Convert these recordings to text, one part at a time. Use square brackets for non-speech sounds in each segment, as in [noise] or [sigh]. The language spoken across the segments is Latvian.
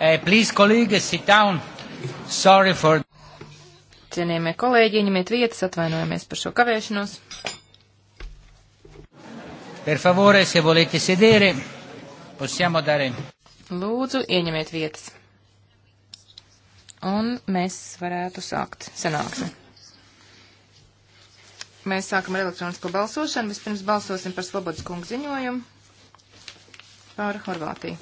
Eh, please, kolēģi, sit down. Sorry for. Cienījamie kolēģi, ņemiet vietas, atvainojamies par šo kavēšanos. Per favore, se volete sedere, possiamo dare. Lūdzu, ieņemiet vietas. Un mēs varētu sākt sanāksmi. Mēs sākam ar elektronisko balsošanu. Vispirms balsosim par Slobodas kungu ziņojumu par Horvātiju.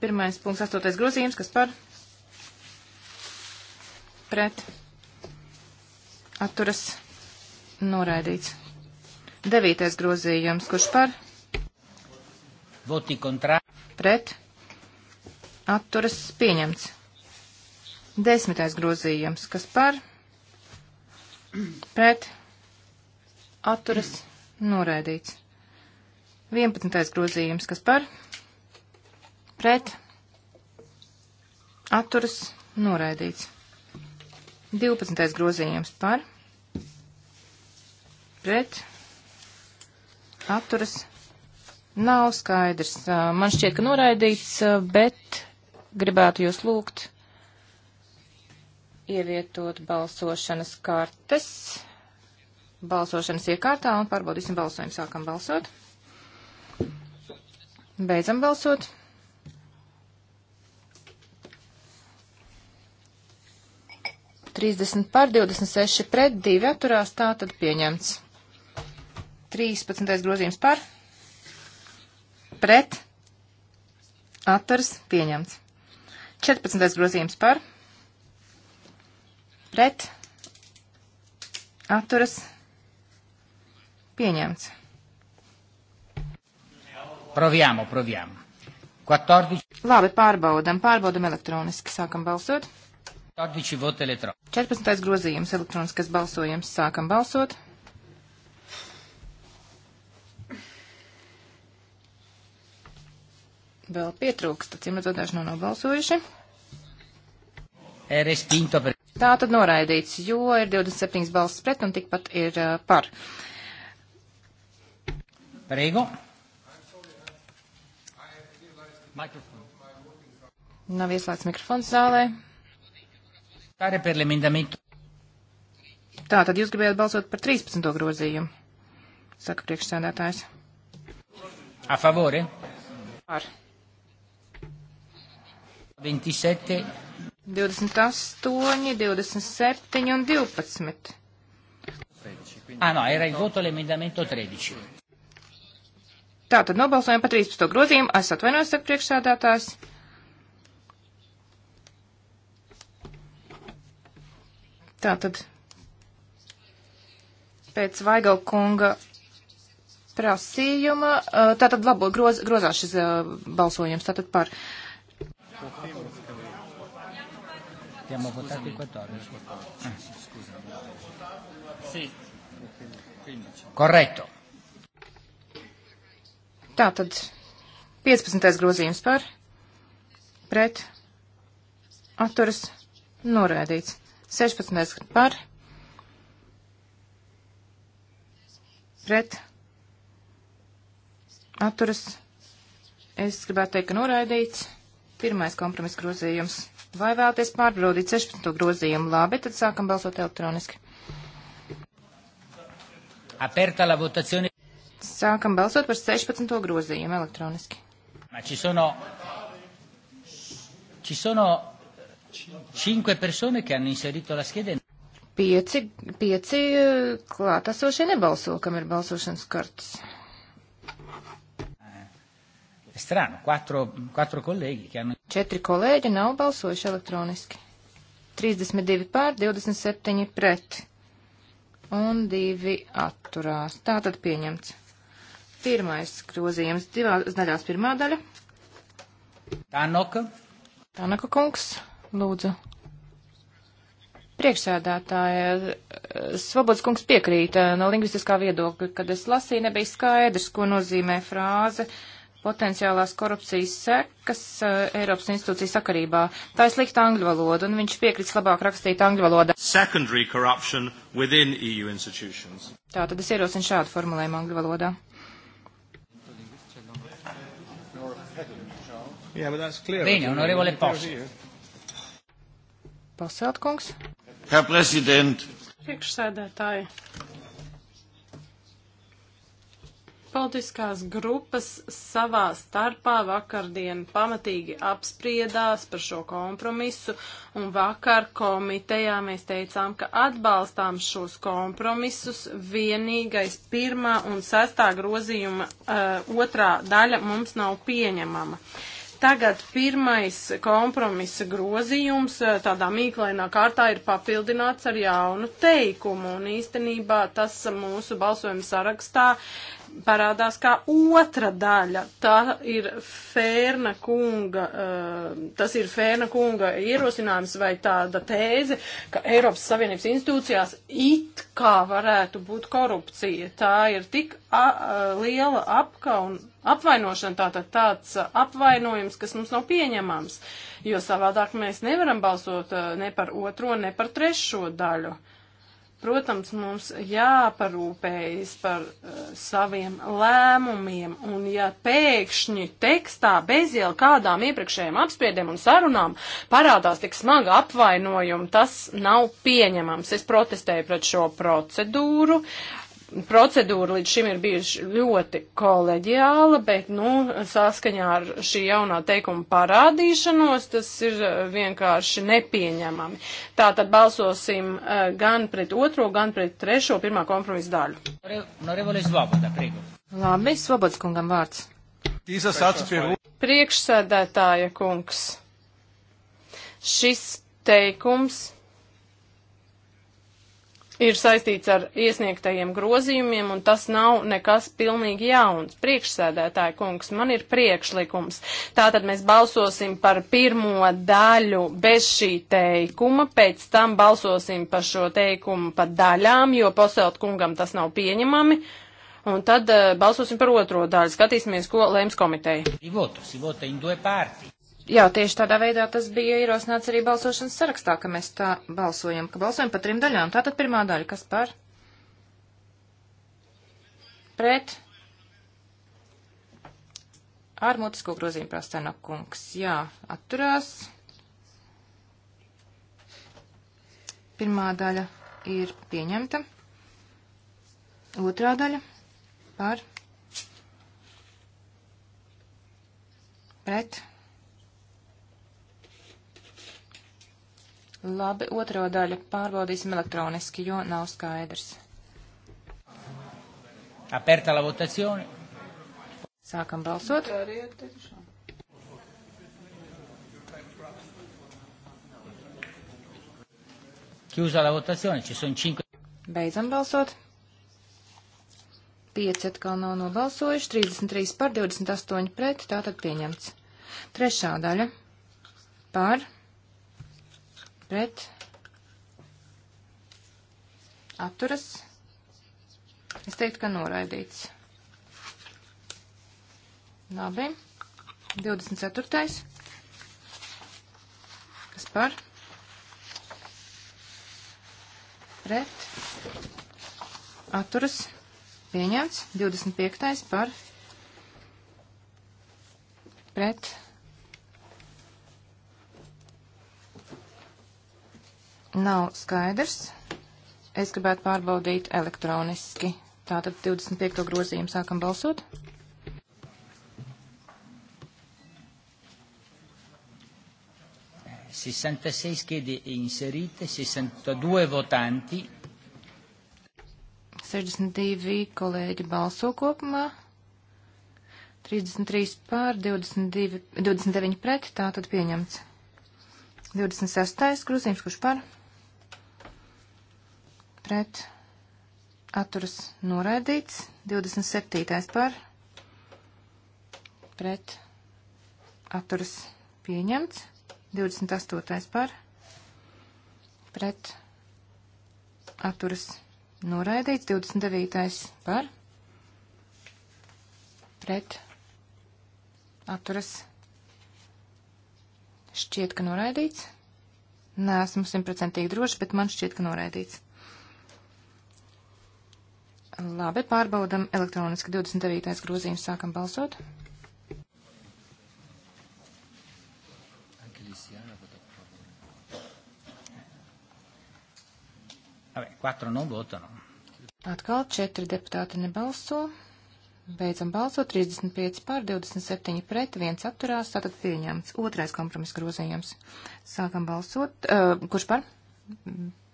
Pirmais punkts, astotais grozījums, kas par pret atturas noraidīts. Devītais grozījums, kurš par voti kontrā pret atturas pieņemts. Desmitais grozījums, kas par pret atturas noraidīts. Vienpadsmitais grozījums, kas par pret pret atturas noraidīts. 12. grozījums par pret atturas nav skaidrs. Man šķiet, ka noraidīts, bet gribētu jūs lūgt ievietot balsošanas kartes balsošanas iekārtā un pārbaudīsim balsojumu. Sākam balsot. Beidzam balsot. 30 pār 26 pret 2 atturās, tā tad pieņemts. 13. grozījums par pret atturas pieņemts. 14. grozījums par pret atturas pieņemts. Proviamo, proviamo. 14. Labi, pārbaudam, pārbaudam elektroniski, sākam balsot. 14. grozījums elektroniskas balsojums. Sākam balsot. Vēl pietrūkst, acīm redzot, daži nav nobalsojuši. Er Tā tad noraidīts, jo ir 27 balsis pret un tikpat ir uh, par. Prego. Nav ieslēgts mikrofons zālē. Tā tad jūs gribējāt balsot par 13. grozījumu, saka priekšsēdētājs. A favore? Par. 27. 28, 27 un 12. Ah, no, era il voto l'emendamento 13. Tātad nobalsojam par 13. grozījumu. Es atvainojos, saka priekšsēdētājs. Tātad pēc Vaigala kunga prasījuma, uh, tātad labo groz, grozās šis uh, balsojums, tātad par. Abbiamo votato il 14. Ah, scusa. Sì. Corretto. Tātad 15. grozījums par pret atturas norēdīts. 16. par pret atturas. Es gribētu teikt, ka noraidīts pirmais kompromiss grozījums. Vai vēlaties pārbraudīt 16. grozījumu? Labi, tad sākam balsot elektroniski. Aperta la votazione. Sākam balsot par 16. grozījumu elektroniski. Ma ci sono, ci sono Cinque persone che hanno inserito la scheda. Pieci, pieci eh, klātesošie nebalso, kam ir balsošanas kartes. Eh, strano, quattro, quattro colleghi che hanno... Četri kolēģi nav balsojuši elektroniski. 32 pār, 27 pret un 2 atturās. Tātad pieņemts. Pirmais grozījums divās daļās pirmā daļa. Tanoka. Tanoka kungs. Lūdzu. Priekšsēdētāja, Svobods kungs piekrīt eh, no lingvistiskā viedokļa, kad es lasīju, nebija skaidrs, ko nozīmē frāze potenciālās korupcijas sekas uh, Eiropas institūciju sakarībā. Tā ir slikta angļu valoda, un viņš piekrits labāk rakstīt angļu valodā. E Tā tad es ierosinu šādu formulējumu angļu valodā. Bene, onorevole Post. Paseltkungs. Herr Prezident. Priekšsēdētāji. Politiskās grupas savā starpā vakardien pamatīgi apspriedās par šo kompromisu, un vakar komitejā mēs teicām, ka atbalstām šos kompromisus. Vienīgais pirmā un sestā grozījuma uh, otrā daļa mums nav pieņemama. Uh, Tagad pirmais kompromisa grozījums eh, tādā mīklainā kārtā ir papildināts ar jaunu teikumu, un īstenībā tas mūsu balsojuma sarakstā parādās kā otra daļa. Tā ir Fērna kunga, eh, tas ir Fērna kunga ierosinājums vai tāda tēze, ka Eiropas Savienības institūcijās it kā varētu būt korupcija. Tā ir tik liela apkauna, apvainošana, tātad tāds apvainojums, kas mums nav pieņemams, jo savādāk mēs nevaram balsot eh, ne par otro, ne par trešo daļu. Uh, Protams, mums jāparūpējas par uh, saviem lēmumiem, un ja pēkšņi tekstā bez jau kādām iepriekšējām apspriedēm un sarunām parādās tik smaga apvainojuma, tas nav pieņemams. Es protestēju pret šo procedūru, procedūra līdz šim ir bijuši ļoti koleģiāla, bet, nu, saskaņā ar šī jaunā teikuma parādīšanos, tas ir vienkārši nepieņemami. Tātad balsosim eh, gan pret otro, gan pret trešo pirmā kompromisa daļu. Labi, Svobods kungam vārds. Priekšsēdētāja kungs. Šis teikums ir saistīts ar iesniegtajiem grozījumiem, un tas nav nekas pilnīgi jauns. Priekšsēdētāja kungs, man ir priekšlikums. Tātad mēs balsosim par pirmo daļu bez šī teikuma, pēc tam balsosim par šo teikumu pa daļām, jo poselt kungam tas nav pieņemami. Un tad uh, balsosim par otro daļu. Skatīsimies, ko lems komiteja. Si vota, si vota Jā, tieši tādā veidā tas bija ierosināts arī balsošanas sarakstā, ka mēs tā balsojam, ka balsojam pa trim daļām. Tātad pirmā daļa, kas par? Pret? Ar mutisko grozījumu prastēna kungs. Jā, atturās. Pirmā daļa ir pieņemta. Otrā daļa par? Pret? Labi, otro daļu pārbaudīsim elektroniski, jo nav skaidrs. Aperta la votazione. Sākam balsot. Chiusa la votazione, ci sono 5. Beidzam balsot. 5 atkal nav nobalsojuši, 33 par, 28 pret, tātad pieņemts. Trešā daļa par pret atturas. Es teiktu, ka noraidīts. Labi. 24. Kas par? Pret. Atturas. Pieņemts. 25. par. Pret nav skaidrs. Es gribētu pārbaudīt elektroniski. Tātad 25. grozījumu sākam balsot. Sessantasei schede inserite, 62 votanti. 62 kolēģi balso kopumā. 33 pār, 22, 29 pret, tātad pieņemts. 26. grozījums, kurš par? pret atturas noraidīts, 27. par pret atturas pieņemts, 28. par pret atturas noraidīts, 29. par pret atturas šķiet, ka noraidīts. Nē, esmu simtprocentīgi droši, bet man šķiet, ka noraidīts. Labi, pārbaudam elektroniski 29. grozījums, sākam balsot. Atkal četri deputāti nebalso. Beidzam balsot 35 pār 27 pret, viens atturās, tātad pieņemts. Otrais kompromiss grozījums. Sākam balsot. Uh, kurš par?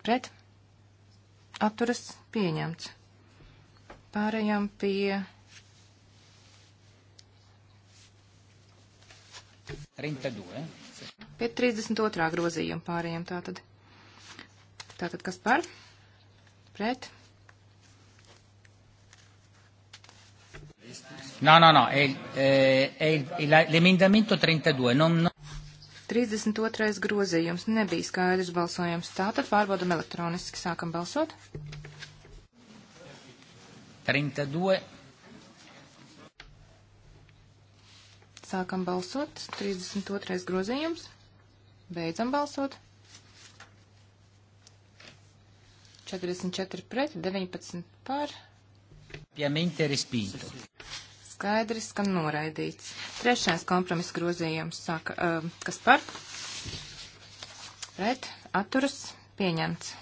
Pret? Atturas pieņemts. Pārējām pie. Eh? Pie 32. grozījuma pārējām tātad. Tātad kas par? Pret? No, no, no, è, è, è l'emendamento 32. Non, non... 32. grozījums nebija skaidrs balsojums. Tātad pārbaudam elektroniski, sākam balsot. 32. Sākam balsot. 32. grozījums. Beidzam balsot. 44 pret, 19 par. Piamente respinto. Skaidrs, ka noraidīts. Trešais kompromiss grozījums saka, uh, kas par? Pret, atturas, pieņemts.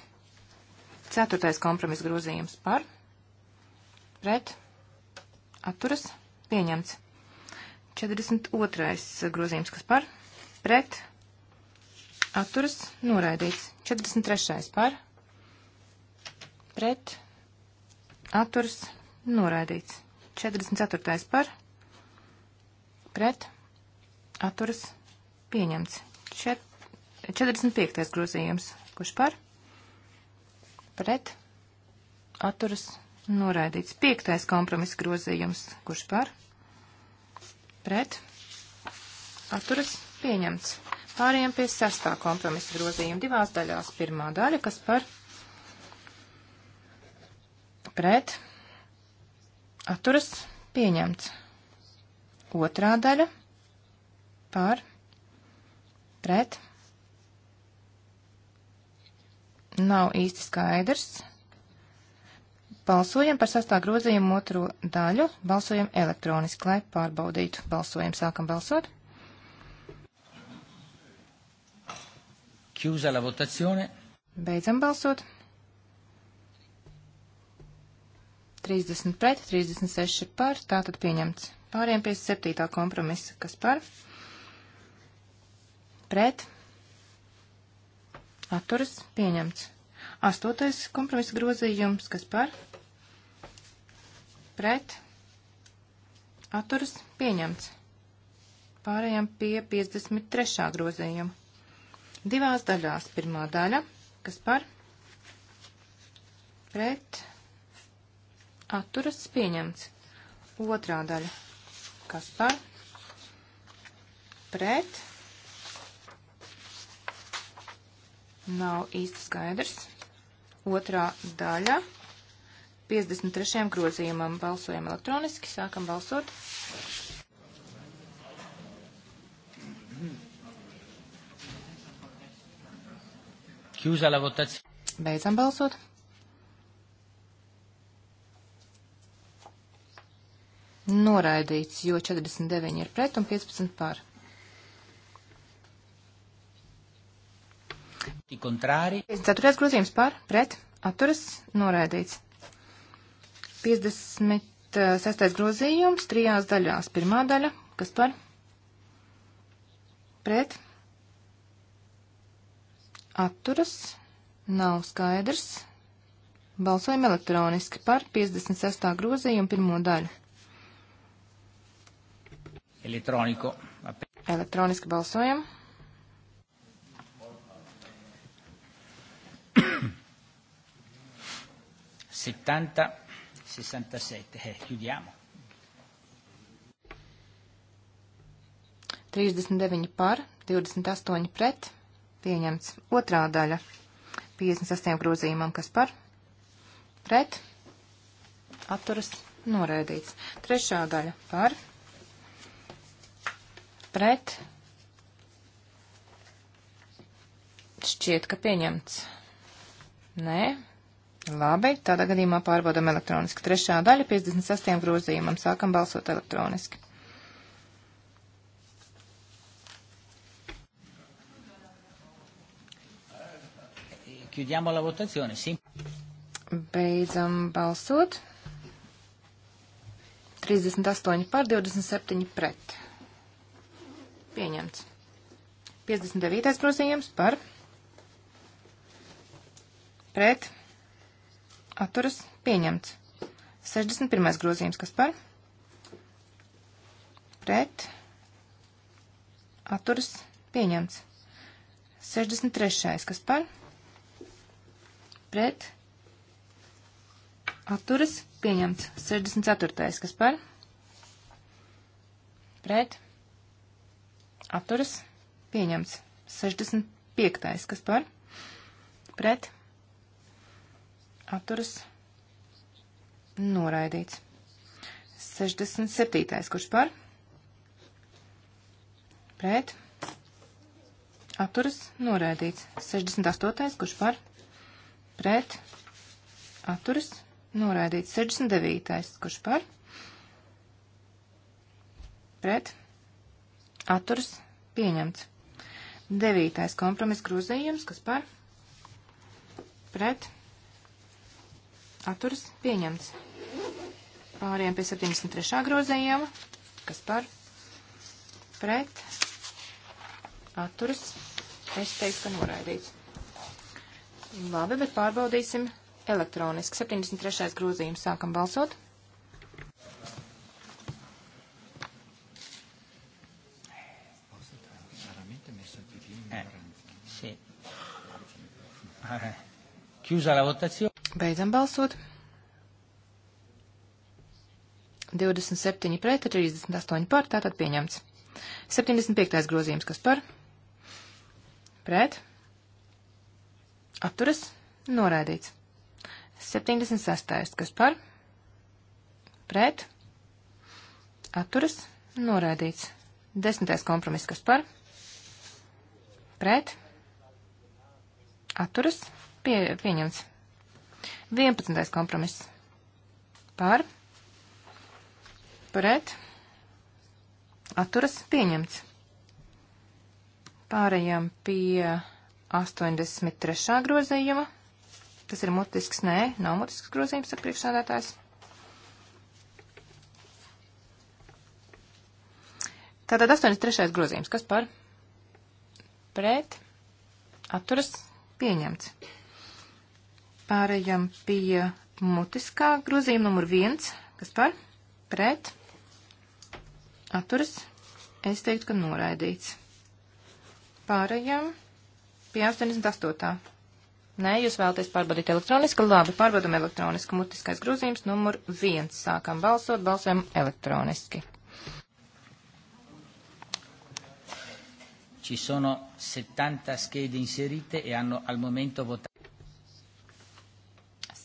Ceturtais kompromiss grozījums par pret, atturas, pieņemts. 42. grozījums, kas par, pret, atturas, noraidīts. 43. par, pret, atturas, noraidīts. 44. par, pret, atturas, pieņemts. Čet, 45. grozījums, kurš par, pret, atturas, noraidīts Noraidīts piektais kompromiss grozījums. Kurš par? Pret. Atturas pieņemts. Pārējiem pie sestā kompromisa grozījuma divās daļās. Pirmā daļa, kas par? Pret. Atturas pieņemts. Otrā daļa par pret nav īsti skaidrs. Balsojam par sastā grozījumu otro daļu, balsojam elektroniski, lai pārbaudītu. Balsojam, sākam balsot. Chiusa la votazione. Beidzam balsot. 30 pret, 36 par, tātad pieņemts. Pāriem pie 7. kompromisa, kas par? Pret. Atturas pieņemts. 8. kompromisa grozījums, kas par? pret atturas pieņemts. Pārējām pie 53. grozījuma. Divās daļās. Pirmā daļa, kas par pret atturas pieņemts. Otrā daļa, kas par pret nav īsti skaidrs. Otrā daļa 53. grozījumam balsojam elektroniski, sākam balsot. Beidzam balsot. Noraidīts, jo 49 ir pret un 15 pār. Kontrāri. 4. grozījums par, pret, atturas, noraidīts. 56. Eh, grozījums trijās daļās. Pirmā daļa, kas par? Pret? Atturas? Nav skaidrs. Balsojam elektroniski par 56. grozījumu pirmo daļu. Elektroniko. Elektroniski balsojam. Sittanta 67. Eh, chiudiamo. 39 par, 28 pret, pieņemts otrā daļa 58 grozījumam, kas par, pret, atturas, noraidīts. Trešā daļa par, pret, šķiet, ka pieņemts. Nē, Labi, tādā gadījumā pārbaudam elektroniski. Trešā daļa 56. grozījumam sākam balsot elektroniski. Chiudiamo la votazione, sì. Beidzam balsot. 38 pār 27 pret. Pieņemts. 59. grozījums par. Pret atturas pieņemts. 61. grozījums, kas par? Pret. Atturas pieņemts. 63. kas par? Pret. Atturas pieņemts. 64. kas par? Pret. Atturas pieņemts. 65. kas par? Pret atturas noraidīts. 67. kurš par? Pret. Atturas noraidīts. 68. kurš par? Pret. Atturas noraidīts. 69. kurš par? Pret. Atturas pieņemts. 9. kompromis grozījums, kas par? Pret atturas pieņemts. Pāriem pie 73. grozējuma, kas par pret atturas, es teiktu, ka noraidīts. Labi, bet pārbaudīsim elektroniski. 73. grozījums sākam balsot. Eh, Chiusa la votazione. Beidzam balsot. 27 pret, 38 pār, tātad pieņemts. 75. grozījums, kas par? Pret. Atturas. Noraidīts. 76. kas par? Pret. Atturas. Noraidīts. 10. kompromiss, kas par? Pret. Atturas. Pie, pieņemts. 11. kompromiss. Par. Pret. Atturas pieņemts. Pārējām pie 83. grozījuma. Tas ir mutisks, nē, nav mutisks grozījums, saka priekšsādātājs. Tātad 83. grozījums. Kas par? Pret. Atturas pieņemts pārējām pie mutiskā grozījuma numur viens, kas par pret atturas. Es teiktu, ka noraidīts. Pārējām pie 88. Nē, jūs vēlaties pārbaudīt elektroniski. Labi, pārbaudam elektroniski. Mutiskais grozījums numur viens. Sākam balsot, balsojam elektroniski. Ci sono 70 schede inserite e hanno al momento votato.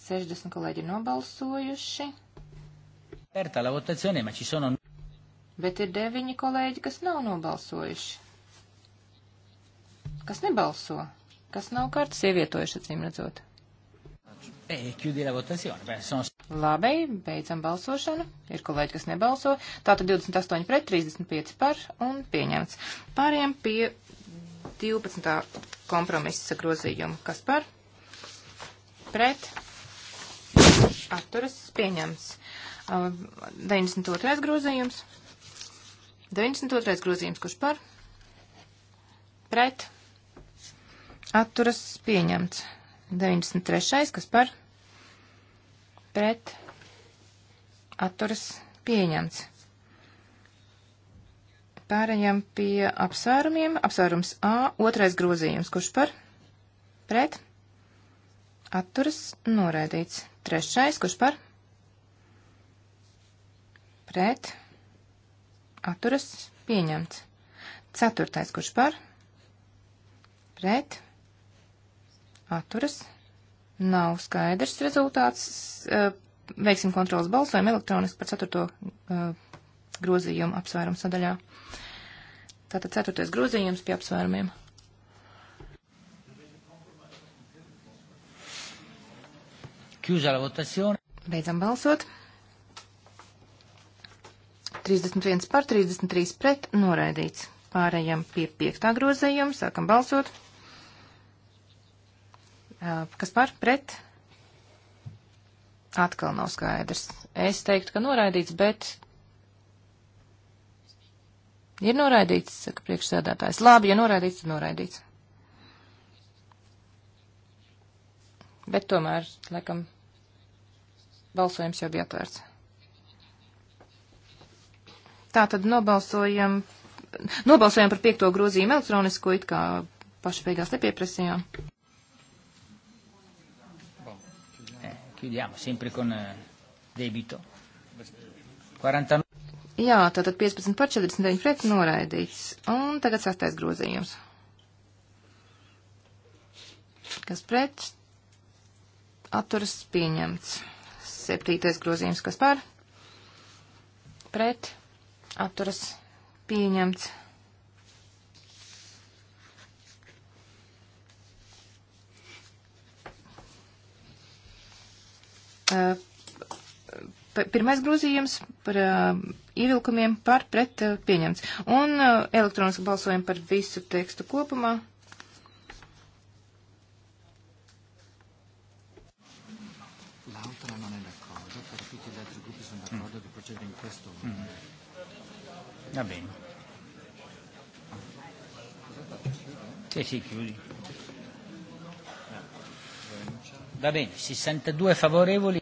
60 kolēģi ir nobalsojuši. Pērta la votazione, ma ci sono... Bet ir deviņi kolēģi, kas nav nobalsojuši. Kas nebalso? Kas nav kārtas ievietojuši, acīm redzot? E, chiudi la votazione. Beh, sono... Labi, beidzam balsošanu. Ir kolēģi, kas nebalso. Tātad 28 pret, 35 par un pieņemts. Pāriem pie 12. kompromisa grozījuma. Kas par? Pret atturas pieņemts. 92. grozījums. 92. grozījums, kurš par? Pret. Atturas pieņemts. 93. kas par? Pret. Atturas pieņemts. Pārējām pie apsvērumiem. Apsvērums A. Otrais grozījums, kurš par? Pret atturas noraidīts. Trešais, kurš par? Pret, atturas pieņemts. Ceturtais, kurš par? Pret, atturas. Nav skaidrs rezultāts. Eh, veiksim kontrolas balsojumu elektroniski par ceturto eh, grozījumu apsvērumu sadaļā. Tātad ceturtais grozījums pie apsvērumiem. Chiusa la votazione. Beidzam balsot. 31 par 33 pret noraidīts. Pārējām pie piektā grozējuma, sākam balsot. Kas par pret? Atkal nav skaidrs. Es teiktu, ka noraidīts, bet. Ir noraidīts, saka priekšsēdētājs. Labi, ja noraidīts, tad noraidīts. Bet tomēr, laikam, Balsojums jau bija atvērts. Tā tad nobalsojam, nobalsojam par piekto grozījumu elektronisko, it kā paši beigās nepieprasījām. Eh, chiudiamo sempre con eh, debito. 49. Jā, tātad 15 par 49 pret noraidīts. Un tagad sastais grozījums. Kas pret? Atturas pieņemts. Septītais grozījums, kas par? Pret. Atturas pieņemts. Pirmais grozījums par ievilkumiem par pret pieņemts. Un elektroniski balsojam par visu tekstu kopumā. questo. Mm. Va bene. Sì, sì, chiudi. Va bene, 62 favorevoli.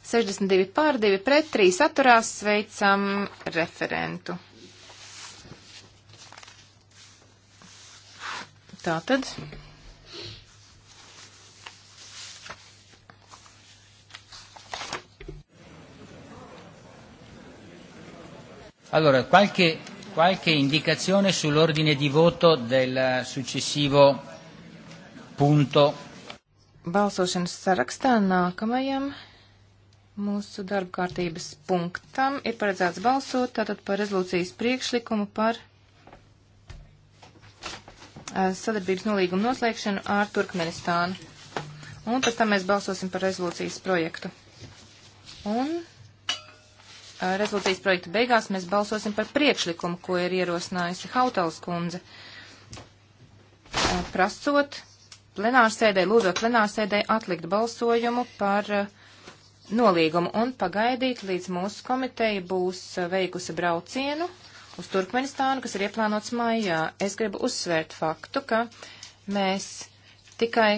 62 pār, 2 pret, 3 atturās, sveicam referentu. Tātad. Allora, qualche, qualche indicazione sull'ordine di voto del successivo punto. Balsošanas sarakstā nākamajam mūsu darba kārtības punktam ir paredzēts balsot tātad par rezolūcijas priekšlikumu par eh, sadarbības nolīgumu noslēgšanu ar Turkmenistānu. Un pēc tam mēs balsosim par rezolūcijas projektu. Un Eh, rezolūcijas projektu beigās mēs balsosim par priekšlikumu, ko ir ierosinājusi Hautals kundze, eh, prasot plenārsēdē, lūdzot plenārsēdē atlikt balsojumu par eh, nolīgumu un pagaidīt, līdz mūsu komiteja būs veikusi braucienu uz Turkmenistānu, kas ir ieplānots maijā. Es gribu uzsvērt faktu, ka mēs tikai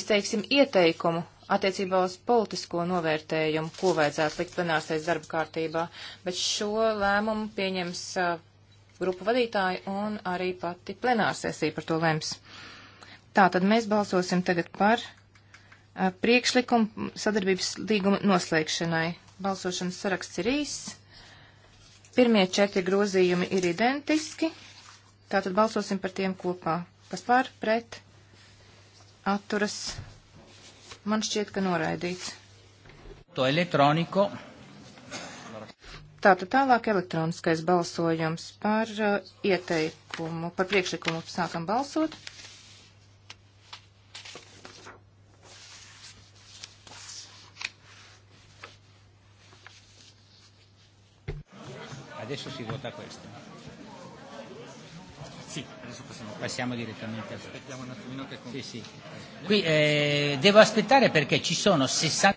izteiksim ieteikumu attiecībā uz politisko novērtējumu, ko vajadzētu likt plenārsēs darba kārtībā, bet šo lēmumu pieņems uh, grupu vadītāji un arī pati plenārsēsī par to lems. Tā tad mēs balsosim tagad par uh, priekšlikumu sadarbības līguma noslēgšanai. Balsošanas saraksts ir īss. Pirmie četri grozījumi ir identiski. Tātad balsosim par tiem kopā. Kas par, pret, atturas, Man šķiet, ka noraidīts. To elektroniko. Tātad tālāk elektroniskais balsojums par uh, ieteikumu, par priekšlikumu sākam balsot. Adesso si vota questo passiamo direttamente al Aspettiamo un attimino che Sì, sì. Qui eh, devo aspettare perché ci sono 60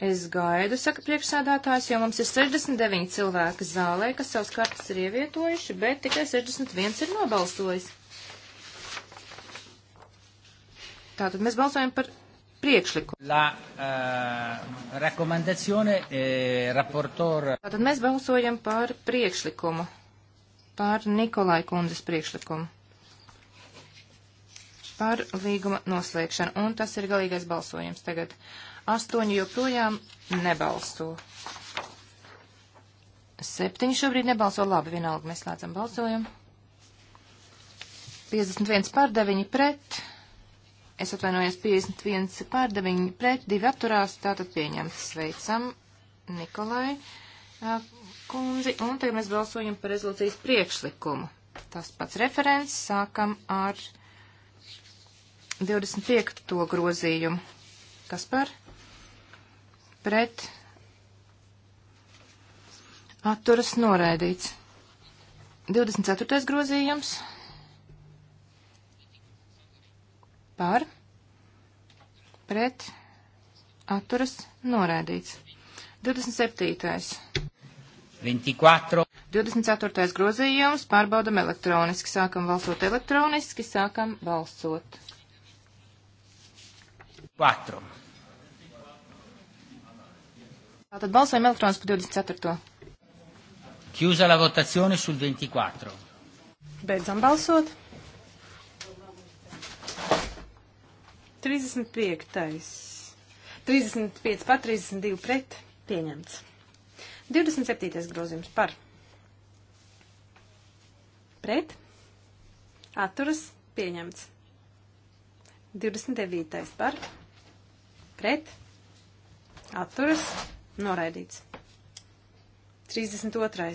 Es gaidu, saka priekšsādātājs, jo mums ir 69 cilvēki zālē, kas savus kartas ir ievietojuši, bet tikai 61 ir nobalsojis. Tātad mēs balsojam par priekšlikumu. La uh, rekomendacione eh, raportor. Eh, Tātad mēs balsojam par priekšlikumu, par Nikolai kundzes priekšlikumu par līguma noslēgšanu, un tas ir galīgais balsojums tagad. Astoņi joprojām nebalso. Septiņi šobrīd nebalso labi, vienalga mēs slēdzam balsojumu. 51 pār 9 pret, es atvainojos 51 pār 9 pret, 2 atturās, tātad pieņemts. Sveicam Nikolai kundzi, un tagad mēs balsojam par rezolūcijas priekšlikumu. Tas pats referents, sākam ar 25. grozījumu. Kas par? Pret. Atturas noraidīts. 24. grozījums. Par. Pret. Atturas noraidīts. 27. 24. 24. grozījums. Pārbaudam elektroniski. Sākam balsot elektroniski. Sākam balsot. 4. Tātad balsojam elektroniski par 24. Chiusa la votazione sul 24. Beidzam balsot. 35. Tais. 35 par 32 pret. Pieņemts. 27. grozījums par. Pret. Atturas. Pieņemts. 29. par pret, atturas, noraidīts. 32.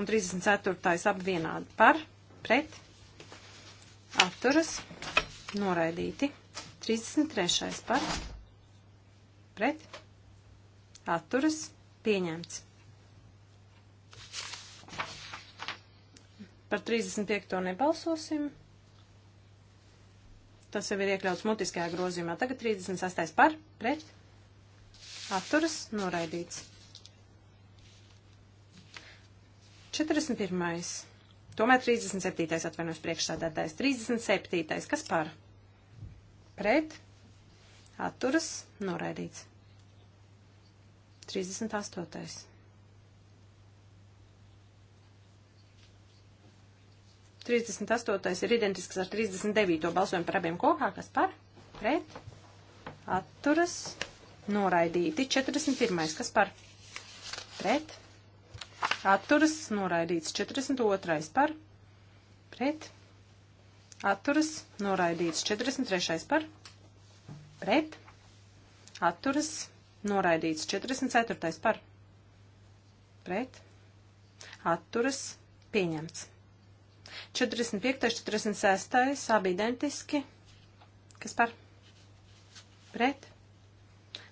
un 34. abi vienādi par, pret, atturas, noraidīti. 33. par, pret, atturas, pieņemts. Par 35. nebalsosim. Tas jau ir iekļauts mutiskajā grozījumā. Tagad 38. par, pret, atturas, noraidīts. 41. Tomēr 37. atvainojas priekšsādātājs. 37. kas par? Pret, atturas, noraidīts. 38. 38. ir identisks ar 39. balsojumu par abiem kopā, kas par, pret, atturas, noraidīti. 41. kas par, pret, atturas, noraidīts. 42. par, pret, atturas, noraidīts. 43. par, pret, atturas, noraidīts. 44. par, pret, atturas, pieņemts. 45. 46. abi identiski. Kas par? Pret.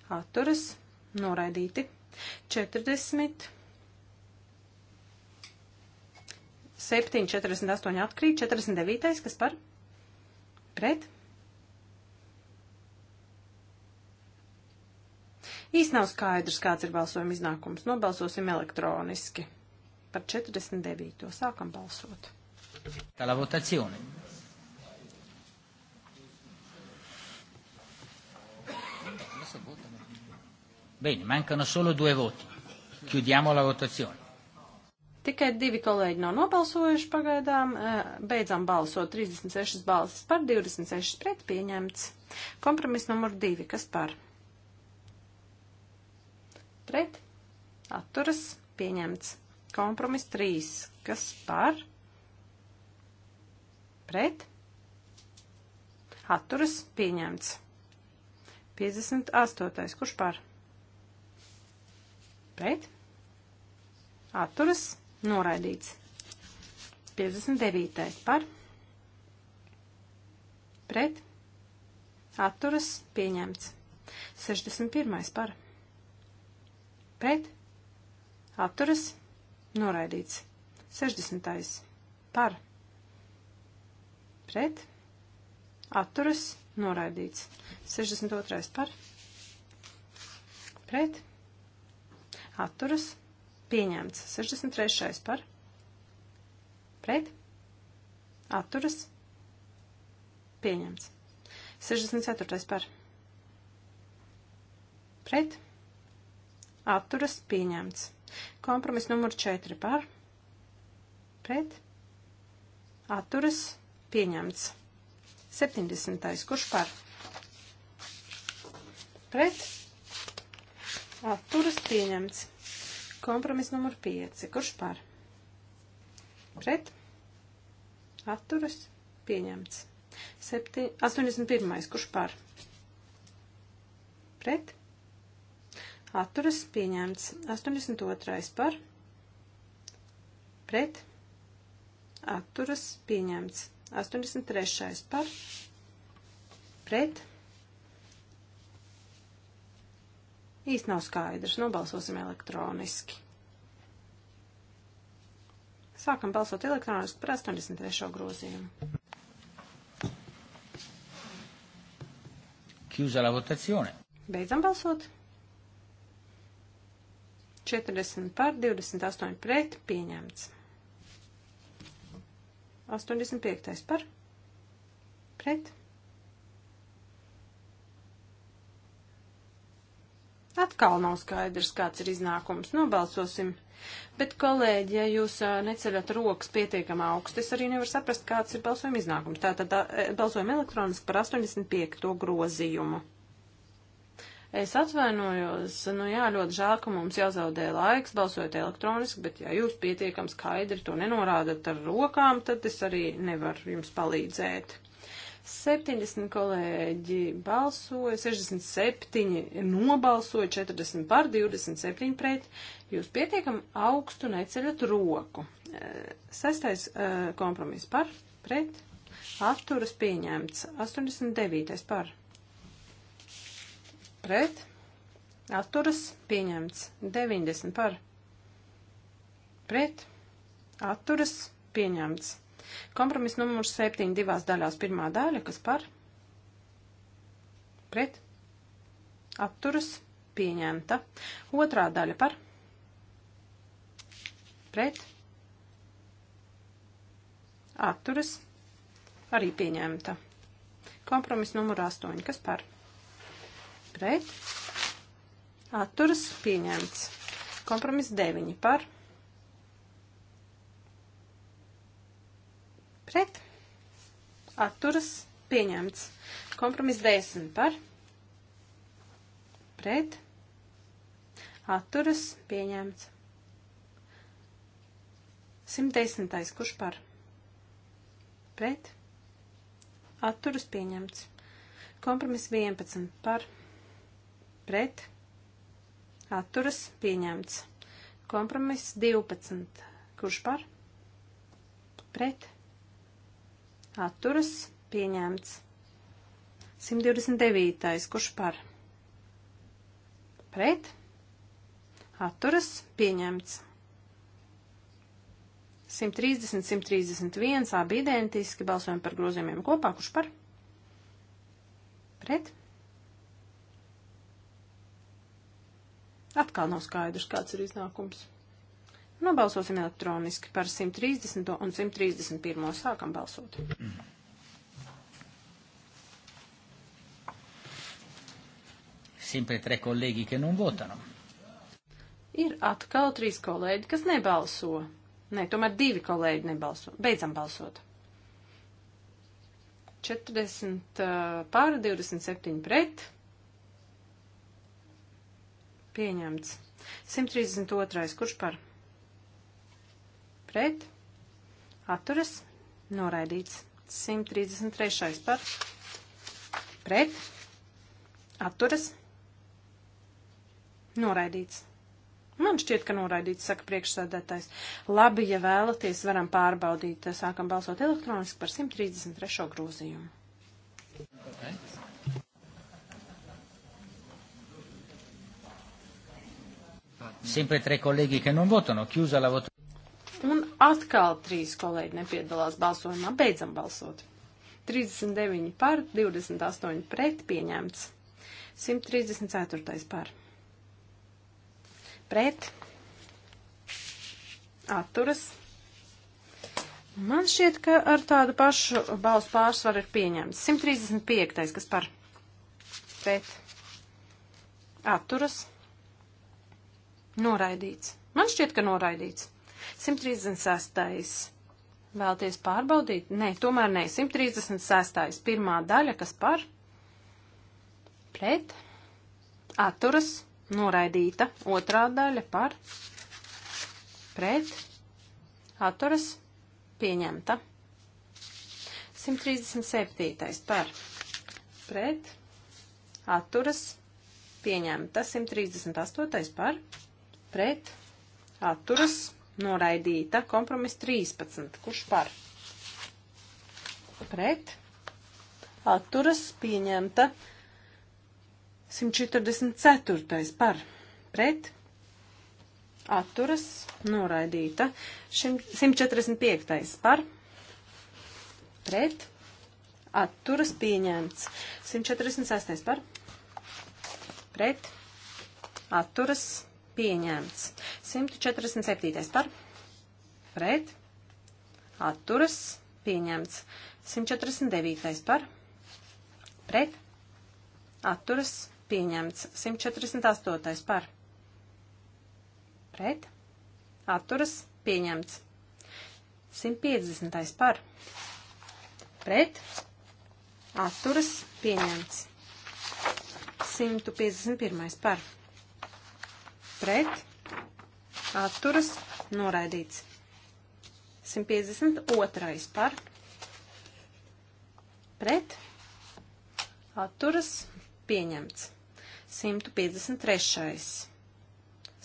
Atturas. Noraidīti. 40. 7, 48 atkrīt, 49, kas par? Pret? Īsti nav skaidrs, kāds ir balsojuma iznākums. Nobalsosim elektroniski. Par 49. Sākam balsot. La votazione. Bene, mancano solo due voti. Chiudiamo la votazione. Tikai divi kolēģi nav nobalsojuši pagaidām. Eh, Beidzām balsot 36 balsis par, 26 pret pieņemts. Kompromiss numur 2. Kas par? Pret. Atturas pieņemts. Kompromiss 3. Kas par? pret, atturas pieņemts. 58. Kurš par? Pret, atturas noraidīts. 59. Par, pret, atturas pieņemts. 61. Par, pret, atturas noraidīts. 60. Par, pret pret, atturas, noraidīts. 62. par, pret, atturas, pieņemts. 63. par, pret, atturas, pieņemts. 64. par, pret, atturas, pieņemts. Kompromis numur 4 par, pret, atturas, pieņemts atturas pieņemts. 70. Kurš par? Pret. Atturas pieņemts. Kompromis numur 5. Kurš par? Pret. Atturas pieņemts. 7, 81. Kurš par? Pret. Atturas pieņemts. 82. par? Pret. Atturas pieņemts. 83. par pret. Īsti nav skaidrs. Nobalsosim elektroniski. Sākam balsot elektroniski par 83. grozījumu. Chiusa la votazione. Beidzam balsot. 40 par, 28 pret, pieņemts. 85. par pret. Atkal nav skaidrs, kāds ir iznākums. Nobalsosim. Bet, kolēģi, ja jūs neceļat rokas pietiekam augsti, es arī nevaru saprast, kāds ir balsojuma iznākums. Tātad balsojam elektroniski par 85. grozījumu. Es atvainojos, nu jā, ļoti žēl, ka mums jāzaudē laiks balsojot elektroniski, bet ja jūs pietiekam skaidri to nenorādat ar rokām, tad es arī nevaru jums palīdzēt. 70 kolēģi balsoja, 67 nobalsoja, 40 par, 27 pret. Jūs pietiekam augstu neceļat roku. Eh, sestais eh, kompromiss par, pret, atturas pieņemts, 89 par pret, atturas pieņemts. 90 par pret, atturas pieņemts. Kompromis numurs 7 divās daļās pirmā daļa, kas par pret, atturas pieņemta. Otrā daļa par pret, atturas arī pieņemta. Kompromis numur 8, kas par pret pret, atturas pieņemts. Kompromiss 9 par, pret, atturas pieņemts. Kompromiss 10 par, pret, atturas pieņemts. 110. kurš par, pret, atturas pieņemts. Kompromiss 11 par, pret pret, atturas pieņemts. Kompromiss 12. Kurš par? Pret, atturas pieņemts. 129. Kurš par? Pret, atturas pieņemts. 130, 131, abi identiski, balsojam par grozījumiem kopā, kurš par? Pret? Atkal nav skaidrs, kāds ir iznākums. Nobalsosim nu, elektroniski par 130. un 131. sākam balsot. Sempre tre colleghi che non votano. Ir atkal trīs kolēģi, kas nebalso. Nē, ne, tomēr divi kolēģi nebalso. Beidzam balsot. 40 pār 27 pret pieņemts. 132. Kurš par? Pret. Atturas. Noraidīts. 133. par. Pret. Atturas. Noraidīts. Man šķiet, ka noraidīts, saka priekšsēdētājs. Labi, ja vēlaties, varam pārbaudīt. Sākam balsot elektroniski par 133. grozījumu. Okay. sempre tre colleghi che non votano, chiusa la votazione. Un atkal trīs kolēģi nepiedalās balsojumā, beidzam balsot. 39 par, 28 pret pieņemts. 134 par. Pret. Atturas. Man šķiet, ka ar tādu pašu balsu pārsvaru ir pieņemts. 135, kas par. Pret. Atturas. Noraidīts. Man šķiet, ka noraidīts. 136. Vēlties pārbaudīt? Nē, tomēr nē. 136. Pirmā daļa, kas par? Pret. Atturas. Noraidīta. Otrā daļa par? Pret. Atturas. Pieņemta. 137. par? Pret. Atturas. Pieņemta. 138. par? Pret pret atturas noraidīta. Kompromis 13. Kurš par? Pret atturas pieņemta. 144. par pret atturas noraidīta. 145. par pret atturas pieņemts. 146. par pret atturas noraidīta pieņemts. 147. par pret atturas pieņemts. 149. par pret atturas pieņemts. 148. par pret atturas pieņemts. 150. par pret atturas pieņemts. 151. par pret pret, atturas, noraidīts. 152. par, pret, atturas, pieņemts. 153.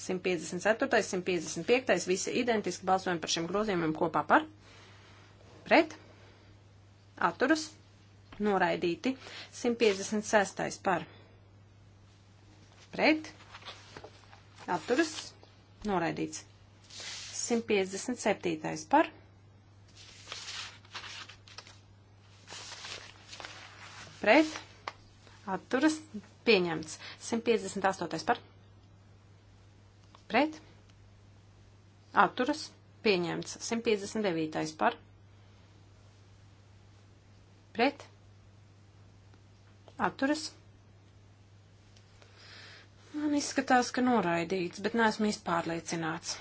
154. 155. visi identiski balsojam par šiem grozījumiem kopā par, pret, atturas, noraidīti. 156. par, pret, atturas atturas noraidīts. 157. par pret atturas pieņemts. 158. par pret atturas pieņemts. 159. par pret atturas pieņemts. Man izskatās, ka noraidīts, bet neesmu īsti pārliecināts.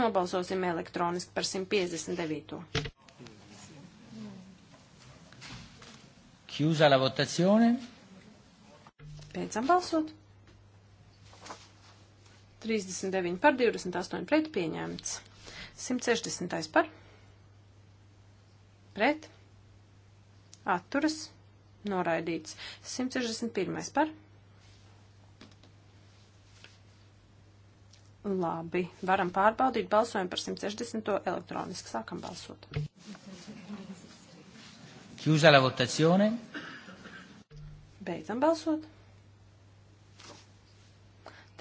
Nobalsosim elektroniski par 159. Chiusa la votazione. Beidzam balsot. 39 par 28 pret pieņemts. 160 par. Pret. Atturas. Noraidīts. 161 par. Labi, varam pārbaudīt balsojumu par 160. elektroniski. Sākam balsot. Chiusa la votazione. Beidzam balsot.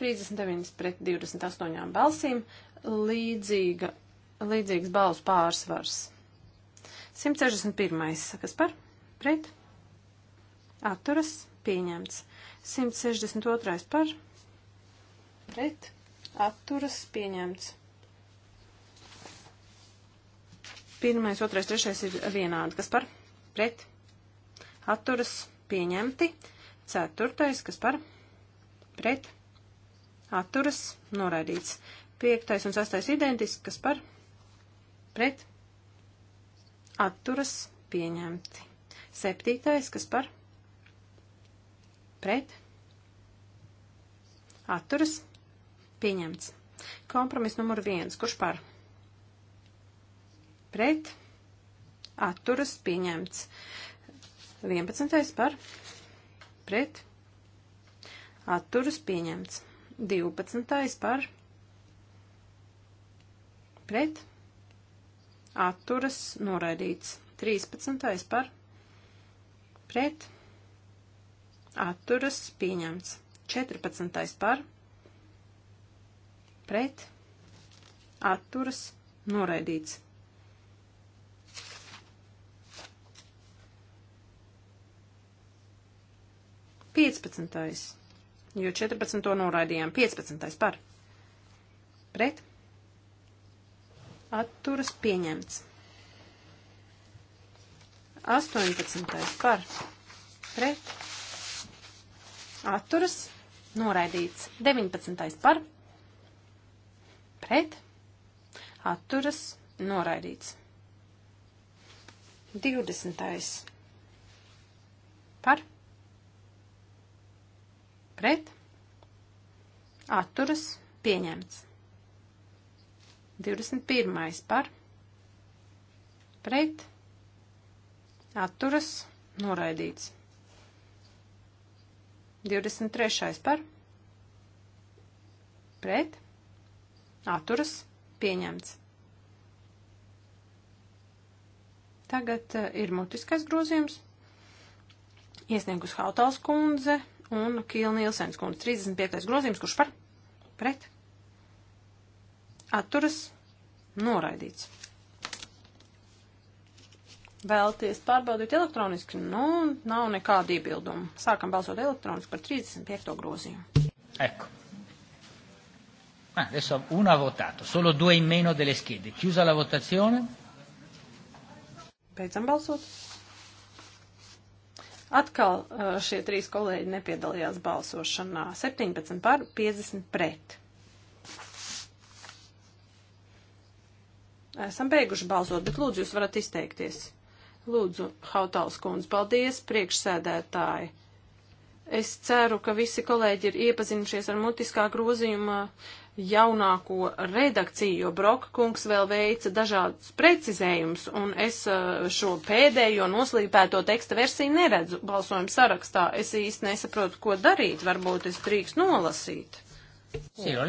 39 pret 28 balsīm līdzīga, līdzīgs balsu pārsvars. 161. Kas par? Pret? Atturas? Pieņemts. 162. par? Pret? atturas pieņemts. Pirmais, otrais, trešais ir vienādi. Kas par? Pret. Atturas pieņemti. Ceturtais, kas par? Pret. Atturas noraidīts. Piektais un sastais identiski, kas par? Pret. Atturas pieņemti. Septītais, kas par? Pret. Atturas pieņemti. Pieņemts. Kompromiss numur viens. Kurš par? Pret. Atturas pieņemts. 11. par. Pret. Atturas pieņemts. 12. par. Pret. Atturas noraidīts. 13. par. Pret. Atturas pieņemts. 14. par pret, atturas, noraidīts. Piecpadsmitais, jo četrpadsmito noraidījām, piecpadsmitais par, pret, atturas, pieņemts. Astoņpadsmitais par, pret, atturas, noraidīts. Deviņpadsmitais par, pret pret, atturas, noraidīts. 20. par, pret, atturas, pieņemts. 21. par, pret, atturas, noraidīts. 23. par, pret, Atturas pieņemts. Tagad eh, ir mutiskais grozījums. Iesniegus Hautals kundze un Kīla Nielsens kundze. 35. grozījums, kurš par? Pret. Atturas noraidīts. Vēlties pārbaudīt elektroniski? Nu, nav nekāda iebilduma. Sākam balsot elektroniski par 35. grozījumu. Eko. Ah, adesso uno ha votato, solo due in meno delle schede. Chiusa la votazione. Beidzam balsot. Atkal eh, šie trīs kolēģi nepiedalījās balsošanā. 17 par, 50 pret. Esam beiguši balsot, bet lūdzu, jūs varat izteikties. Lūdzu, Hautals kundze, paldies, priekšsēdētāji. Es ceru, ka visi kolēģi ir iepazinušies ar mutiskā grozījuma jaunāko redakciju, jo Broka kungs vēl veica dažādus precizējumus, un es eh, šo pēdējo noslīpēto teksta versiju neredzu balsojuma sarakstā. Es īsti nesaprotu, ko darīt, varbūt es drīkst nolasīt. Sīro,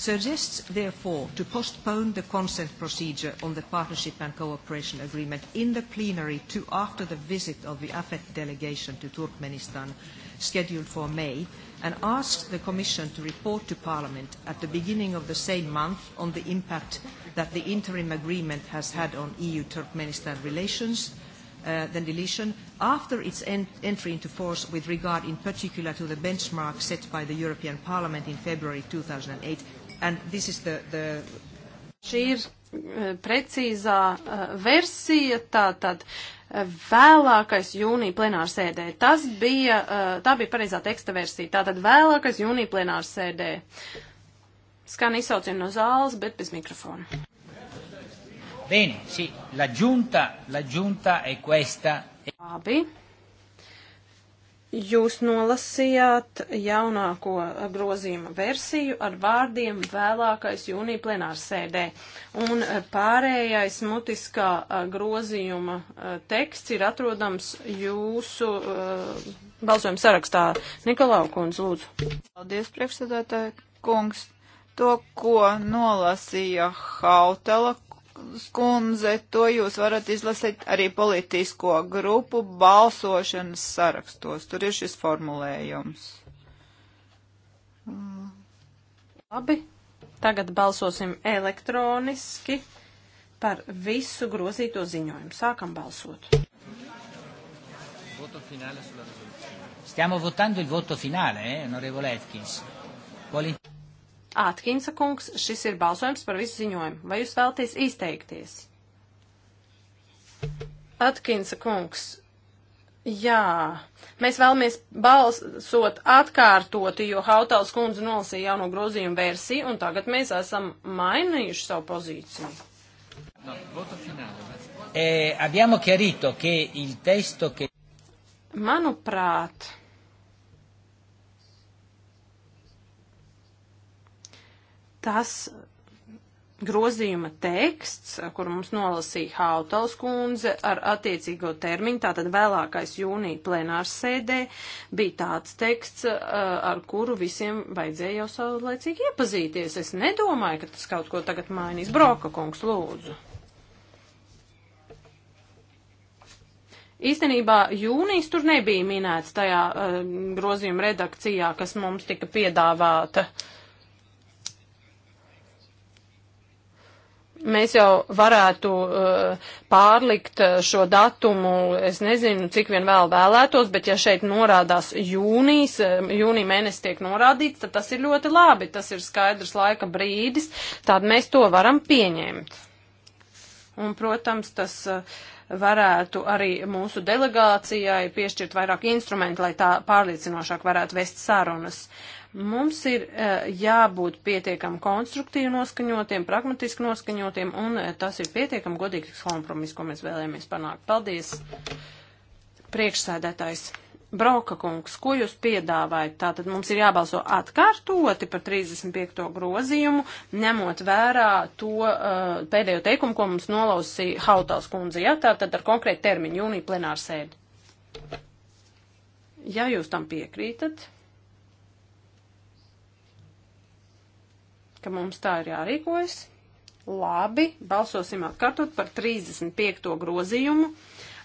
suggests, therefore, to postpone the consent procedure on the Partnership and Cooperation Agreement in the plenary to after the visit of the AFET delegation to Turkmenistan scheduled for May and asks the Commission to report to Parliament at the beginning of the same month on the impact that the interim agreement has had on EU-Turkmenistan relations, uh, the deletion, after its ent entry into force with regard in particular to the benchmark set by the European Parliament in February 2008 And this is the, the... Šī ir eh, precīzā eh, versija, tātad eh, vēlākais jūnija plenāra sēdē. Tas bija, tā bija pareizā teksta versija, tātad vēlākais jūnija plenāra sēdē. Skan izsaucien no zāles, bet bez mikrofona. Bene, sì, la giunta, la giunta è questa. Labi. Jūs nolasījāt jaunāko grozījuma versiju ar vārdiem vēlākais jūnija plenārs sēdē. Un pārējais mutiskā grozījuma teksts ir atrodams jūsu uh, balsojuma sarakstā. Nikolau Kunz, lūdzu. Paldies, priekšsēdētāji kungs. To, ko nolasīja Hautala skundze, to jūs varat izlasīt arī politisko grupu balsošanas sarakstos. Tur ir šis formulējums. Labi, tagad balsosim elektroniski par visu grozīto ziņojumu. Sākam balsot. Stiamo votando il voto finale, eh, onorevole Atkins. Quali... Ātkinsa kungs, šis ir balsojums par visu ziņojumu. Vai jūs vēlties izteikties? Atkinsa kungs, jā, mēs vēlamies balsot atkārtoti, jo Hautals kundze nolasīja jauno grozījumu versiju, un tagad mēs esam mainījuši savu pozīciju. No, eh, abbiamo chiarito che il testo che... Manuprāt, tas grozījuma teksts, kur mums nolasīja Hautals kundze ar attiecīgo termiņu, tātad vēlākais jūnija plenārs sēdē, bija tāds teksts, uh, ar kuru visiem vajadzēja jau saulēcīgi iepazīties. Es nedomāju, ka tas kaut ko tagad mainīs. Broka kungs, lūdzu. Īstenībā jūnijas tur nebija minēts tajā uh, grozījuma redakcijā, kas mums tika piedāvāta. Uh, mēs jau varētu uh, pārlikt uh, šo datumu, es nezinu, cik vien vēl vēlētos, bet ja šeit norādās jūnijas, um, jūnija mēnesis tiek norādīts, tad tas ir ļoti labi, tas ir skaidrs laika brīdis, tad mēs to varam pieņemt. Un, protams, tas uh, varētu arī mūsu delegācijai piešķirt vairāk instrumentu, lai tā pārliecinošāk varētu vest sarunas. Uh, Mums ir eh, jābūt pietiekam konstruktīvi noskaņotiem, pragmatiski noskaņotiem, un eh, tas ir pietiekam godīgs kompromiss, ko mēs vēlējāmies panākt. Paldies, priekšsēdētājs. Brauka kungs, ko jūs piedāvājat? Tātad mums ir jābalso atkārtoti par 35. grozījumu, ņemot vērā to uh, pēdējo teikumu, ko mums nolausīja Hautals kundze, ja tātad ar konkrētu termiņu jūnija plenārsēdi. Ja jūs tam piekrītat, ka mums tā ir jārīkojas. Labi, balsosim atkārtot par 35. grozījumu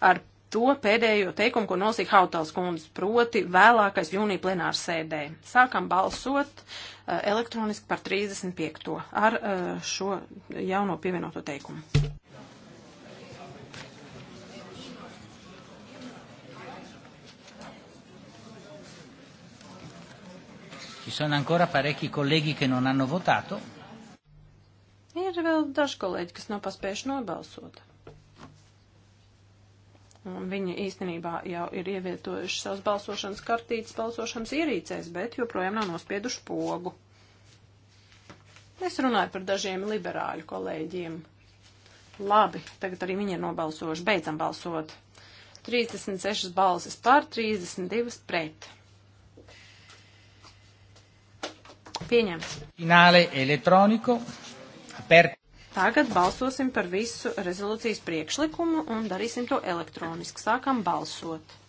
ar to pēdējo teikumu, ko nosīk Hautals kundze, proti vēlākais jūnija plenāra sēdē. Sākam balsot uh, elektroniski par 35. ar uh, šo jauno pievienoto teikumu. Ci sono ancora parecchi colleghi che non hanno votato. Ir vēl daži kolēģi, kas nav paspējuši nobalsot. Un viņi īstenībā jau ir ievietojuši savus balsošanas kartītes balsošanas ierīcēs, bet joprojām nav nospieduši pogu. Es runāju par dažiem liberāļu kolēģiem. Labi, tagad arī viņi ir nobalsojuši. Beidzam balsot. 36 balsis par, 32 pret. Pieņemts. Fināle elektroniku. Aper. Tagad balsosim par visu rezolūcijas priekšlikumu un darīsim to elektroniski. Sākam balsot.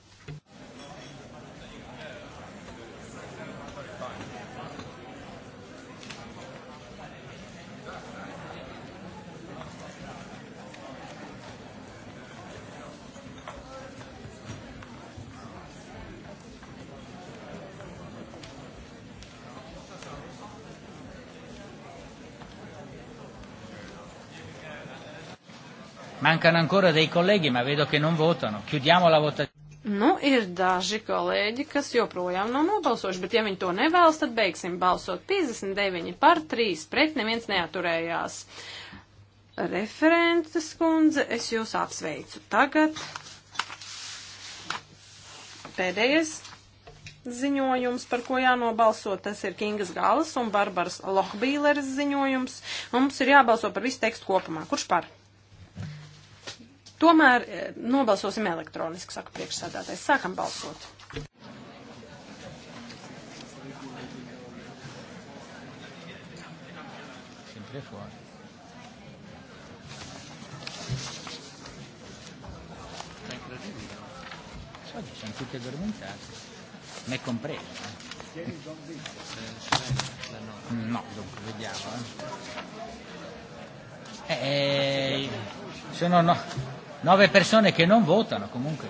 Mancano ancora dei colleghi, ma vedo che non votano. Chiudiamo la votazione. Nu, ir daži kolēģi, kas joprojām nav nobalsojuši, bet ja viņi to nevēlas, tad beigsim balsot 59 par 3, pret neviens neaturējās. Referentes kundze, es jūs apsveicu. Tagad pēdējais ziņojums, par ko jānobalso, tas ir Kingas Galas un Barbaras Lohbīleres ziņojums. Mums ir jābalso par visu tekstu kopumā. Kurš par? Tomēr e, nobalsosim elektroniski, saka priekšsādātais. Sākam balsot. before. Oggi sono tutti addormentati, me compreso. Eh. No, dunque, vediamo. Eh. Eh, eh sono no. Nove persone che non votano comunque.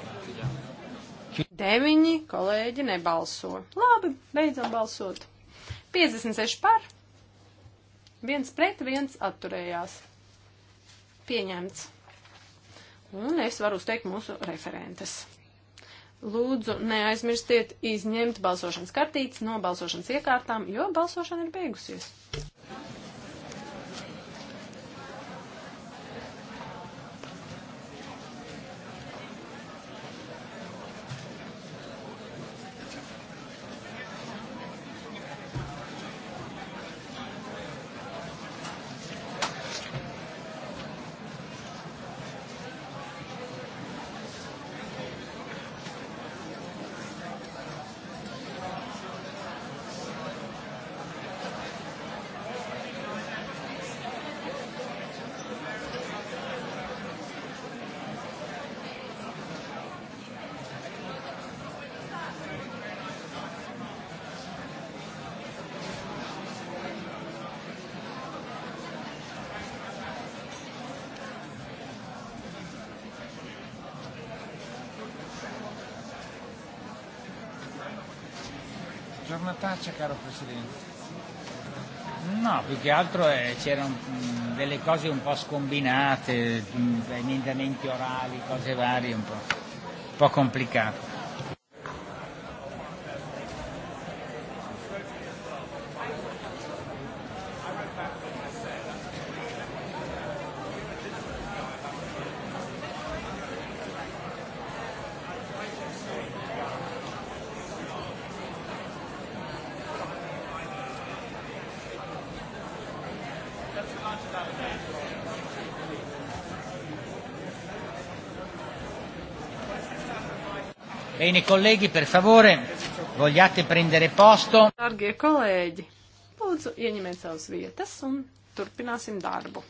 Deviņi kolēģi nebalso. Labi, beidzam balsot. 56 par, viens pret, viens atturējās. Pieņemts. Un es varu uzteikt mūsu referentes. Lūdzu, neaizmirstiet izņemt balsošanas kartītes no balsošanas iekārtām, jo balsošana ir beigusies. faccia, caro Presidente. No, più che altro eh, c'erano mm, delle cose un po' scombinate, mh, mm, emendamenti orali, cose varie, un po', un po' complicato. Bene, colleghi, per favore, vogliate prendere posto. Dargie kolēģi, lūdzu, ieņemiet savas vietas un turpināsim darbu.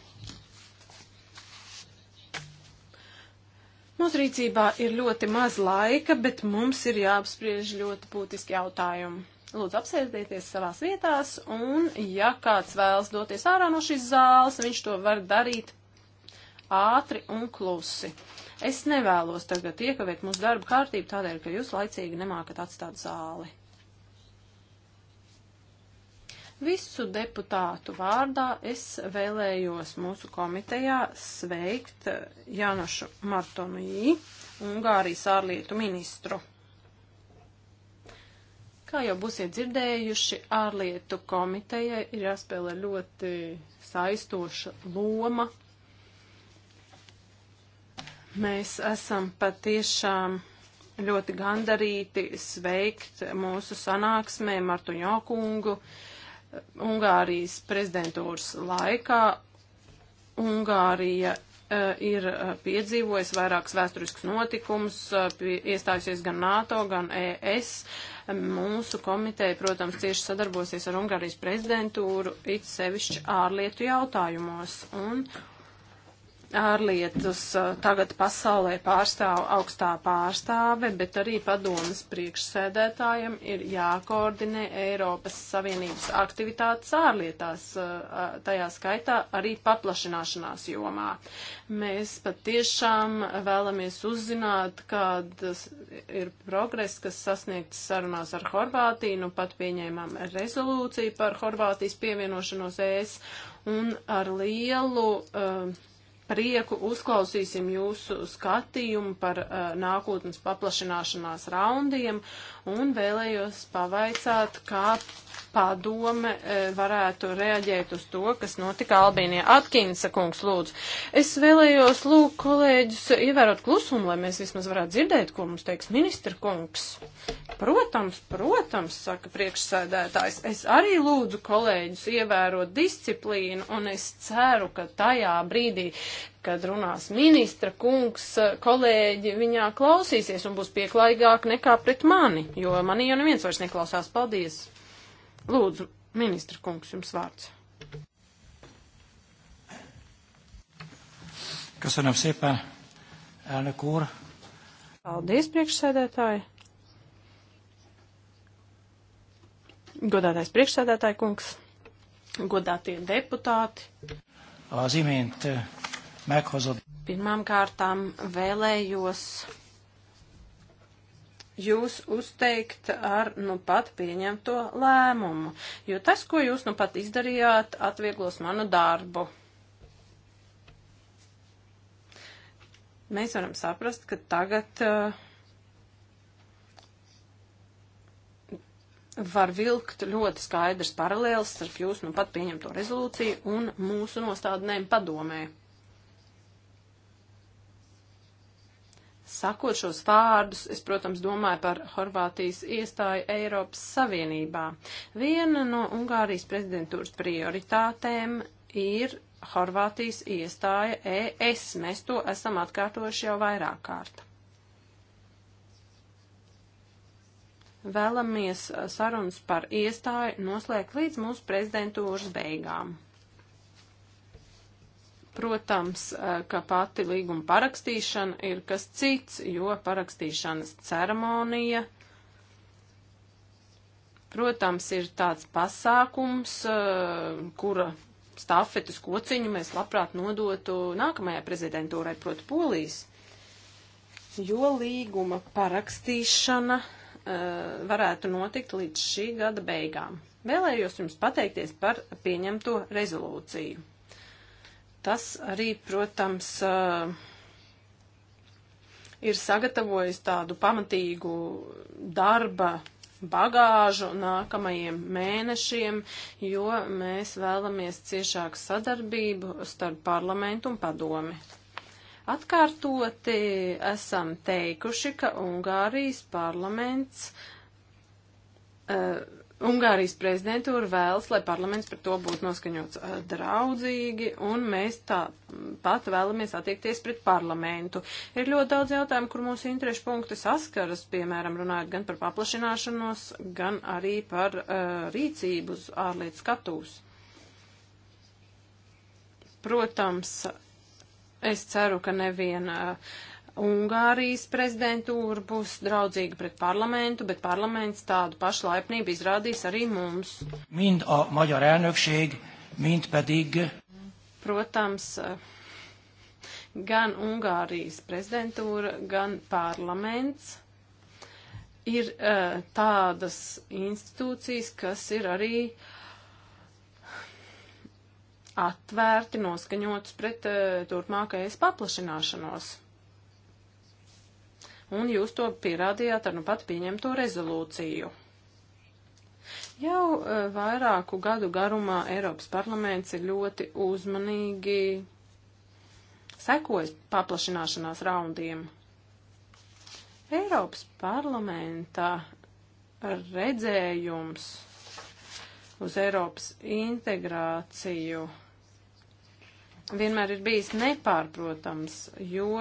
Mūsu rīcībā ir ļoti maz laika, bet mums ir jāapspriež ļoti būtiski jautājumi. Lūdzu, apsēdieties savās vietās, un ja kāds vēlas doties ārā no šīs zāles, viņš to var darīt ātri un klusi. Es nevēlos tagad iekavēt mūsu darba kārtību tādēļ, ka jūs laicīgi nemākat atstāt zāli. Visu deputātu vārdā es vēlējos mūsu komitejā sveikt Janošu Martonu Jī, Ungārijas ārlietu ministru. Kā jau būsiet dzirdējuši, ārlietu komiteja ir jāspēlē ļoti saistoša loma Mēs esam patiešām ļoti gandarīti sveikt mūsu sanāksmē Martu Jokungu Ungārijas prezidentūras laikā. Ungārija e, ir e, piedzīvojis vairākus vēsturiskus notikumus, e, iestājusies gan NATO, gan ES. Mūsu komiteja, protams, cieši sadarbosies ar Ungārijas prezidentūru, it sevišķi ārlietu jautājumos. Un ārlietas eh, tagad pasaulē pārstāv augstā pārstāve, bet arī padomas priekšsēdētājiem ir jākoordinē Eiropas Savienības aktivitātes ārlietās, eh, tajā skaitā arī paplašināšanās jomā. Mēs patiešām vēlamies uzzināt, kādas ir progress, kas sasniegts sarunās ar Horvātiju, nu pat pieņēmām rezolūciju par Horvātijas pievienošanos ES un ar lielu uh, prieku uzklausīsim jūsu skatījumu par uh, nākotnes paplašināšanās raundiem un vēlējos pavaicāt, kā padome e, varētu reaģēt uz to, kas notika Albīnijā. Atkinsa kungs, lūdzu. Es vēlējos lūgt kolēģus ievērot klusumu, lai mēs vismaz varētu dzirdēt, ko mums teiks ministra kungs. Protams, protams, saka priekšsēdētājs. Es arī lūdzu kolēģus ievērot disciplīnu, un es ceru, ka tajā brīdī, kad runās ministra kungs, kolēģi viņā klausīsies un būs pieklājīgāk nekā pret mani, jo mani jau neviens vairs neklausās. Paldies! Lūdzu, ministra kungs, jums vārds. Köszönöm szépen, elnök úr. Paldies, priekšsēdētāji. Godātais priekšsēdētāji kungs, godātie deputāti. Az imént eh, meghozod. Pirmām kārtām vēlējos jūs uzteikt ar nu pat pieņemto lēmumu, jo tas, ko jūs nu pat izdarījāt, atvieglos manu darbu. Mēs varam saprast, ka tagad uh, var vilkt ļoti skaidrs paralēls starp jūsu nu pat pieņemto rezolūciju un mūsu nostādnēm padomē. Sakot šos vārdus, es, protams, domāju par Horvātijas iestāju Eiropas Savienībā. Viena no Ungārijas prezidentūras prioritātēm ir Horvātijas iestāja ES. Mēs to esam atkārtojuši jau vairāk kārt. Vēlamies sarunas par iestāju noslēgt līdz mūsu prezidentūras beigām. Protams, eh, ka pati līguma parakstīšana ir kas cits, jo parakstīšanas ceremonija, protams, ir tāds pasākums, eh, kura stafetes kociņu mēs labprāt nodotu nākamajai prezidentūrai, proti Polijas, jo līguma parakstīšana eh, varētu notikt līdz šī gada beigām. Vēlējos jums pateikties par pieņemto rezolūciju. Tas arī, protams, ir sagatavojis tādu pamatīgu darba bagāžu nākamajiem mēnešiem, jo mēs vēlamies ciešāku sadarbību starp parlamentu un padomi. Atkārtoti esam teikuši, ka Ungārijas parlaments uh, Ungārijas prezidentūra vēlas, lai parlaments par to būtu noskaņots eh, draudzīgi, un mēs tāpat vēlamies attiekties pret parlamentu. Ir ļoti daudz jautājumu, kur mūsu interešu punkti saskaras, piemēram, runājot gan par paplašināšanos, gan arī par uh, rīcību uz ārlietu skatūs. Protams, es ceru, ka neviena. Uh, eh, Ungārijas prezidentūra būs draudzīga pret parlamentu, bet parlaments tādu pašu laipnību izrādīs arī mums. Mind a magyar elnökség, mind pedig. Protams, gan Ungārijas prezidentūra, gan parlaments ir e, tādas institūcijas, kas ir arī atvērti noskaņotas pret e, turpmākais paplašināšanos un jūs to pierādījāt ar nu pat pieņemto rezolūciju. Jau uh, vairāku gadu garumā Eiropas parlaments ir ļoti uzmanīgi sekojas paplašināšanās raundiem. Eiropas parlamenta redzējums uz Eiropas integrāciju vienmēr ir bijis nepārprotams, jo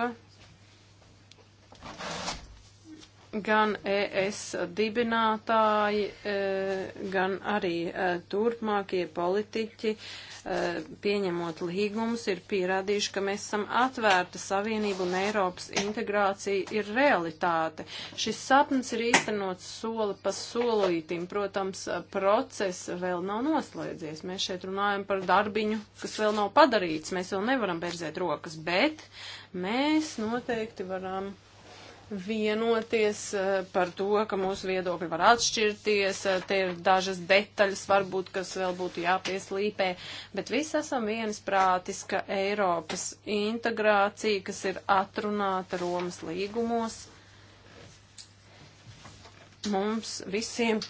gan ES dibinātāji, e, gan arī e, turpmākie politiķi, e, pieņemot līgumus, ir pierādījuši, ka mēs esam atvērta savienība un Eiropas integrācija ir realitāte. Šis sapnis ir īstenots soli pa solītim. Protams, process vēl nav noslēdzies. Mēs šeit runājam par darbiņu, kas vēl nav padarīts. Mēs vēl nevaram berzēt rokas, bet mēs noteikti varam vienoties eh, par to, ka mūsu viedokļi var atšķirties, eh, te ir dažas detaļas varbūt, kas vēl būtu jāpieslīpē, bet visi esam viensprātis, ka Eiropas integrācija, kas ir atrunāta Romas līgumos, mums visiem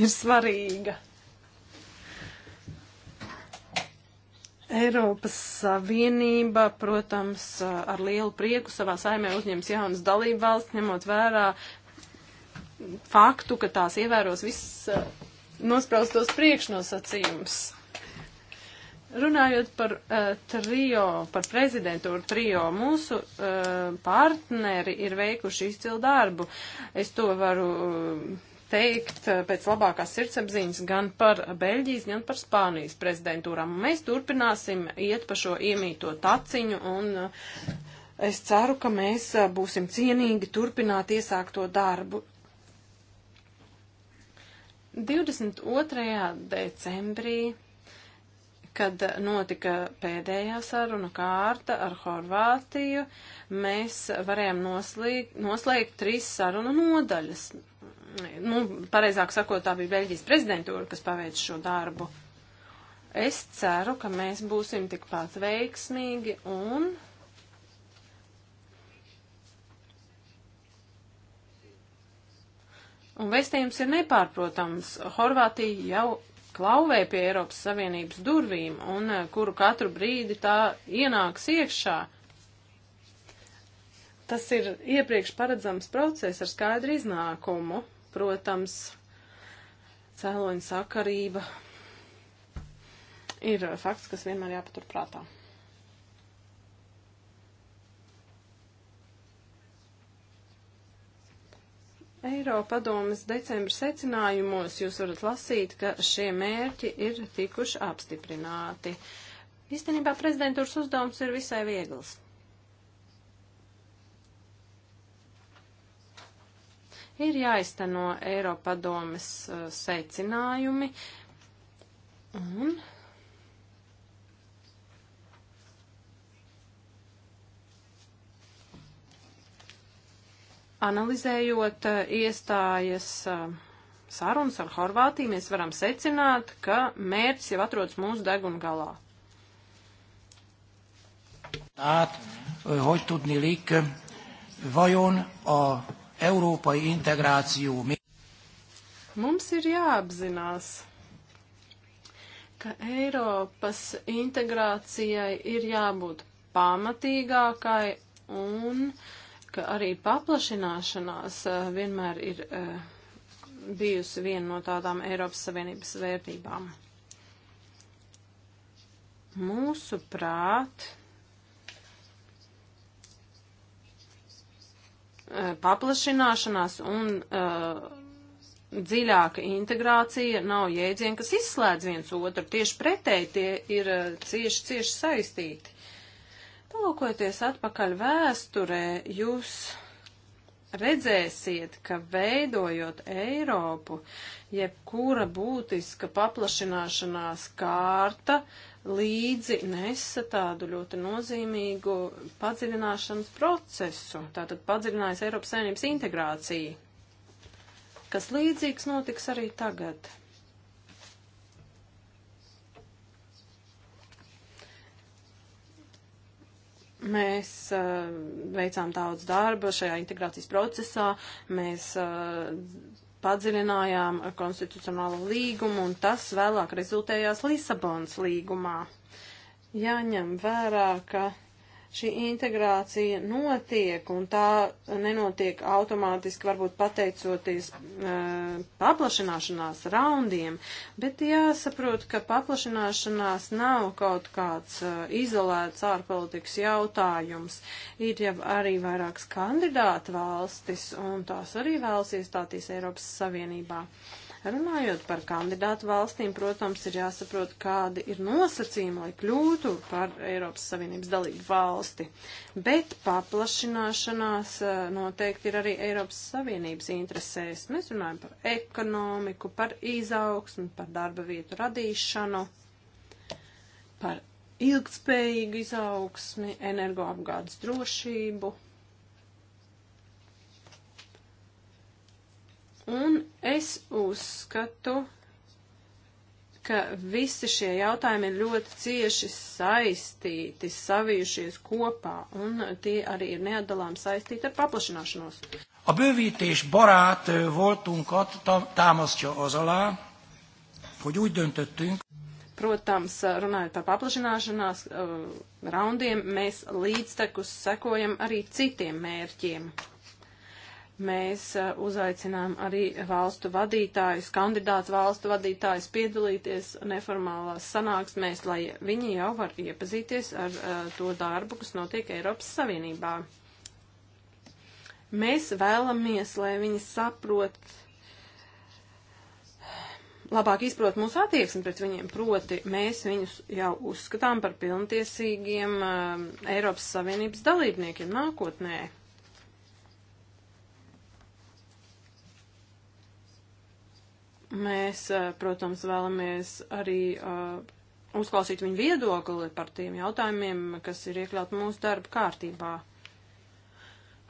ir svarīga. Eiropas Savienība, protams, ar lielu prieku savā saimē uzņems jaunas dalību valsts, ņemot vērā faktu, ka tās ievēros viss eh, nospraustos priekšnosacījums. Runājot par uh, trio, par prezidentūru trio, mūsu uh, partneri ir veikuši izcilu darbu. Es to varu uh, teikt eh, pēc labākās sirdsapziņas gan par Beļģijas, gan par Spānijas prezidentūrām. Mēs turpināsim iet pa šo iemīto taciņu un eh, es ceru, ka mēs eh, būsim cienīgi turpināt iesākto darbu. 22. decembrī kad notika pēdējā saruna kārta ar Horvātiju, mēs varējām noslīg, noslēgt trīs sarunu nodaļas nu, pareizāk sakot, tā bija Beļģijas prezidentūra, kas paveic šo darbu. Es ceru, ka mēs būsim tikpat veiksmīgi un Un vēstījums ir nepārprotams. Horvātija jau klauvē pie Eiropas Savienības durvīm, un eh, kuru katru brīdi tā ienāks iekšā. Tas ir iepriekš paredzams process ar skaidru iznākumu protams, cēloņa sakarība ir fakts, kas vienmēr jāpatur prātā. Eiropadomas decembra secinājumos jūs varat lasīt, ka šie mērķi ir tikuši apstiprināti. Īstenībā prezidentūras uzdevums ir visai viegls. Ir jāizteno Eiropadomes uh, secinājumi un analizējot uh, iestājas uh, sarunas ar Horvātiju, mēs varam secināt, ka mērķis jau atrodas mūsu deguna galā. Tehát, hogy tudni lik, vajon a európai integráció. Mums ir jāapzinās, ka Eiropas integrācijai ir jābūt pamatīgākai un ka arī paplašināšanās eh, vienmēr ir eh, bijusi viena no tādām Eiropas Savienības vērtībām. Mūsu prāt, E, paplašināšanās un uh, dziļāka integrācija nav jēdzieni, kas izslēdz viens otru. Tieši pretēji tie ir uh, cieši, cieši saistīti. Palūkojoties atpakaļ vēsturē, jūs redzēsiet, ka veidojot Eiropu, jebkura būtiska paplašināšanās kārta līdzi nesa tādu ļoti nozīmīgu padziļināšanas procesu, tātad padziļinājas Eiropas saimnības integrācija, kas līdzīgs notiks arī tagad. Mēs uh, veicām daudz darba šajā integrācijas procesā, mēs uh, padziļinājām konstitucionālo līgumu, un tas vēlāk rezultējās Lisabonas līgumā. Jāņem vērā, ka šī integrācija notiek, un tā nenotiek automātiski, varbūt pateicoties e, paplašināšanās raundiem, bet jāsaprot, ka paplašināšanās nav kaut kāds e, izolēts ārpolitikas jautājums. Ir jau arī vairākas kandidāta valstis, un tās arī vēlas iestāties Eiropas Savienībā. Uh, Runājot par kandidātu valstīm, protams, ir jāsaprot, kādi ir nosacījumi, lai kļūtu par Eiropas Savienības dalību valsti. Bet paplašināšanās eh, noteikti ir arī Eiropas Savienības interesēs. Mēs runājam par ekonomiku, par izaugsmu, par darba vietu radīšanu, par ilgtspējīgu izaugsmi, energoapgādes drošību. Un es uzskatu, ka visi šie jautājumi ir ļoti cieši saistīti, savijušies kopā, un tie arī ir neatdalām saistīti ar paplašināšanos. A bővítés barát voltunkat támasztja az alá, hogy úgy döntöttünk. Protams, runājot par paplašināšanās uh, raundiem, mēs līdztekus sekojam arī citiem mērķiem mēs uh, uzaicinām arī valstu vadītājus, kandidātu valstu vadītājus piedalīties neformālās sanāksmēs, lai viņi jau var iepazīties ar uh, to darbu, kas notiek Eiropas Savienībā. Mēs vēlamies, lai viņi saprot, labāk izprot mūsu attieksmi pret viņiem, proti mēs viņus jau uzskatām par pilntiesīgiem um, Eiropas Savienības dalībniekiem nākotnē. Mēs, protams, vēlamies arī uzklausīt viņu viedokli par tiem jautājumiem, kas ir iekļauti mūsu darba kārtībā.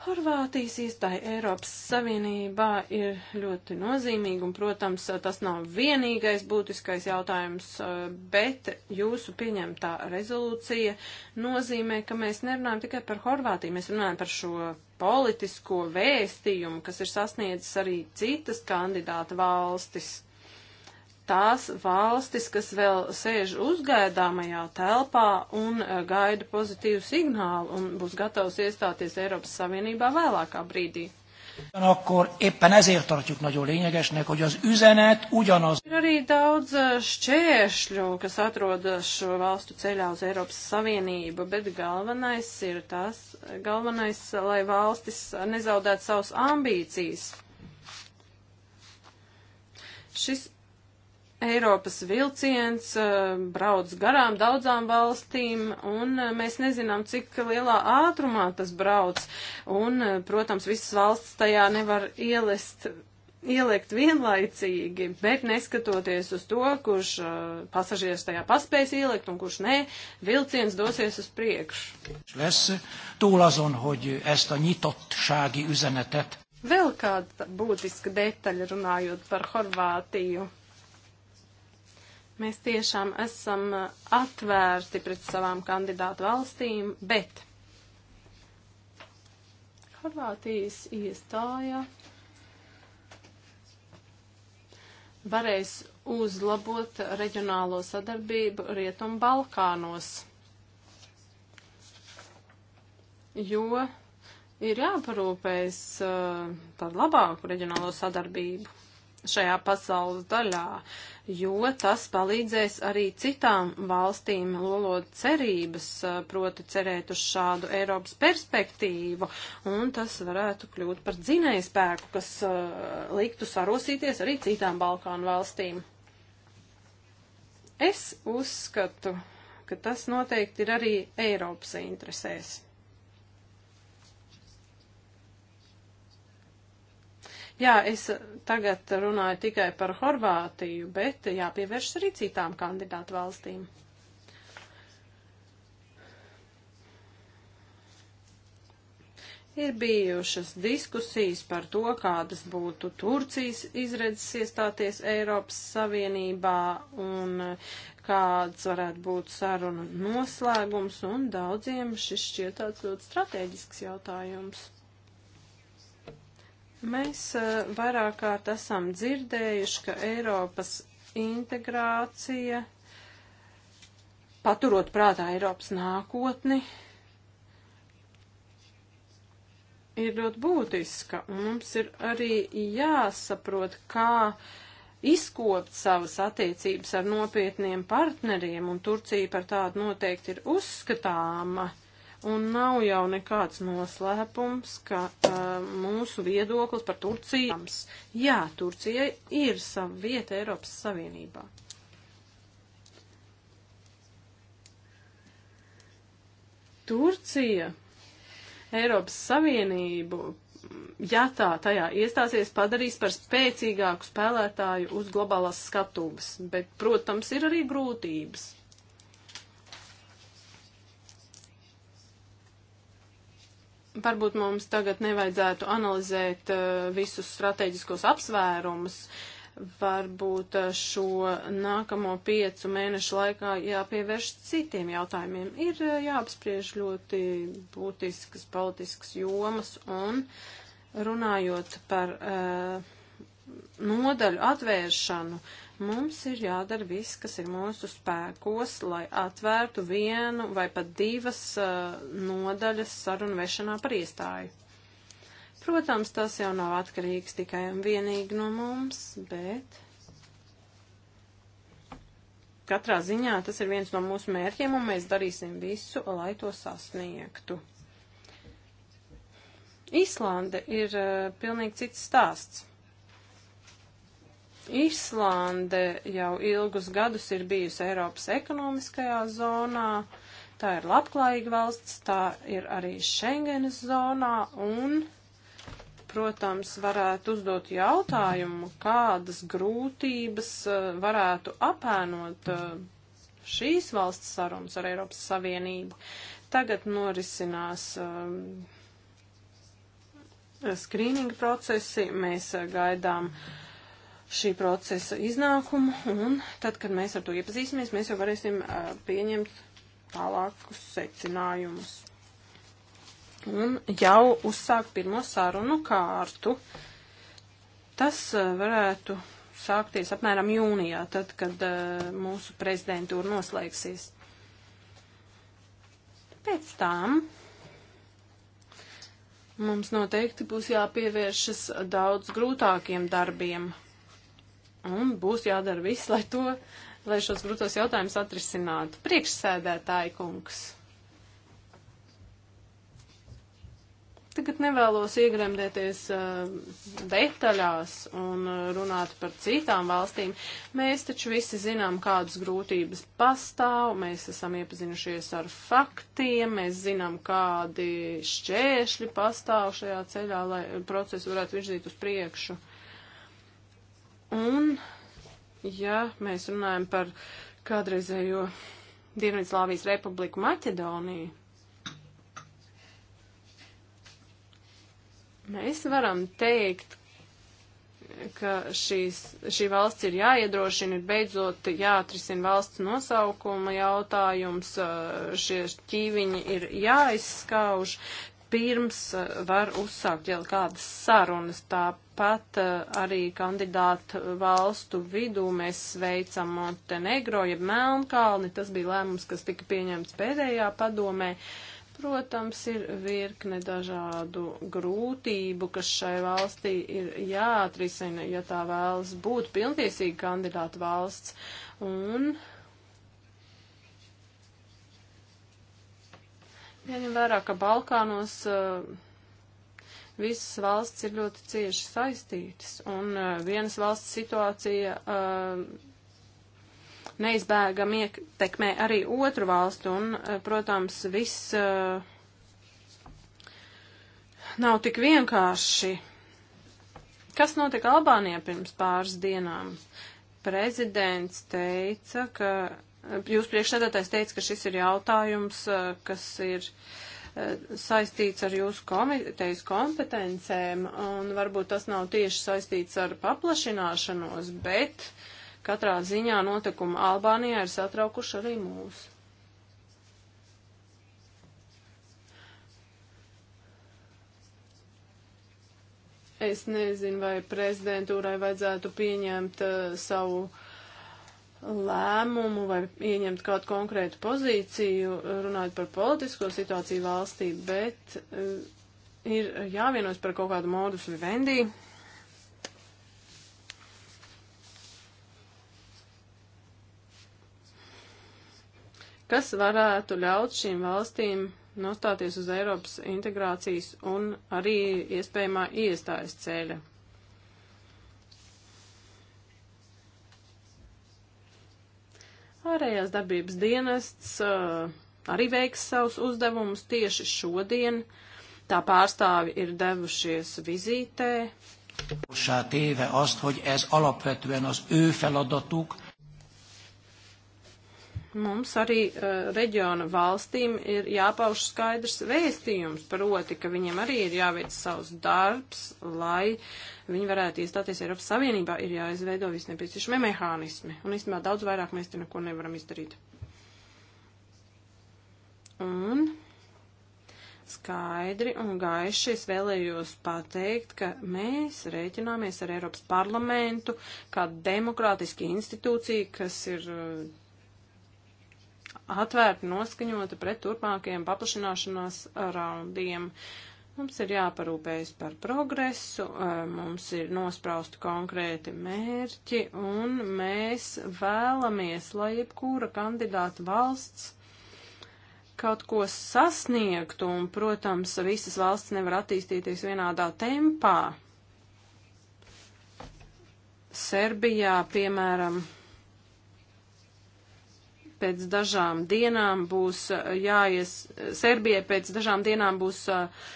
Horvātijas iestāja Eiropas Savienībā ir ļoti nozīmīga, un, protams, tas nav vienīgais būtiskais jautājums, bet jūsu pieņemtā rezolūcija nozīmē, ka mēs nerunājam tikai par Horvātiju, mēs runājam par šo politisko vēstījumu, kas ir sasniedzis arī citas kandidāta valstis. Tās valstis, kas vēl sēž uzgaidāmajā telpā un eh, gaida pozitīvu signālu un būs gatavs iestāties Eiropas Savienībā vēlākā brīdī. Akkor éppen ezért tartjuk nagyon lényegesnek, hogy az üzenet ugyanaz. Ir arī daudz eh, šķēršļu, kas atrodas šo valstu ceļā uz Eiropas Savienību, bet galvenais ir tas, galvenais, lai valstis nezaudētu savus ambīcijas. Šis Eiropas vilciens eh, brauc garām daudzām valstīm, un eh, mēs nezinām, cik lielā ātrumā tas brauc, un, eh, protams, visas valsts tajā nevar ielest ielikt vienlaicīgi, bet neskatoties uz to, kurš uh, pasažieris tajā paspējas ielikt un kurš nē, vilciens dosies uz priekšu. Lesz, túl azon, hogy ezt a nyitottsági üzenetet. Vēl kāda būtiska detaļa runājot par Horvātiju. Mēs tiešām esam uh, atvērti pret savām kandidātu valstīm, bet Horvātijas iestāja varēs uzlabot reģionālo sadarbību Rietumu Balkānos, jo ir jāparūpējas uh, par labāku reģionālo sadarbību šajā pasaules daļā, jo tas palīdzēs arī citām valstīm lolot cerības, eh, proti cerēt uz šādu Eiropas perspektīvu, un tas varētu kļūt par dzinēju spēku, kas uh, liktu sarosīties arī citām Balkānu valstīm. Es uzskatu, ka tas noteikti ir arī Eiropas interesēs. Jā, es tagad runāju tikai par Horvātiju, bet jāpievēršas arī citām kandidātu valstīm. Ir bijušas diskusijas par to, kādas būtu Turcijas izredzes iestāties Eiropas Savienībā un kāds varētu būt saruna noslēgums, un daudziem šis šķiet tāds ļoti strateģisks jautājums. Mēs eh, vairāk kārt esam dzirdējuši, ka Eiropas integrācija, paturot prātā Eiropas nākotni, ir ļoti būtiska. Un mums ir arī jāsaprot, kā izkopt savas attiecības ar nopietniem partneriem, un Turcija par tādu noteikti ir uzskatāma. Uh, Un nav jau nekāds noslēpums, ka uh, mūsu viedoklis par Turciju. Jā, Turcijai ir sava vieta Eiropas Savienībā. Turcija Eiropas Savienību, ja tā tajā iestāsies, padarīs par spēcīgāku spēlētāju uz globālās skatūves, bet, protams, ir arī grūtības. varbūt mums tagad nevajadzētu analizēt uh, visus strateģiskos apsvērumus. Varbūt uh, šo nākamo piecu mēnešu laikā jāpievērš citiem jautājumiem. Ir uh, jāapspriež ļoti būtiskas politiskas jomas un runājot par uh, nodaļu atvēršanu. Uh, Mums ir jādara viss, kas ir mūsu spēkos, lai atvērtu vienu vai pat divas uh, nodaļas sarunu vešanā par iestāju. Protams, tas jau nav atkarīgs tikai un vienīgi no mums, bet katrā ziņā tas ir viens no mūsu mērķiem, un mēs darīsim visu, lai to sasniegtu. Īslande ir uh, pilnīgi cits stāsts. Īslande jau ilgus gadus ir bijusi Eiropas ekonomiskajā zonā, tā ir labklājīga valsts, tā ir arī Schengenes zonā un, protams, varētu uzdot jautājumu, kādas grūtības eh, varētu apēnot eh, šīs valsts sarunas ar Eiropas Savienību. Tagad norisinās eh, skrīninga procesi, mēs gaidām uh, šī procesa iznākumu, un tad, kad mēs ar to iepazīsimies, mēs jau varēsim uh, pieņemt tālākus secinājumus. Un jau uzsākt pirmo sarunu kārtu. Tas uh, varētu sākties apmēram jūnijā, tad, kad uh, mūsu prezidentūra noslēgsies. Pēc tam mums noteikti būs jāpievēršas daudz grūtākiem darbiem. Un būs jādara viss, lai to, lai šos grūtos jautājumus atrisinātu. Priekšsēdētāji kungs. Tagad nevēlos iegremdēties uh, detaļās un uh, runāt par citām valstīm. Mēs taču visi zinām, kādas grūtības pastāv, mēs esam iepazinušies ar faktiem, mēs zinām, kādi šķēršļi pastāv šajā ceļā, lai procesu varētu virzīt uz priekšu. Uh, Un, ja mēs runājam par kādreizējo Dienvidslāvijas republiku Maķedoniju, mēs varam teikt, ka šīs, šī valsts ir jāiedrošina, ir beidzot jāatrisina valsts nosaukuma jautājums, šie ķīviņi ir jāizskauž, pirms var uzsākt jau kādas sarunas. Tā Pat eh, arī kandidātu valstu vidū mēs sveicam Montenegro, jeb ja Melnkalni. Tas bija lēmums, kas tika pieņemts pēdējā padomē. Protams, ir virkne dažādu grūtību, kas šai valstī ir jāatrisina, ja tā vēlas būt pilntiesīga kandidāta valsts. Un Jaņem vērā, ka Balkānos uh, visas valsts ir ļoti cieši saistītas, un uh, vienas valsts situācija uh, neizbēgami ietekmē arī otru valstu, un, uh, protams, viss uh, nav tik vienkārši. Kas notika Albānijā pirms pāris dienām? Prezidents teica, ka, jūs priekšsēdētājs teica, ka šis ir jautājums, uh, kas ir. Uh, Eh, saistīts ar jūsu komitejas kompetencēm, un varbūt tas nav tieši saistīts ar paplašināšanos, bet katrā ziņā notikuma Albānijā ir satraukuši arī mūs. Es nezinu, vai prezidentūrai vajadzētu pieņemt uh, savu uh, lēmumu vai ieņemt kādu konkrētu pozīciju, runājot par politisko situāciju valstī, bet eh, ir jāvienos par kaut kādu modus vivendi. Kas varētu ļaut šīm valstīm nostāties uz Eiropas integrācijas un arī iespējamā iestājas ceļa? Ārējās darbības dienests uh, arī veiks savus uzdevumus tieši šodien. Tā pārstāvi ir devušies vizītē. Téve azt, hogy ez alapvetően az ő feladatuk, Mums arī uh, reģiona valstīm ir jāpauž skaidrs vēstījums par oti, ka viņiem arī ir jāveic savs darbs, lai viņi varētu iestāties Eiropas Savienībā, ir jāizveido visnepieciešamie mehānismi. Un īstenībā daudz vairāk mēs te neko nevaram izdarīt. Un skaidri un gaiši es vēlējos pateikt, ka mēs rēķināmies ar Eiropas parlamentu kā demokrātiski institūcija, kas ir eh, atvērti noskaņota pret turpmākajiem paplašināšanās raundiem. Mums ir jāparūpējas par progresu, eh, mums ir nosprausti konkrēti mērķi, un mēs vēlamies, lai jebkura kandidāta valsts kaut ko sasniegtu, un, protams, visas valsts nevar attīstīties vienādā tempā. Serbijā, piemēram, pēc dažām dienām būs uh, jāies, Serbijai pēc dažām dienām būs uh,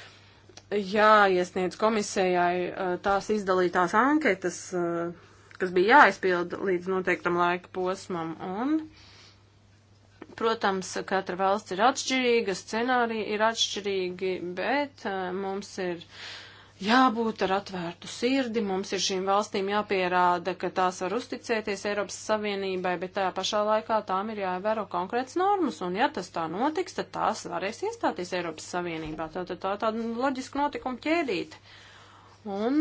jāiesniedz komisējai uh, tās izdalītās anketas, kas bija jāizpilda līdz noteiktam laika posmam. Un, protams, katra valsts ir atšķirīga, scenāriji ir atšķirīgi, bet mums ir uh, jābūt ar atvērtu sirdi, mums ir šīm valstīm jāpierāda, ka tās var uzticēties Eiropas Savienībai, bet tajā pašā laikā tām ir jāievēro konkrēts normas, un ja tas tā notiks, tad tās varēs iestāties Eiropas Savienībā. Tātad tā ir tā, tāda loģiska notikuma ķēdīte. Un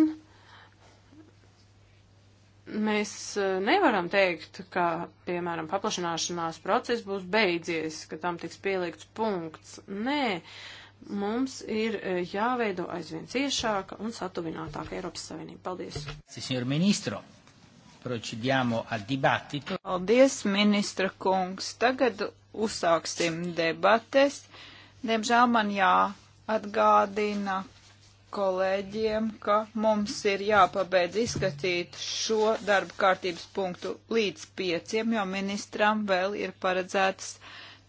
mēs e, nevaram teikt, ka, piemēram, paplašanāšanās process būs beidzies, ka tam tiks pielikts punkts. Nē. Uh, mums ir e, jāveido aizvien ciešāka un satuvinātāka Eiropas Savienība. Paldies! Signor ministro, procediamo al dibattito. Paldies, ministra kungs. Tagad uzsāksim debates. Diemžēl man jāatgādina kolēģiem, ka mums ir jāpabeidz izskatīt šo darba kārtības punktu līdz pieciem, jo ministram vēl ir paredzētas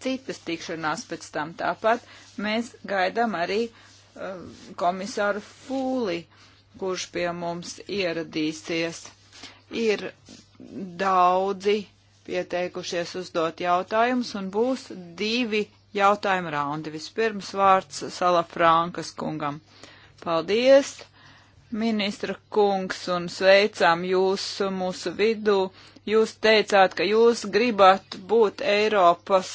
citas tikšanās pēc tam. Tāpat mēs gaidām arī uh, komisāru Fūli, kurš pie mums ieradīsies. Ir daudzi pieteikušies uzdot jautājumus un būs divi jautājuma raundi. Vispirms vārds Sala Frankas kungam. Paldies, ministra kungs, un sveicam jūs mūsu vidū. Jūs teicāt, ka jūs gribat būt Eiropas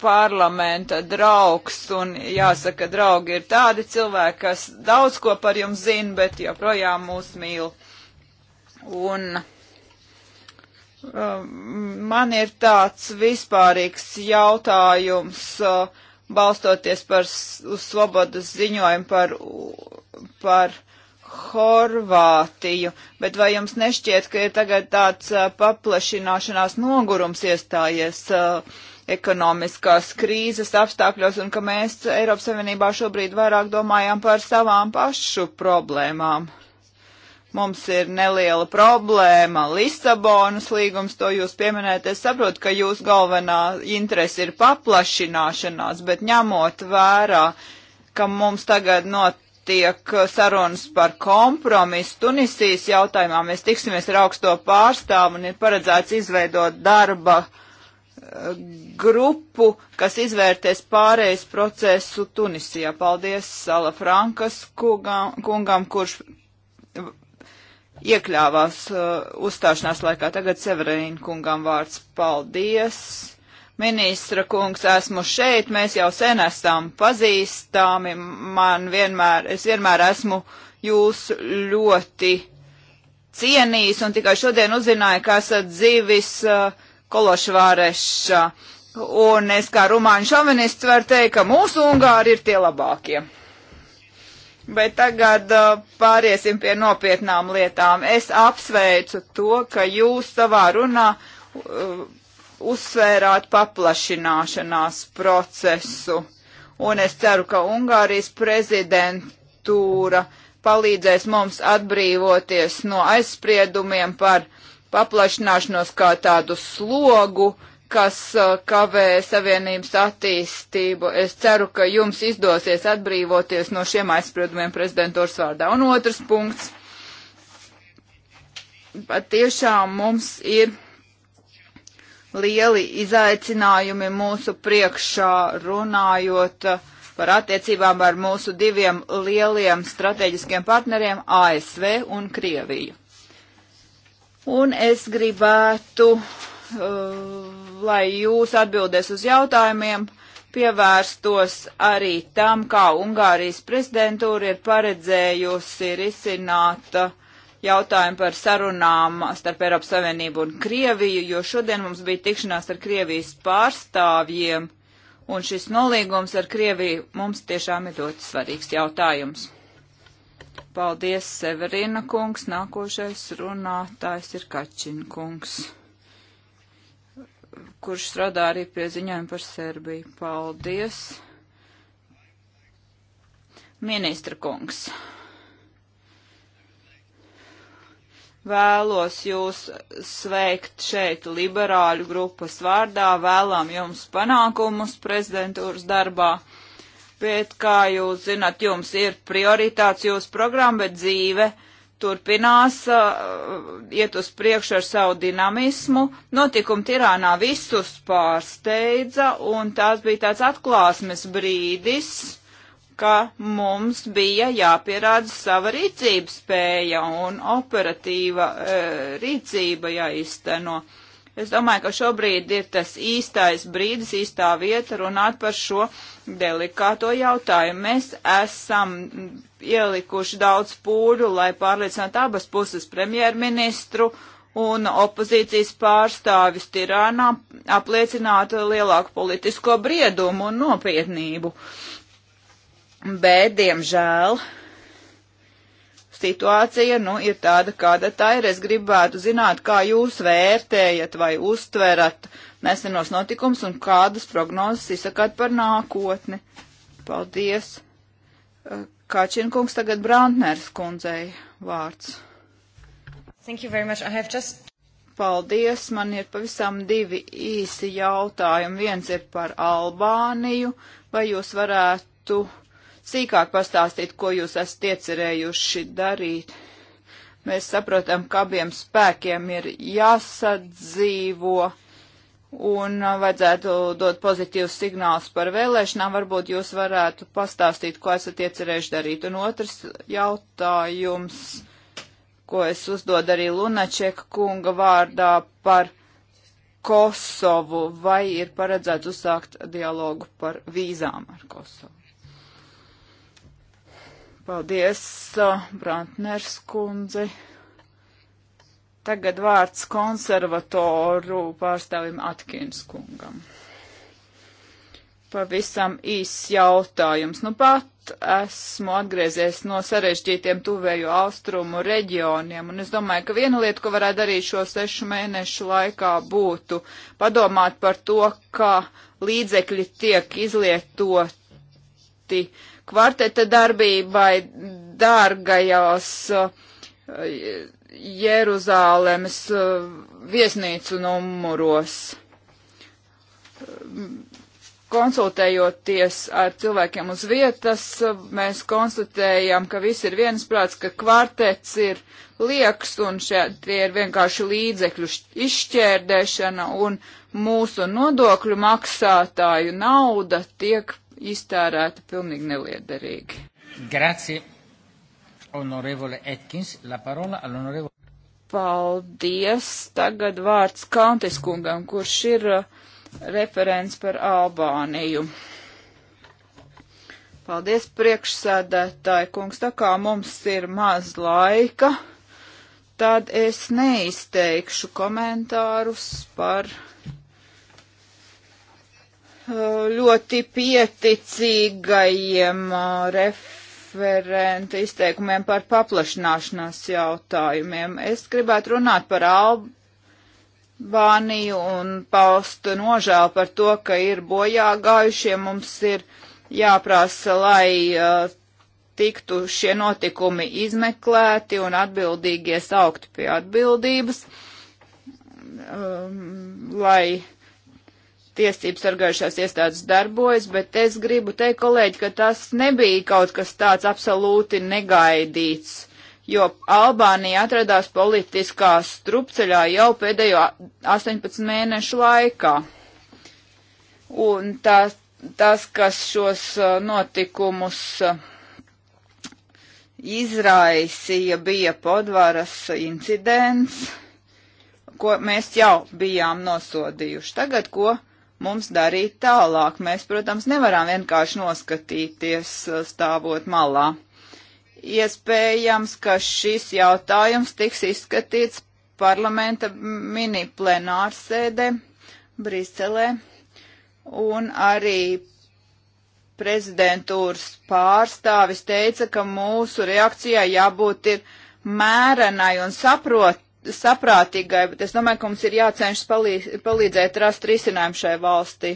parlamenta draugs, un jāsaka, draugi ir tādi cilvēki, kas daudz ko par jums zina, bet joprojām mūs mīl. Un um, man ir tāds vispārīgs jautājums, uh, balstoties par, uz Svobodas ziņojumu par, par Horvātiju, bet vai jums nešķiet, ka ir tagad tāds uh, paplašināšanās nogurums iestājies? Uh, ekonomiskās krīzes apstākļos un ka mēs Eiropas Savienībā šobrīd vairāk domājam par savām pašu problēmām. Mums ir neliela problēma. Lisabonas līgums, to jūs pieminējat, es saprotu, ka jūs galvenā interese ir paplašināšanās, bet ņemot vērā, ka mums tagad notiek sarunas par kompromisu Tunisijas jautājumā, mēs tiksimies ar augsto pārstāvu un ir paredzēts izveidot darba uh, grupu, kas izvērtēs pārējais procesu Tunisijā. Paldies Sala Frankas kungam, kungam kurš iekļāvās uh, uzstāšanās laikā. Tagad Severīna kungam vārds paldies. Ministra kungs, esmu šeit, mēs jau sen esam pazīstami, man vienmēr, es vienmēr esmu jūs ļoti cienījis un tikai šodien uzzināju, ka esat dzīvis uh, Kološvāreša. Un es kā rumāņu šovinists varu teikt, ka mūsu ungāri ir tie labākie. Bet tagad uh, pāriesim pie nopietnām lietām. Es apsveicu to, ka jūs savā runā uh, uzsvērāt paplašināšanās procesu. Un es ceru, ka Ungārijas prezidentūra palīdzēs mums atbrīvoties no aizspriedumiem par paplašināšanos kā tādu slogu, kas uh, kavē savienības attīstību. Es ceru, ka jums izdosies atbrīvoties no šiem aizspriedumiem prezidentūras vārdā. Un otrs punkts. Pat tiešām mums ir lieli izaicinājumi mūsu priekšā runājot uh, par attiecībām ar mūsu diviem lieliem strateģiskiem partneriem ASV un Krieviju. Un es gribētu, uh, lai jūs atbildēs uz jautājumiem, pievērstos arī tam, kā Ungārijas prezidentūra ir paredzējusi risināt uh, jautājumu par sarunām starp Eiropas Savienību un Krieviju, jo šodien mums bija tikšanās ar Krievijas pārstāvjiem, un šis nolīgums ar Krieviju mums tiešām ir ļoti svarīgs jautājums. Paldies, Severina kungs. Nākošais runātājs ir Kačina kungs, kurš strādā arī pie ziņojuma par Serbiju. Paldies. Ministra kungs. Vēlos jūs sveikt šeit liberāļu grupas vārdā, vēlam jums panākumus prezidentūras darbā bet, kā jūs zināt, jums ir prioritāts jūsu programma, bet dzīve turpinās uh, iet uz priekšu ar savu dinamismu. Notikumi Tirānā visus pārsteidza, un tās bija tāds atklāsmes brīdis, ka mums bija jāpierāda sava rīcības spēja un operatīva uh, rīcība jāizteno. Ja Es domāju, ka šobrīd ir tas īstais brīdis, īstā vieta runāt par šo delikāto jautājumu. Mēs esam ielikuši daudz pūļu, lai pārliecinātu abas puses premjerministru un opozīcijas pārstāvis Tirānā apliecinātu lielāku politisko briedumu un nopietnību. Bet, diemžēl, uh, situācija nu, ir tāda, kāda tā ir. Es gribētu zināt, kā jūs vērtējat vai uztverat nesenos notikums un kādas prognozes izsakāt par nākotni. Paldies! Eh, Kačinkungs tagad Brantners kundzei vārds. Thank you very much. I have just Paldies, man ir pavisam divi īsi jautājumi. Viens ir par Albāniju. Vai jūs varētu uh, sīkāk pastāstīt, ko jūs esat iecerējuši darīt. Mēs saprotam, ka abiem spēkiem ir jāsadzīvo un vajadzētu dot pozitīvus signālus par vēlēšanām. Varbūt jūs varētu pastāstīt, ko esat iecerējuši darīt. Un otrs jautājums, ko es uzdodu arī Lunačeka kunga vārdā par Kosovu, vai ir paredzēts uzsākt dialogu par vīzām ar Kosovu? Paldies, uh, Brantners kundzi. Tagad vārds konservatoru pārstāvim Atkins kungam. Pavisam īss jautājums. Nu pat esmu atgriezies no sarežģītiem tuvējo austrumu reģioniem, un es domāju, ka viena lieta, ko varētu darīt šo sešu mēnešu laikā, būtu padomāt par to, kā līdzekļi tiek izlietoti uh, kvarteta darbībai, dārgajās eh, Jeruzālēmas eh, viesnīcu numuros. Konsultējoties ar cilvēkiem uz vietas, mēs konstatējam, ka viss ir viensprāts, ka kvartets ir lieks un šie, tie ir vienkārši līdzekļu izšķērdēšana un mūsu nodokļu maksātāju nauda tiek iztērēta pilnīgi neliederīgi. Grazie, honorevole Atkins. La parola all'onorevole. Paldies. Tagad vārds Kantis kungam, kurš ir uh, referents par Albāniju. Paldies, priekšsēdētāji kungs. Tā kā mums ir maz laika, tad es neizteikšu komentārus par Albāniju ļoti pieticīgajiem uh, referenta izteikumiem par paplašināšanās jautājumiem. Es gribētu runāt par Albāniju un paust nožēlu par to, ka ir bojā gājušie. Mums ir jāprasa, lai uh, tiktu šie notikumi izmeklēti un atbildīgie saukti pie atbildības, um, lai tiesības sargājušās iestādes darbojas, bet es gribu teikt, kolēģi, ka tas nebija kaut kas tāds absolūti negaidīts, jo Albānija atradās politiskā strupceļā jau pēdējo 18 mēnešu laikā. Un tas, tas kas šos uh, notikumus uh, izraisīja, bija podvaras incidents, ko mēs jau bijām nosodījuši. Tagad ko? mums darīt tālāk. Mēs, protams, nevaram vienkārši noskatīties eh, stāvot malā. Iespējams, ka šis jautājums tiks izskatīts parlamenta mini plenārsēdē Briselē un arī prezidentūras pārstāvis teica, ka mūsu reakcijai jābūt ir mērenai un saprot saprātīgai, bet es domāju, ka mums ir jācenšas palīdz, palīdzēt rast risinājumu šai valstī.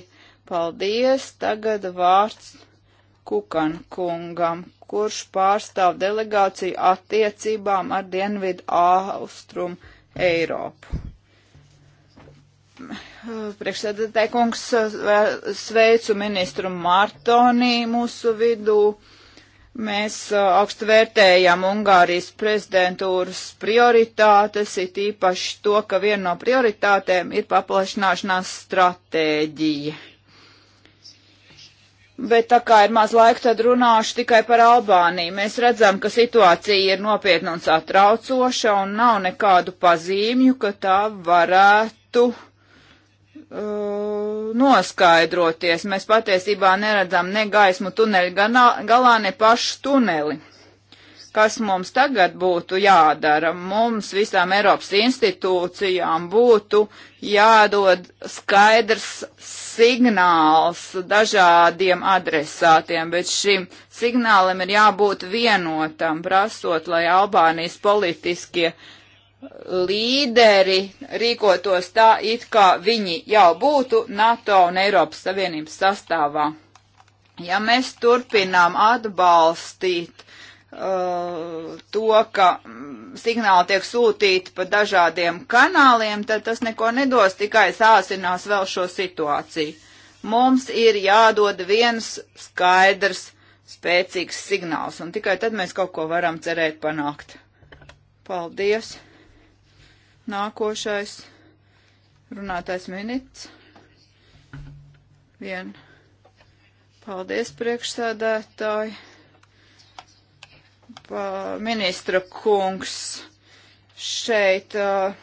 Paldies! Tagad vārds Kukan kungam, kurš pārstāv delegāciju attiecībām ar Dienvidu Austrum Eiropu. Priekšsēdētāji kungs sveicu ministru Martonī mūsu vidū. Uh, Mēs uh, augstu vērtējam Ungārijas prezidentūras prioritātes, it īpaši to, ka viena no prioritātēm ir paplašināšanās stratēģija. Bet tā kā ir maz laika, tad runāšu tikai par Albāniju. Mēs redzam, ka situācija ir nopietna un satraucoša un nav nekādu pazīmju, ka tā varētu uh, Uh, noskaidroties. Mēs patiesībā neredzam ne gaismu tuneļu galā, ne pašu tuneli. Kas mums tagad būtu jādara? Mums visām Eiropas institūcijām būtu jādod skaidrs signāls dažādiem adresātiem, bet šim signālam ir jābūt vienotam, prasot, lai Albānijas politiskie uh, līderi rīkotos tā, it kā viņi jau būtu NATO un Eiropas Savienības sastāvā. Ja mēs turpinām atbalstīt uh, to, ka mm, signāli tiek sūtīti pa dažādiem kanāliem, tad tas neko nedos, tikai sāsinās vēl šo situāciju. Mums ir jādod viens skaidrs, spēcīgs signāls, un tikai tad mēs kaut ko varam cerēt panākt. Paldies! Nākošais runātais minits. Vien. Paldies, priekšsēdētāji. Pa, ministra kungs šeit. Uh,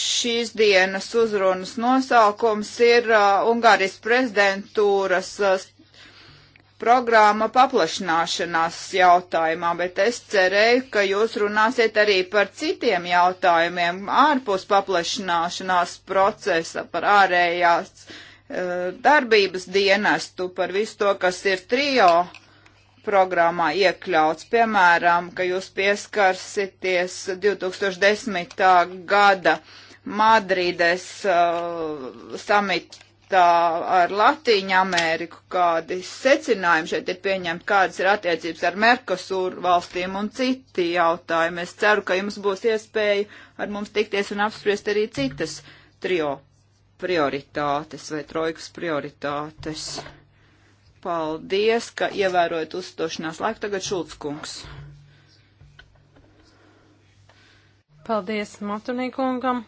šīs dienas uzrunas nosaukums ir uh, Ungārijas prezidentūras uh, programma paplašināšanās jautājumā, bet es cerēju, ka jūs runāsiet arī par citiem jautājumiem ārpus paplašināšanās procesa, par ārējās uh, darbības dienestu, par visu to, kas ir trijo programmā iekļauts, piemēram, ka jūs pieskarsities 2010. gada Madrides uh, eh, samita kontaktā ar Latīņu Ameriku, kādi secinājumi šeit ir pieņemti, kādas ir attiecības ar Merkosūru valstīm un citi jautājumi. Es ceru, ka jums būs iespēja ar mums tikties un apspriest arī citas trio prioritātes vai trojkas prioritātes. Paldies, ka ievērojat uzstošanās laiku. Tagad Šulckungs. Paldies Matunīkungam.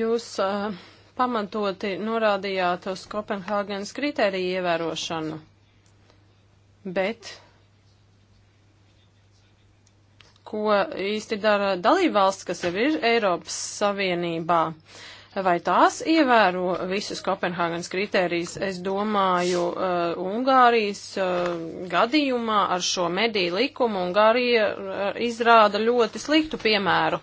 Jūs uh, pamatoti norādījāt uz Kopenhāgenes kritēriju ievērošanu, bet ko īsti dara dalībvalsts, kas jau ir Eiropas Savienībā? Uh, vai tās ievēro visus Kopenhāgenes kritērijus. Es domāju, uh, Ungārijas uh, gadījumā ar šo mediju likumu Ungārija uh, izrāda ļoti sliktu piemēru.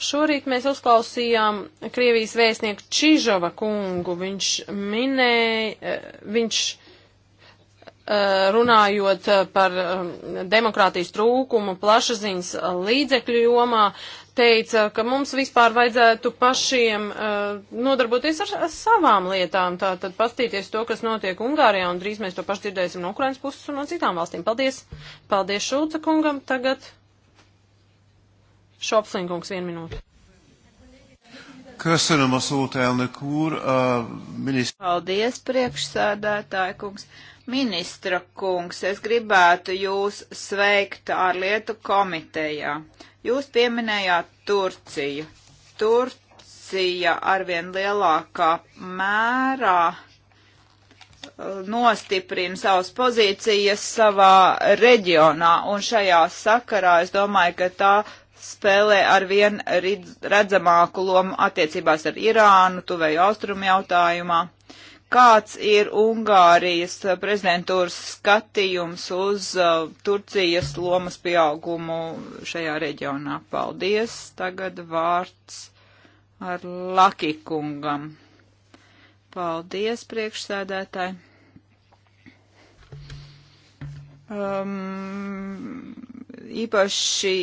Šorīt mēs uzklausījām Krievijas vēstnieku Čižova kungu. Viņš minēja, uh, viņš uh, runājot uh, par um, demokrātijas trūkumu plašaziņas līdzekļu jomā, teica, ka mums vispār vajadzētu pašiem uh, nodarboties ar, ar savām lietām, tātad pastīties to, kas notiek Ungārijā, un drīz mēs to pašu dzirdēsim no Ukrainas puses un no citām valstīm. Paldies! Paldies Šulca kungam! Tagad Šopslinkungs vienu minūti. Köszönöm a szót, elnök úr. A miniszt... Paldies, priekšsēdētāji kungs. Ministra kungs, es gribētu jūs sveikt ārlietu komitejā. Jūs pieminējāt Turciju. Turcija arvien lielākā mērā uh, nostiprina savas pozīcijas savā reģionā, un šajā sakarā es domāju, ka tā spēlē ar vien redzamāku lomu attiecībās ar Irānu, tuvēju austrumu jautājumā. Kāds ir Ungārijas prezidentūras skatījums uz uh, Turcijas lomas pieaugumu šajā reģionā? Paldies! Tagad vārds ar Lakikungam. Paldies, priekšsēdētāji! Um, īpaši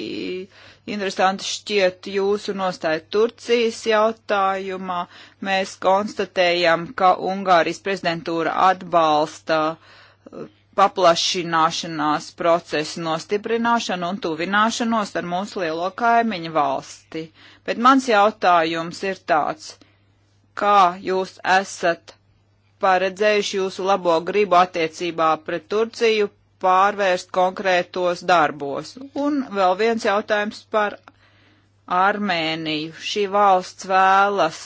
Interesanti šķiet jūsu nostāja Turcijas jautājumā. Mēs konstatējam, ka Ungārijas prezidentūra atbalsta uh, paplašināšanās procesu nostiprināšanu un tuvināšanos ar mūsu lielo kaimiņu valsti. Bet mans jautājums ir tāds, kā jūs esat paredzējuši jūsu labo gribu attiecībā pret Turciju pārvērst konkrētos darbos. Un vēl viens jautājums par Armēniju. Šī valsts vēlas,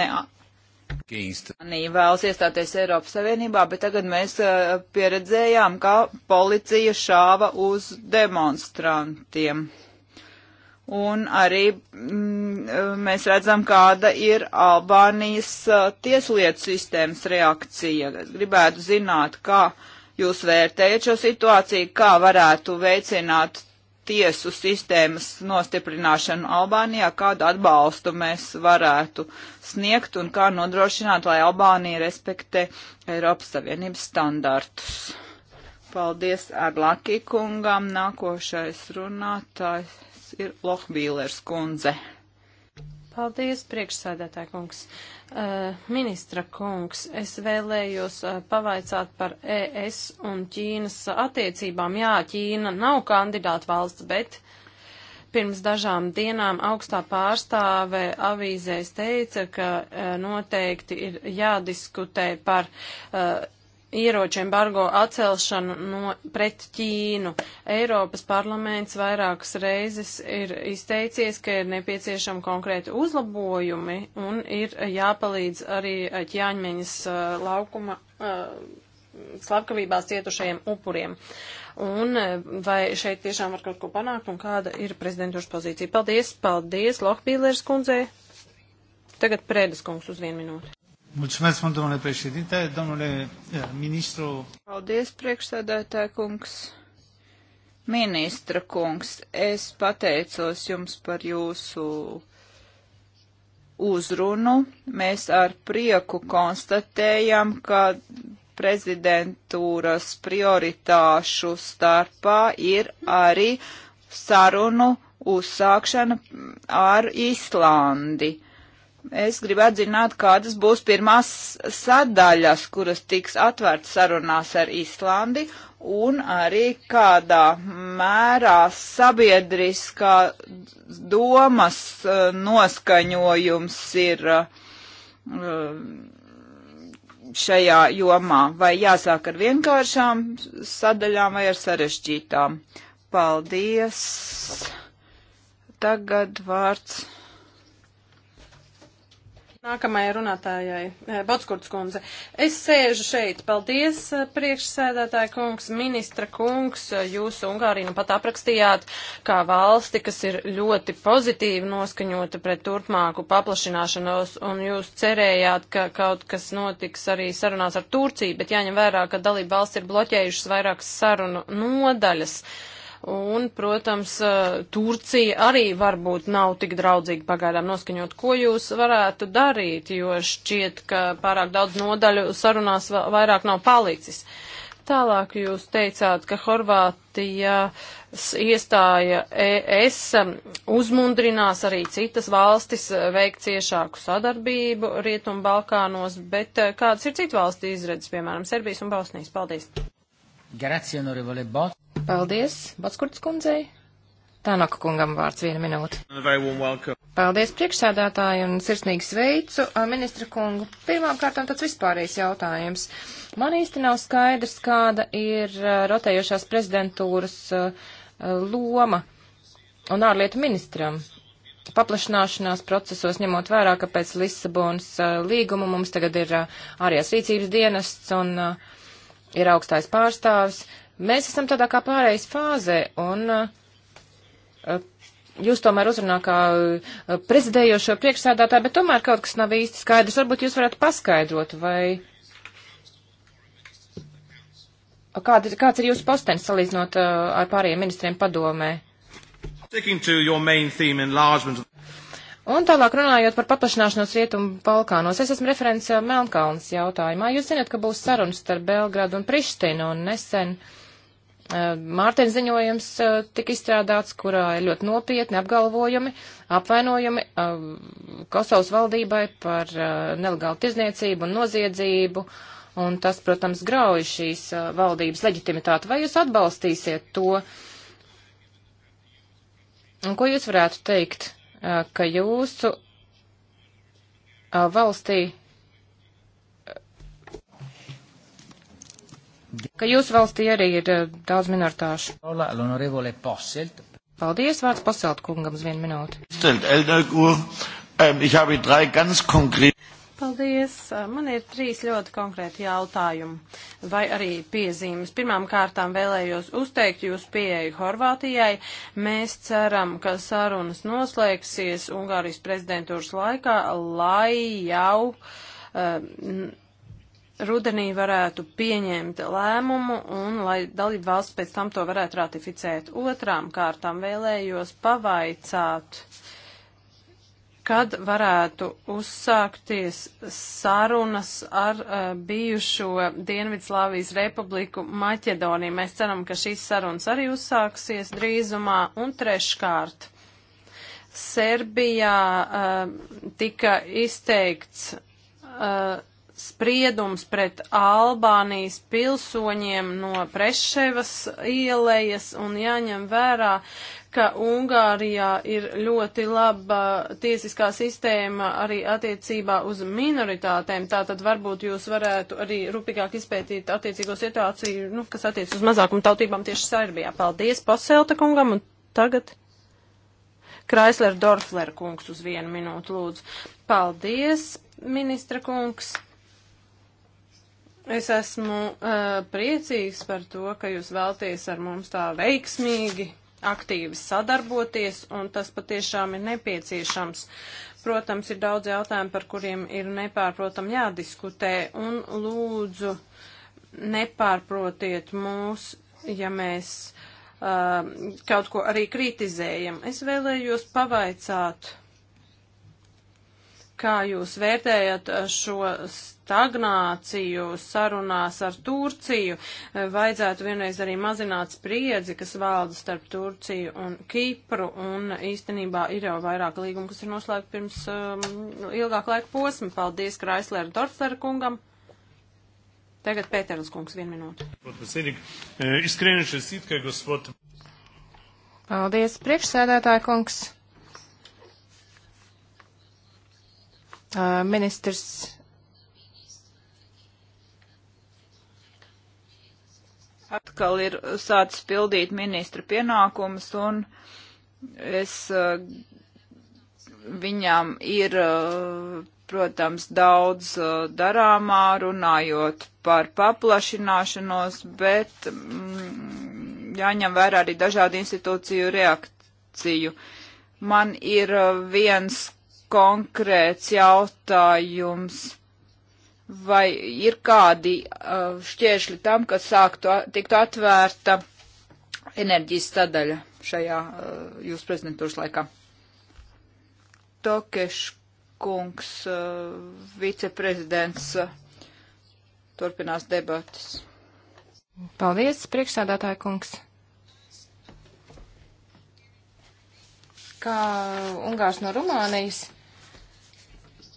ne, Armēnija vēlas iestāties Eiropas Savienībā, bet tagad mēs uh, pieredzējām, ka policija šāva uz demonstrantiem. Un arī mm, mēs redzam, kāda ir Albānijas uh, tieslietu sistēmas reakcija. Gribētu zināt, kā uh, jūs vērtējat šo situāciju, kā varētu veicināt tiesu sistēmas nostiprināšanu Albānijā, kādu atbalstu mēs varētu sniegt un kā nodrošināt, lai Albānija respektē Eiropas Savienības standartus. Paldies Arlaki kungam. Nākošais runātājs ir Lohbīlers kundze. Paldies, priekšsēdētāj kungs. Uh, ministra kungs, es vēlējos uh, pavaicāt par ES un Ķīnas attiecībām. Jā, Ķīna nav kandidāta valsts, bet pirms dažām dienām augstā pārstāve avīzēs teica, ka uh, noteikti ir jādiskutē par. Uh, ieroču embargo atcelšanu no, pret Ķīnu. Eiropas parlaments vairākas reizes ir izteicies, ka ir nepieciešami konkrēti uzlabojumi un ir jāpalīdz arī ķāņmeņas uh, laukuma uh, slepkavībās cietušajiem upuriem. Un vai šeit tiešām var kaut ko panākt un kāda ir prezidentūras pozīcija? Paldies, paldies Lohbīlers kundzei. Tagad Prēdas kungs uz vienu minūti. Mulțumesc mult, domnule președinte, domnule eh, ministru. Paldies, priekšsēdētāja kungs. Ministra kungs, es pateicos jums par jūsu uzrunu. Mēs ar prieku konstatējam, ka prezidentūras prioritāšu starpā ir arī sarunu uzsākšana ar Islandi. Uh, Es gribētu zināt, kādas būs pirmās sadaļas, kuras tiks atvērts sarunās ar Islandi, un arī kādā mērā sabiedriskā domas eh, noskaņojums ir eh, šajā jomā, vai jāsāk ar vienkāršām sadaļām vai ar sarežģītām. Paldies! Tagad vārds. Nākamajai runātājai, eh, Botskurts kundze. Es sēžu šeit. Paldies, eh, priekšsēdētāja kungs, ministra kungs. Eh, jūs Ungāriju nu pat aprakstījāt kā valsti, kas ir ļoti pozitīvi noskaņota pret turpmāku paplašināšanos, un jūs cerējāt, ka kaut kas notiks arī sarunās ar Turciju, bet jāņem vērā, ka dalība valsts ir bloķējušas vairākas sarunu nodaļas. Uh, Un, protams, eh, Turcija arī varbūt nav tik draudzīga pagaidām noskaņot, ko jūs varētu darīt, jo šķiet, ka pārāk daudz nodaļu sarunās vairāk nav palicis. Tālāk jūs teicāt, ka Horvātijas iestāja ES eh, uzmundrinās arī citas valstis eh, veikt ciešāku sadarbību Rietumbalkānos, bet kādas ir citu valstu izredzes, piemēram, Serbijas un Bosnijas? Paldies! Grazie, onorevole Bot. Paldies, Botskurts kundzei. Tānaka kungam vārds viena minūte. Paldies priekšsēdētāji un sirsnīgi sveicu ministra kungu. Pirmām kārtām tāds vispārējais jautājums. Man īsti nav skaidrs, kāda ir rotējošās prezidentūras loma un ārlietu ministram paplašināšanās procesos, ņemot vērā, ka pēc Lisabonas līguma mums tagad ir ārējās rīcības dienests un uh, ir augstais pārstāvis. Mēs esam tādā kā pārējais fāzē, un uh, uh jūs tomēr uzrunā kā uh, prezidējošo priekšsēdātāju, bet tomēr kaut kas nav īsti skaidrs. Varbūt jūs varētu paskaidrot, vai. Uh, Kād, kāds ir jūsu postenis salīdzinot uh, ar pārējiem ministriem padomē? Un tālāk runājot par paplašināšanos Rietumu Balkānos, es esmu referents Melnkalnas jautājumā. Jūs zināt, ka būs sarunas starp Belgradu un Prištinu, un nesen uh, Mārtiņa ziņojums uh, tika izstrādāts, kurā ir ļoti nopietni apgalvojumi, apvainojumi uh, Kosovas valdībai par nelegālu tirzniecību un noziedzību, un tas, protams, grauj šīs valdības leģitimitāti. Vai jūs atbalstīsiet to? Un ko jūs varētu teikt? ka jūsu valstī ka jūsu valstī arī ir daudz minoritāšu. Paldies, vārds Paselt kungam uz vienu minūti. Paldies. Man ir trīs ļoti konkrēti jautājumi vai arī piezīmes. Pirmām kārtām vēlējos uzteikt jūs pieeju Horvātijai. Mēs ceram, ka sarunas noslēgsies Ungārijas prezidentūras laikā, lai jau uh, rudenī varētu pieņemt lēmumu un lai dalību valsts pēc tam to varētu ratificēt. Otrām kārtām vēlējos pavaicāt kad varētu uzsākties sarunas ar uh, bijušo Dienvidslāvijas republiku Maķedoniju. Mēs ceram, ka šīs sarunas arī uzsāksies drīzumā un treškārt. Serbijā uh, tika izteikts uh, spriedums pret Albānijas pilsoņiem no Preševas ielejas un jāņem vērā, ka Ungārijā ir ļoti laba tiesiskā sistēma arī attiecībā uz minoritātēm, tātad varbūt jūs varētu arī rūpīgāk izpētīt attiecīgo situāciju, nu, kas attiec uz mazākumu tautībām tieši Serbijā. Paldies Paselta kungam un tagad Kraisler Dorfler kungs uz vienu minūtu lūdzu. Paldies, ministra kungs. Es esmu uh, priecīgs par to, ka jūs vēlties ar mums tā veiksmīgi aktīvi sadarboties, un tas patiešām ir nepieciešams. Protams, ir daudz jautājumu, par kuriem ir nepārprotam jādiskutē, un lūdzu nepārprotiet mūs, ja mēs uh, kaut ko arī kritizējam. Es vēlējos pavaicāt, kā jūs vērtējat uh, šo stagnāciju sarunās ar Turciju, eh, vajadzētu vienreiz arī mazināt spriedzi, kas valda starp Turciju un Kipru, un īstenībā ir jau vairāk līgumu, kas ir noslēgti pirms um, ehm, ilgāk laika posma. Paldies Kraislēru Dorferu kungam. Tagad Pēteris kungs, vienu minūtu. Eh, Paldies, priekšsēdētāja kungs. Eh, ministrs atkal ir sācis pildīt ministra pienākumus, un es, eh, viņām ir, eh, protams, daudz eh, darāmā runājot par paplašināšanos, bet mm, jāņem vērā arī dažādu institūciju reakciju. Man ir viens konkrēts jautājums vai ir kādi uh, šķēršļi tam, ka sāktu, tiktu atvērta enerģijas sadaļa šajā uh, jūsu prezidentūras laikā? Tokeš kungs, uh, viceprezidents, uh, turpinās debatas. Paldies, priekšsādātāja kungs. Kā Ungārs no Rumānijas.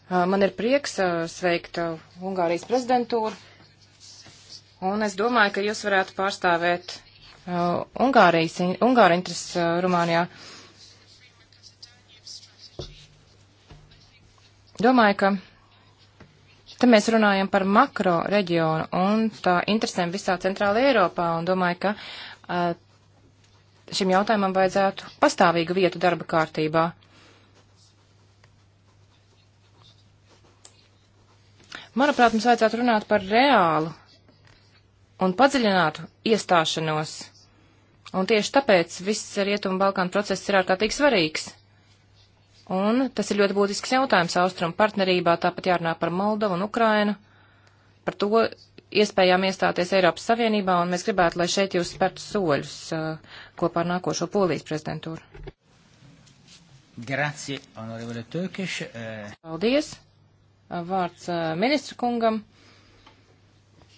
Man ir prieks sveikt Ungārijas prezidentūru, un es domāju, ka jūs varētu pārstāvēt Ungārijas, Ungāra intereses Rumānijā. Domāju, ka te mēs runājam par makro reģionu un tā interesēm visā centrāla Eiropā, un domāju, ka šim jautājumam vajadzētu pastāvīgu vietu darba kārtībā. Manuprāt, mums vajadzētu runāt par reālu un padziļinātu iestāšanos. Un tieši tāpēc viss Rietumu Balkānu process ir ārkārtīgi svarīgs. Un tas ir ļoti būtisks jautājums Austrumu partnerībā, tāpat jārunā par Moldovu un Ukrainu, par to iespējām iestāties Eiropas Savienībā, un mēs gribētu, lai šeit jūs spērtu soļus uh, kopā ar nākošo Polijas prezidentūru. Grazie, honorevole Tökeš. Uh... Eh, Paldies vārds ministru kungam.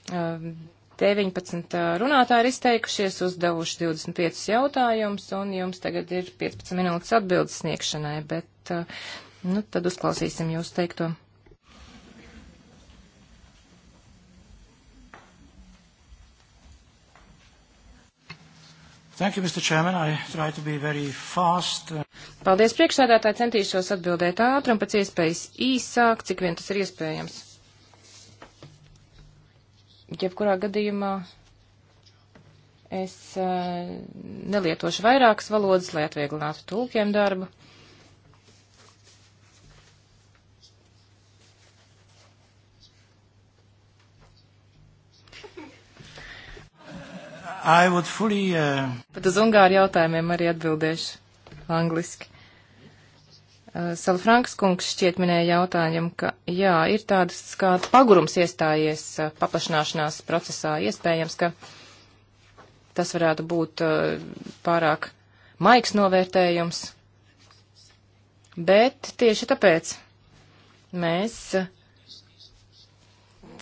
19 runātāji ir izteikušies, uzdevuši 25 jautājumus, un jums tagad ir 15 minūtes atbildes sniegšanai, bet nu, tad uzklausīsim jūs teikto. Thank you, Mr. Chairman. I try to be very fast. Uh, Paldies, priekšsēdētāji. Centīšos atbildēt ātri un pēc iespējas īsāk, cik vien tas ir iespējams. Jebkurā gadījumā es uh, nelietošu vairākas valodas, lai atvieglinātu tulkiem darbu. Uh, Fully, uh... Bet uz Ungāru jautājumiem arī atbildēšu angliski. Uh, Salafrankas kungs šķiet minēja jautājumu, ka jā, ir tādas kā pagurums iestājies uh, paplašanāšanās procesā. Iespējams, ka tas varētu būt uh, pārāk maigs novērtējums. Bet tieši tāpēc mēs uh,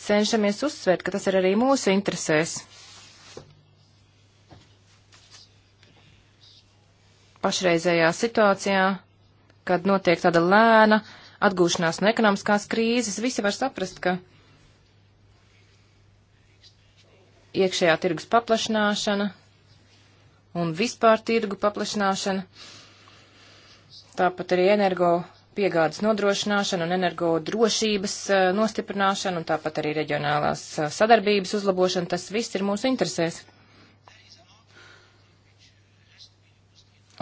cenšamies uzsvērt, ka tas ir arī mūsu interesēs pašreizējā situācijā, kad notiek tāda lēna atgūšanās no ekonomiskās krīzes, visi var saprast, ka iekšējā tirgus paplašināšana un vispār tirgu paplašināšana, tāpat arī energo piegādes nodrošināšana un energo drošības eh, nostiprināšana un tāpat arī reģionālās eh, sadarbības uzlabošana, tas viss ir mūsu interesēs.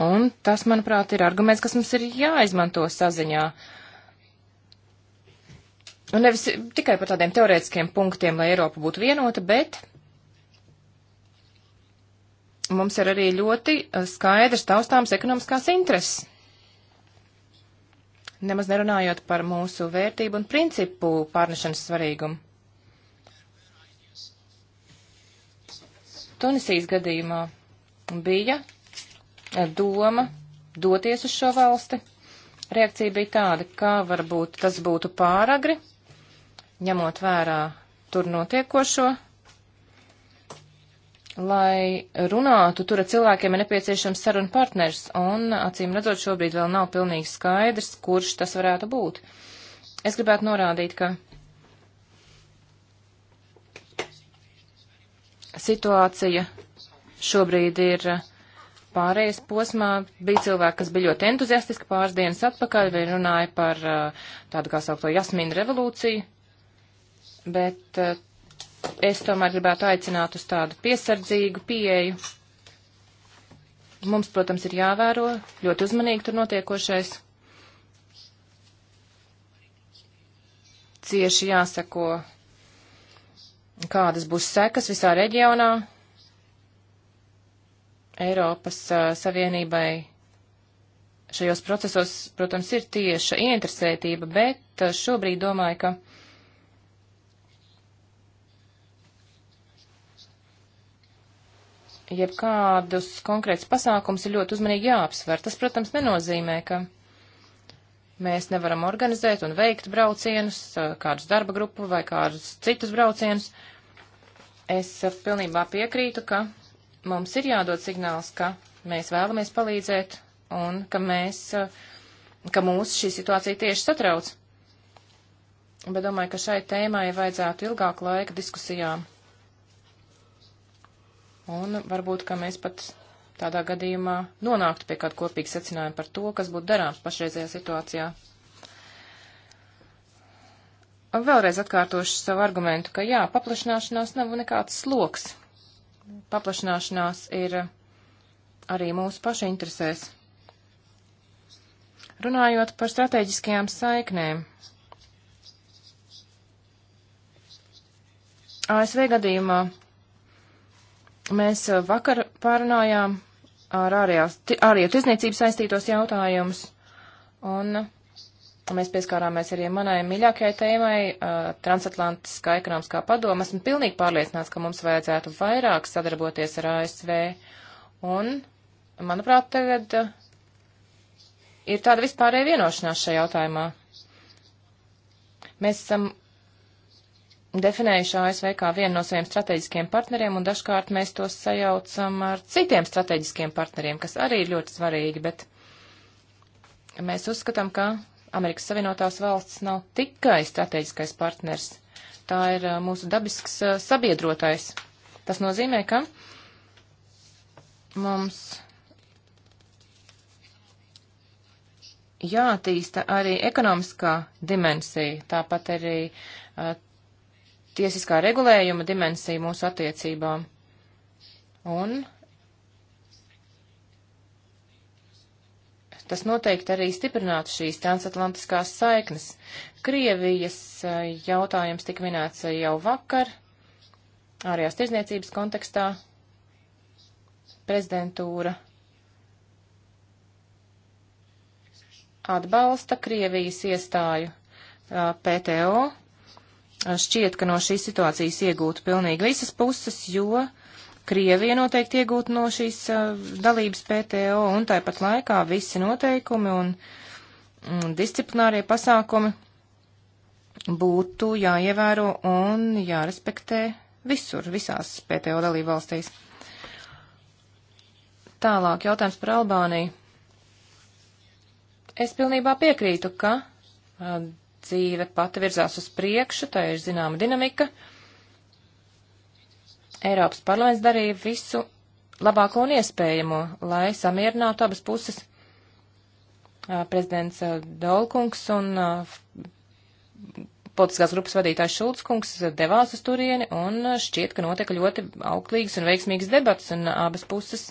Un tas, manuprāt, ir arguments, kas mums ir jāizmanto saziņā. Un nevis tikai par tādiem teorētiskiem punktiem, lai Eiropa būtu vienota, bet mums ir arī ļoti eh, skaidrs taustāms ekonomiskās intereses. Nemaz nerunājot par mūsu vērtību un principu pārnešanas svarīgumu. Tunisijas gadījumā bija Eh, doma doties uz šo valsti. Reakcija bija tāda, ka varbūt tas būtu pāragri, ņemot vērā tur notiekošo, lai runātu, tur cilvēkiem ir nepieciešams sarunu partners, un acīm redzot, šobrīd vēl nav pilnīgi skaidrs, kurš tas varētu būt. Es gribētu norādīt, ka situācija šobrīd ir eh, pārējais posmā bija cilvēki, kas bija ļoti entuziastiski pāris dienas atpakaļ, viņi runāja par tādu kā saukto jasmīnu revolūciju, bet es tomēr gribētu aicināt uz tādu piesardzīgu pieeju. Mums, protams, ir jāvēro ļoti uzmanīgi tur notiekošais. Cieši jāsako, kādas būs sekas visā reģionā, Eiropas uh, Savienībai šajos procesos, protams, ir tieša ieinteresētība, bet uh, šobrīd domāju, ka jebkādus konkrētus pasākums ir ļoti uzmanīgi jāapsver. Tas, protams, nenozīmē, ka mēs nevaram organizēt un veikt braucienus, uh, kādus darba grupu vai kādus citus braucienus. Es pilnībā piekrītu, ka mums ir jādod signāls, ka mēs vēlamies palīdzēt un ka mēs, eh, ka mūs šī situācija tieši satrauc. Bet domāju, ka šai tēmai vajadzētu ilgāku laiku diskusijām. Un varbūt, ka mēs pat tādā gadījumā nonāktu pie kāda kopīga secinājuma par to, kas būtu darāms pašreizajā situācijā. Un vēlreiz atkārtošu savu argumentu, ka jā, paplašināšanās nav nekāds sloks paplašināšanās ir eh, arī mūsu pašu interesēs. Runājot par strateģiskajām saiknēm. ASV gadījumā mēs eh, vakar pārunājām ar ārējās, ārējot izniecības saistītos jautājumus, un mēs pieskārāmies arī manai mīļākajai tēmai uh, - transatlantiskā ekonomiskā padoma. Esmu pilnīgi pārliecināts, ka mums vajadzētu vairāk sadarboties ar ASV. Un, manuprāt, tagad uh, ir tāda vispārēja vienošanās šajā jautājumā. Mēs esam definējuši ASV kā vienu no saviem strateģiskiem partneriem, un dažkārt mēs tos sajaucam ar citiem strateģiskiem partneriem, kas arī ir ļoti svarīgi, bet mēs uzskatām, ka Amerikas Savienotās valsts nav tikai strateģiskais partners, tā ir mūsu dabisks sabiedrotais. Tas nozīmē, ka mums jātīsta arī ekonomiskā dimensija, tāpat arī uh, tiesiskā regulējuma dimensija mūsu attiecībām. Un tas noteikti arī stiprinātu šīs transatlantiskās saiknes. Krievijas eh, jautājums tika minēts eh, jau vakar, ārējās tirzniecības kontekstā. Prezidentūra atbalsta Krievijas iestāju eh, PTO. Šķiet, ka no šīs situācijas iegūtu pilnīgi visas puses, jo uh, Krievija noteikti iegūtu no šīs uh, dalības PTO un tāpat laikā visi noteikumi un, un mm, disciplinārie pasākumi būtu jāievēro un jārespektē visur, visās PTO dalību valstīs. Tālāk jautājums par Albāniju. Es pilnībā piekrītu, ka uh, dzīve pati virzās uz priekšu, tā ir zināma dinamika. Uh, Eiropas parlaments darīja visu labāko un iespējamo, lai samierinātu abas puses. Prezidents Dolkungs un politiskās grupas vadītājs Šulckungs devās uz turieni un šķiet, ka notika ļoti auglīgas un veiksmīgas debats un abas puses.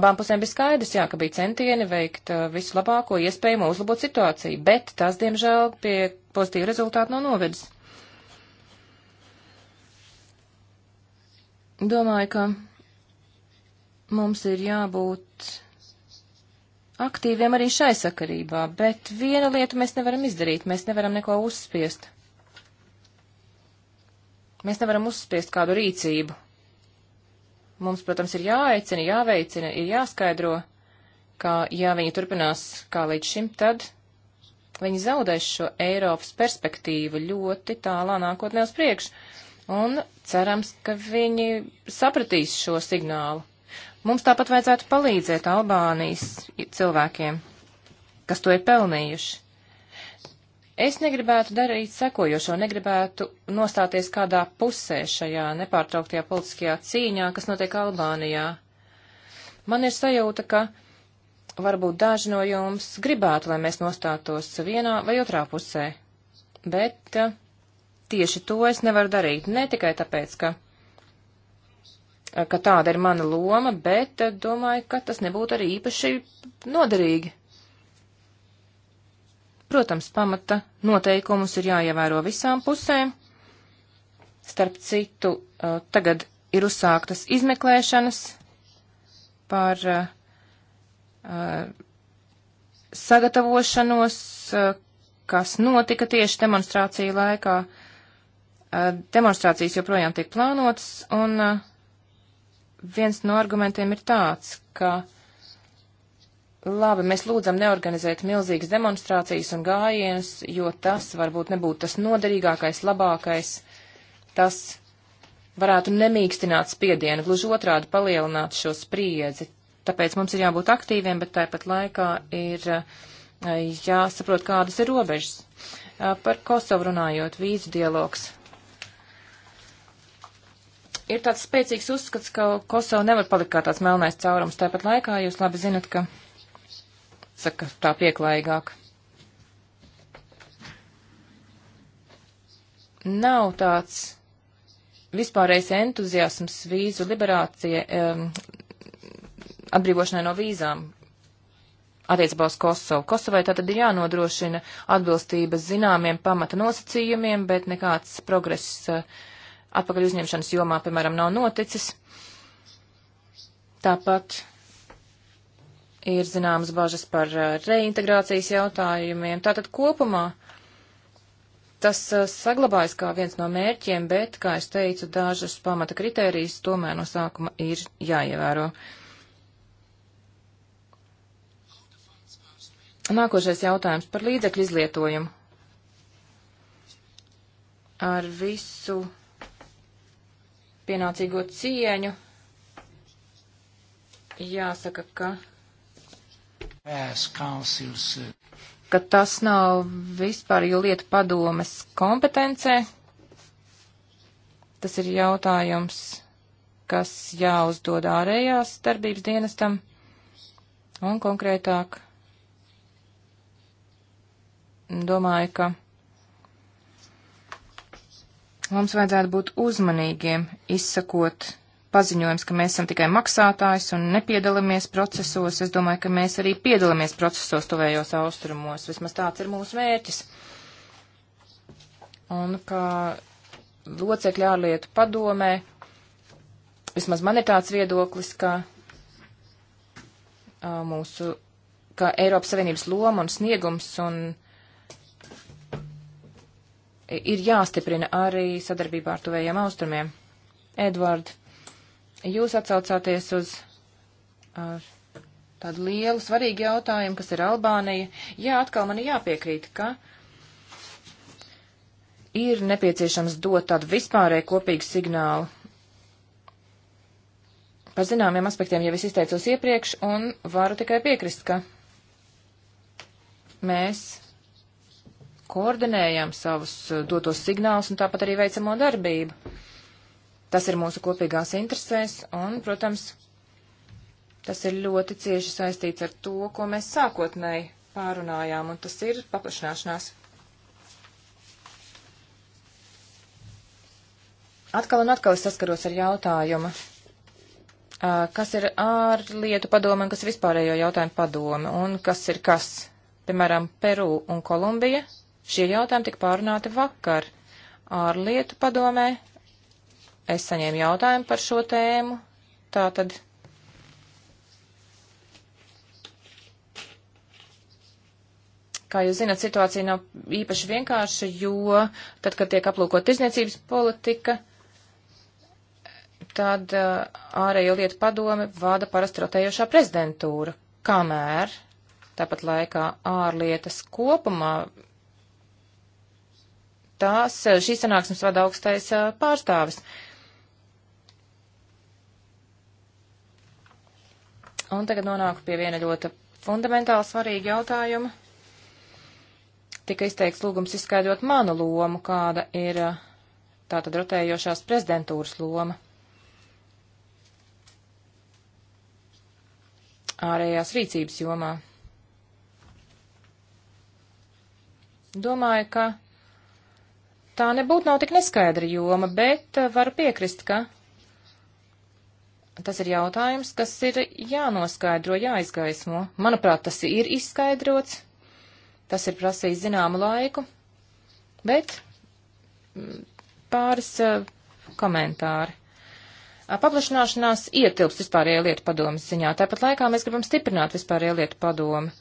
Abām pusēm bija skaidrs, jā, ka bija centieni veikt visu labāko iespējamo uzlabot situāciju, bet tas, diemžēl, pie pozitīva rezultāta nav novedis. Domāju, ka mums ir jābūt aktīviem arī šai sakarībā, bet viena lieta mēs nevaram izdarīt, mēs nevaram neko uzspiest. Mēs nevaram uzspiest kādu rīcību. Mums, protams, ir jāaicina, jāveicina, ir jāskaidro, ka, ja viņi turpinās kā līdz šim, tad viņi zaudēs šo Eiropas perspektīvu ļoti tālā nākotnē uz priekšu un cerams, ka viņi sapratīs šo signālu. Mums tāpat vajadzētu palīdzēt Albānijas cilvēkiem, kas to ir pelnījuši. Es negribētu darīt sekojošo, negribētu nostāties kādā pusē šajā nepārtrauktajā politiskajā cīņā, kas notiek Albānijā. Man ir sajūta, ka varbūt daži no jums gribētu, lai mēs nostātos vienā vai otrā pusē, bet uh, tieši to es nevaru darīt. Ne tikai tāpēc, ka, ka tāda ir mana loma, bet eh, domāju, ka tas nebūtu arī īpaši noderīgi. Protams, pamata noteikumus ir jāievēro visām pusēm. Starp citu, eh, tagad ir uzsāktas izmeklēšanas par eh, sagatavošanos, kas notika tieši demonstrāciju laikā. Eh, demonstrācijas joprojām tiek plānotas, un eh, viens no argumentiem ir tāds, ka labi, mēs lūdzam neorganizēt milzīgas demonstrācijas un gājienus, jo tas varbūt nebūtu tas noderīgākais, labākais, tas varētu nemīkstināt spiedienu, gluži otrādi palielināt šo spriedzi. Tāpēc mums ir jābūt aktīviem, bet tāpat laikā ir eh, jāsaprot, kādas ir robežas. Par Kosovu runājot, vīzu dialogs ir tāds spēcīgs uzskats, ka Kosova nevar palikt kā tāds melnais caurums. Tāpat laikā jūs labi zinat, ka, saka tā pieklājīgāk, nav tāds vispārējais entuziasms vīzu liberācija, um, atbrīvošanai no vīzām attiecībā uz Kosovu. Kosovai tātad ir jānodrošina atbilstības zināmiem pamata nosacījumiem, bet nekāds progress uh, apakaļ uzņemšanas jomā, piemēram, nav noticis. Tāpat ir zināmas bažas par uh, reintegrācijas jautājumiem. Tātad kopumā tas uh, saglabājas kā viens no mērķiem, bet, kā es teicu, dažas pamata kritērijas tomēr no sākuma ir jāievēro. Nākošais jautājums par līdzekļu izlietojumu. Ar visu pienācīgo cieņu. Jāsaka, ka. ka tas nav vispār jau lietu padomes kompetencē. Tas ir jautājums, kas jāuzdod ārējās darbības dienestam un konkrētāk. Domāju, ka Mums vajadzētu būt uzmanīgiem, izsakot paziņojums, ka mēs esam tikai maksātājs un nepiedalāmies procesos. Es domāju, ka mēs arī piedalāmies procesos tuvējos austrumos. Vismaz tāds ir mūsu mērķis. Un kā locekļi ārlietu padomē, vismaz man ir tāds viedoklis, ka mūsu, ka Eiropas Savienības loma un sniegums un uh, ir jāstiprina arī sadarbībā ar tuvējiem austrumiem. Edvard, jūs atsaucāties uz uh, tādu lielu, svarīgu jautājumu, kas ir Albānija. Jā, atkal man jāpiekrīt, ka ir nepieciešams dot tādu vispārēju kopīgu signālu. Par zināmiem aspektiem jau es izteicos iepriekš un varu tikai piekrist, ka mēs koordinējam savus eh, dotos signālus un tāpat arī veicamo darbību. Tas ir mūsu kopīgās interesēs un, protams, tas ir ļoti cieši saistīts ar to, ko mēs sākotnēji pārunājām, un tas ir paplašināšanās. Atkal un atkal es saskaros ar jautājumu, kas ir ārlietu padome un kas ir vispārējo jautājumu padome, un kas ir kas, piemēram, Peru un Kolumbija, Šie jautājumi tika pārunāti vakar ārlietu padomē. Es saņēmu jautājumu par šo tēmu. Tātad. Kā jūs zināt, situācija nav īpaši vienkārša, jo tad, kad tiek aplūkot izniecības politika, tad uh, ārējo lietu padome vada parastrotējošā prezidentūra, kamēr tāpat laikā ārlietas kopumā tās eh, šīs sanāksmes vada augstais eh, pārstāvis. Un tagad nonāku pie viena ļoti fundamentāli svarīga jautājuma. Tika izteikts lūgums izskaidrot manu lomu, kāda ir eh, tātad rotējošās prezidentūras loma. Ārējās rīcības jomā. Domāju, ka tā nebūtu nav tik neskaidra joma, bet eh, varu piekrist, ka tas ir jautājums, kas ir jānoskaidro, jāizgaismo. Manuprāt, tas ir izskaidrots, tas ir prasījis zināmu laiku, bet mm, pāris uh, komentāri. Paplašināšanās ietilps vispārējā lietu padomas ziņā, tāpat laikā mēs gribam stiprināt vispārējā lietu padomu.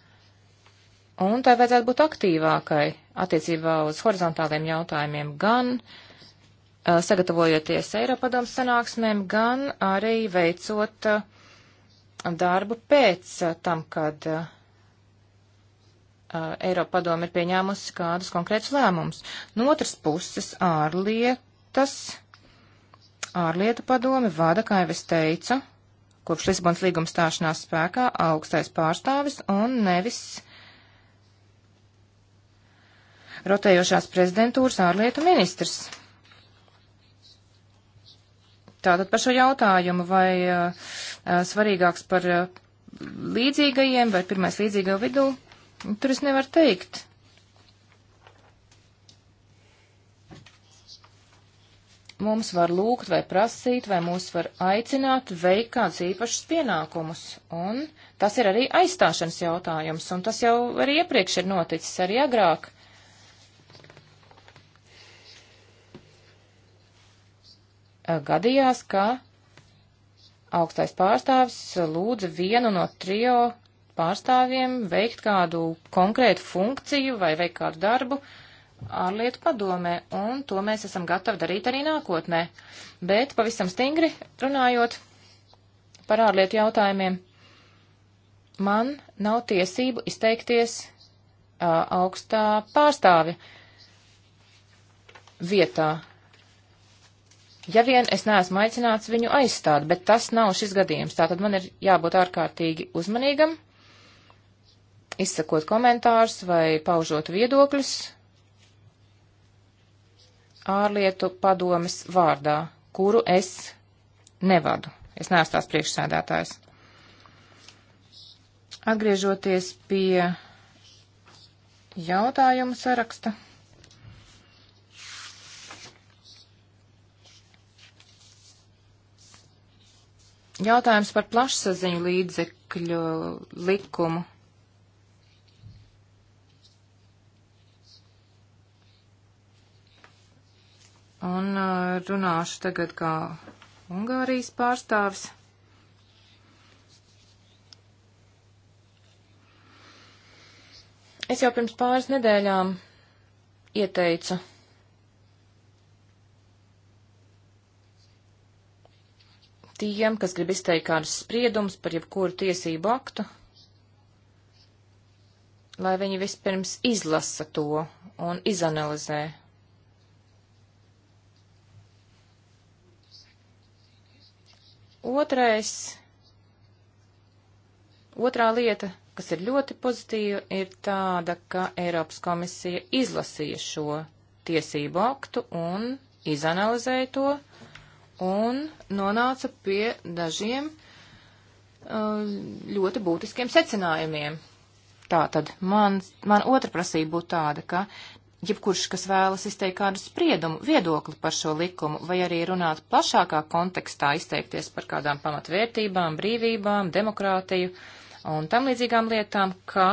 Un tai vajadzētu būt aktīvākai, attiecībā uz horizontāliem jautājumiem gan uh, sagatavojoties Eiropadoms sanāksmēm, gan arī veicot uh, darbu pēc uh, tam, kad Eiropadoma ir pieņēmusi kādus konkrētus lēmumus. No otras puses, ārlietas, ārlietu padomi vada, kā jau es teicu, kopš Lisbonas līguma stāšanās spēkā augstais pārstāvis un nevis rotējošās prezidentūras ārlietu ministrs. Tātad par šo jautājumu, vai uh, svarīgāks par uh, līdzīgajiem vai pirmais līdzīgo vidū, tur es nevaru teikt. Mums var lūgt vai prasīt, vai mūs var aicināt veikt kāds īpašs pienākumus, un tas ir arī aizstāšanas jautājums, un tas jau arī iepriekš ir noticis, arī agrāk Eh, gadījās, ka augstais pārstāvis lūdza vienu no trio pārstāvjiem veikt kādu konkrētu funkciju vai veikt kādu darbu ārlietu padomē, un to mēs esam gatavi darīt arī nākotnē. Bet pavisam stingri runājot par ārlietu jautājumiem, man nav tiesību izteikties uh, augstā pārstāvi vietā ja vien es neesmu aicināts viņu aizstāt, bet tas nav šis gadījums. Tātad man ir jābūt ārkārtīgi uzmanīgam, izsakot komentārus vai paužot viedokļus ārlietu padomes vārdā, kuru es nevadu. Es neesmu tās priekšsēdētājs. Atgriežoties pie jautājumu saraksta. Jautājums par plašsaziņu līdzekļu likumu. Un uh, runāšu tagad kā Ungārijas pārstāvis. Es jau pirms pāris nedēļām ieteicu tiem, kas grib izteikt kādus spriedumus par jebkuru tiesību aktu, lai viņi vispirms izlasa to un izanalizē. Otrais, otrā lieta, kas ir ļoti pozitīva, ir tāda, ka Eiropas komisija izlasīja šo tiesību aktu un izanalizēja to, uh, un nonāca pie dažiem uh, ļoti būtiskiem secinājumiem. Tātad man, man otra prasība būtu tāda, ka jebkurš, kas vēlas izteikt kādu spriedumu, viedokli par šo likumu, vai arī runāt plašākā kontekstā, izteikties par kādām pamatvērtībām, brīvībām, demokrātiju un tam līdzīgām lietām, kā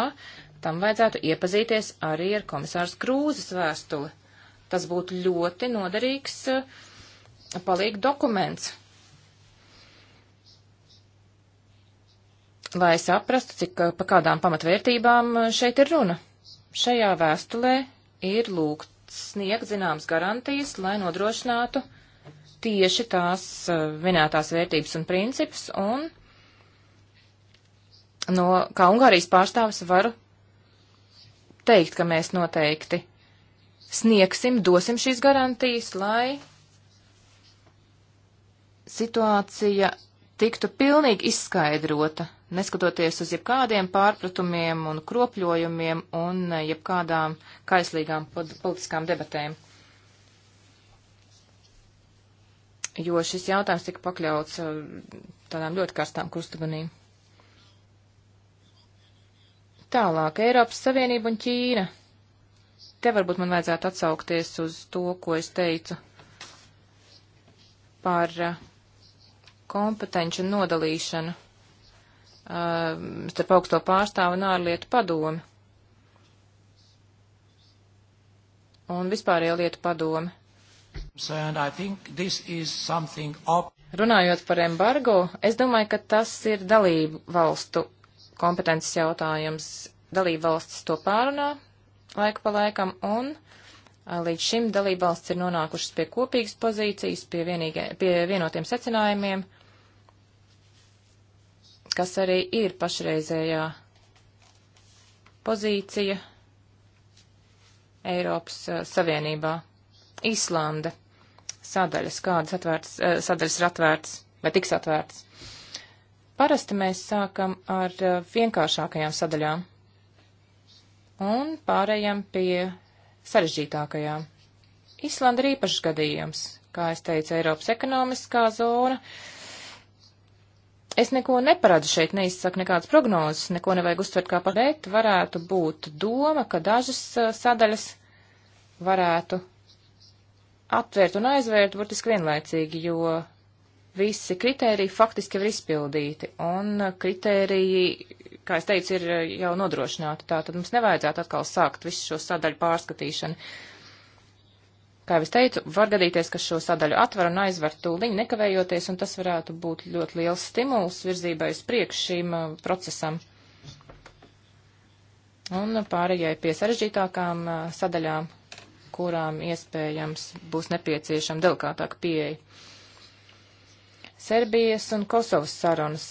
tam vajadzētu iepazīties arī ar komisārs Krūzes vēstuli. Tas būtu ļoti noderīgs uh, paliek dokuments. Lai saprastu, cik pa kādām pamatvērtībām šeit ir runa. Šajā vēstulē ir lūgts sniegt zināmas garantijas, lai nodrošinātu tieši tās eh, minētās vērtības un principus, un no, kā Ungārijas pārstāvis varu teikt, ka mēs noteikti sniegsim, dosim šīs garantijas, lai situācija tiktu pilnīgi izskaidrota, neskatoties uz jebkādiem pārpratumiem un kropļojumiem un eh, jebkādām kaislīgām politiskām debatēm. Jo šis jautājums tika pakļauts eh, tādām ļoti karstām kustabanīm. Tālāk Eiropas Savienība un Ķīna. Te varbūt man vajadzētu atsaukties uz to, ko es teicu par eh, kompetenču nodalīšana uh, starp augsto pārstāvu un ārlietu padomi. Un vispārējo lietu padomi. Runājot par embargo, es domāju, ka tas ir dalību valstu kompetences jautājums. Dalību valstis to pārunā laiku pa laikam un uh, Līdz šim dalībvalsts ir nonākušas pie kopīgas pozīcijas, pie, vienīgie, pie vienotiem secinājumiem, kas arī ir pašreizējā pozīcija Eiropas uh, Savienībā. Īslanda sadaļas, kādas atvērtas, uh, sadaļas ir atvērtas vai tiks atvērtas. Parasti mēs sākam ar uh, vienkāršākajām sadaļām un pārējām pie sarežģītākajām. Islanda ir īpašs gadījums, kā es teicu, Eiropas ekonomiskā zona. Es neko neparadu šeit, neizsaku nekādas prognozes, neko nevajag uztvert kā pabeigt. Varētu būt doma, ka dažas uh, sadaļas varētu atvērt un aizvērt burtiski vienlaicīgi, jo visi kritēriji faktiski ir izpildīti, un kritēriji, kā es teicu, ir jau nodrošināti. Tā tad mums nevajadzētu atkal sākt visu šo sadaļu pārskatīšanu. Kā jau es teicu, var gadīties, ka šo sadaļu atver un aizver tūliņ nekavējoties, un tas varētu būt ļoti liels stimuls virzībai uz priekš šīm uh, procesam. Un pārējai pie sarežģītākām uh, sadaļām, kurām iespējams būs nepieciešama delikātāka pieeja. Serbijas un Kosovas sarunas.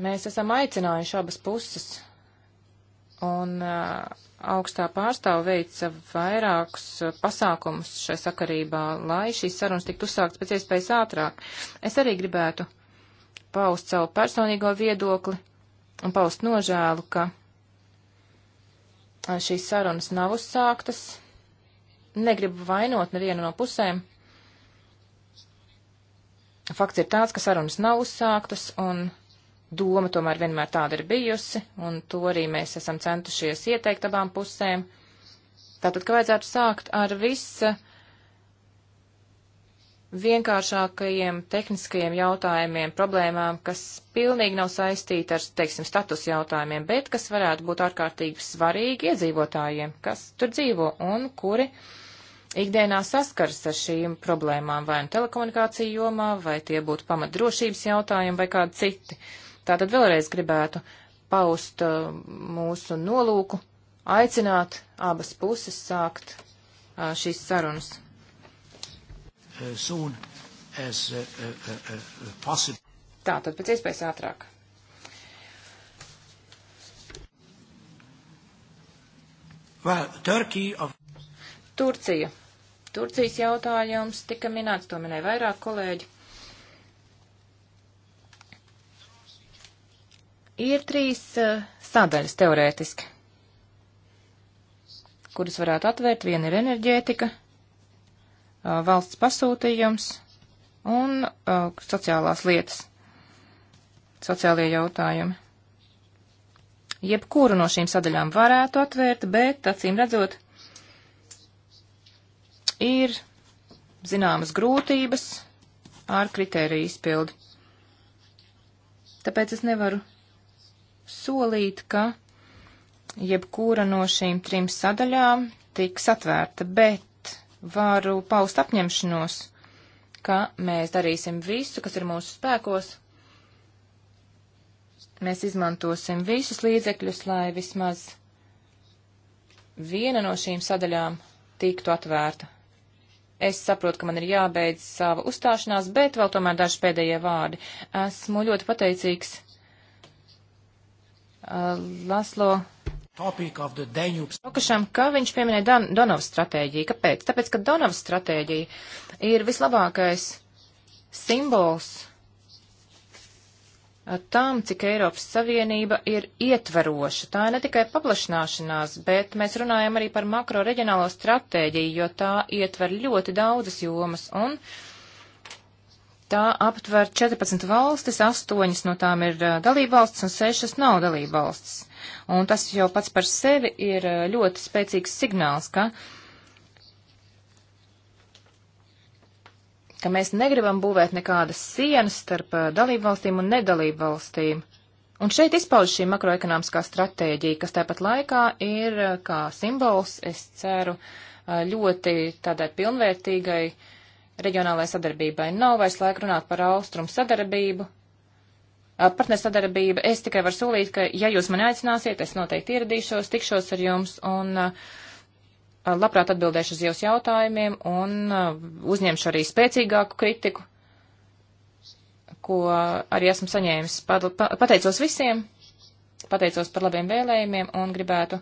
Mēs esam aicinājuši abas puses, un uh, augstā pārstāva veica vairākus uh, pasākumus šai sakarībā, lai šīs sarunas tiktu uzsāktas pēc iespējas ātrāk. Es arī gribētu paust savu personīgo viedokli un paust nožēlu, ka šīs sarunas nav uzsāktas. Negribu vainot nevienu no pusēm fakts ir tāds, ka sarunas nav uzsāktas un doma tomēr vienmēr tāda ir bijusi, un to arī mēs esam centušies ieteikt abām pusēm. Tātad, ka vajadzētu sākt ar visa vienkāršākajiem tehniskajiem jautājumiem, problēmām, kas pilnīgi nav saistīti ar, teiksim, status jautājumiem, bet kas varētu būt ārkārtīgi svarīgi iedzīvotājiem, kas tur dzīvo un kuri uh, ikdienā saskaras ar šīm problēmām, vai nu telekomunikāciju jomā, vai tie būtu pamatdrošības jautājumi, vai kādi citi. Tātad vēlreiz gribētu paust uh, mūsu nolūku, aicināt abas puses sākt uh, šīs sarunas. Uh, as, uh, uh, uh Tātad pēc iespējas ātrāk. Well, Turkey of... Turcija Turcijas jautājums tika minēts, to minēja vairāk kolēģi. Ir trīs uh, sadaļas teorētiski, kuras varētu atvērt. Viena ir enerģētika, uh, valsts pasūtījums un uh, sociālās lietas, sociālie jautājumi. Jebkuru no šīm sadaļām varētu atvērt, bet, acīm redzot, ir zināmas grūtības ar kritēriju izpildi. Tāpēc es nevaru solīt, ka jebkura no šīm trim sadaļām tiks atvērta, bet varu paust apņemšanos, ka mēs darīsim visu, kas ir mūsu spēkos. Mēs izmantosim visus līdzekļus, lai vismaz viena no šīm sadaļām tiktu atvērta. Es saprotu, ka man ir jābeidz sava uzstāšanās, bet vēl tomēr daži pēdējie vārdi. Esmu ļoti pateicīgs uh, Laslo Lukašam, ka viņš pieminēja Dan Donovas stratēģiju. Kāpēc? Tāpēc, ka Donovas stratēģija ir vislabākais simbols tam, cik Eiropas Savienība ir ietveroša. Tā ir ne tikai paplašināšanās, bet mēs runājam arī par makro reģionālo stratēģiju, jo tā ietver ļoti daudzas jomas un tā aptver 14 valstis, 8 no tām ir dalībvalstis un 6 nav dalībvalstis. Un tas jau pats par sevi ir ļoti spēcīgs signāls, ka uh, ka mēs negribam būvēt nekādas sienas starp dalību valstīm un nedalību valstīm. Un šeit izpauž šī makroekonomiskā stratēģija, kas tāpat laikā ir kā simbols, es ceru, ļoti tādai pilnvērtīgai reģionālajai sadarbībai. Nav vairs laika runāt par austrumu sadarbību, partnersadarbību. Es tikai varu solīt, ka ja jūs mani aicināsiet, es noteikti ieradīšos, tikšos ar jums un uh, Eh, labprāt atbildēšu uz jūsu jautājumiem un eh, uzņemšu arī spēcīgāku kritiku, ko arī esmu saņēmis. Pateicos visiem, pateicos par labiem vēlējumiem un gribētu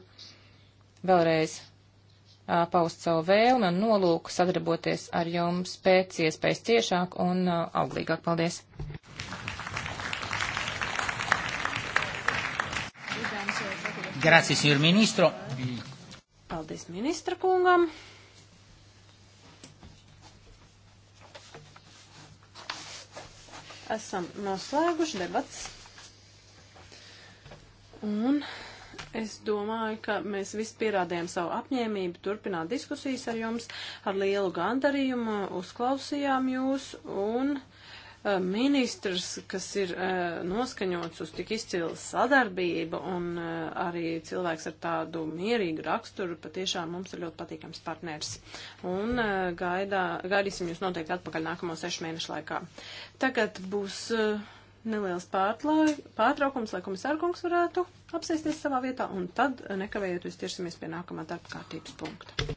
vēlreiz eh, paust savu vēlmi un nolūku sadarboties ar jums pēc iespējas ciešāk un auglīgāk. Paldies! Grazie, signor Ministro. Paldies ministra kungam. Esam noslēguši debats. Un es domāju, ka mēs visi pierādījām savu apņēmību turpināt diskusijas ar jums. Ar lielu gandarījumu uzklausījām jūs un Eh, ministrs, kas ir eh, noskaņots uz tik izcilu sadarbību un eh, arī cilvēks ar tādu mierīgu raksturu, patiešām mums ir ļoti patīkams partners. Un gaidā, gaidīsim jūs noteikti atpakaļ nākamo sešu mēnešu laikā. Tagad būs neliels pārtlai, pārtraukums, lai komisārkungs varētu apsēsties savā vietā, un tad nekavējoties ķersimies pie nākamā darba kārtības punkta.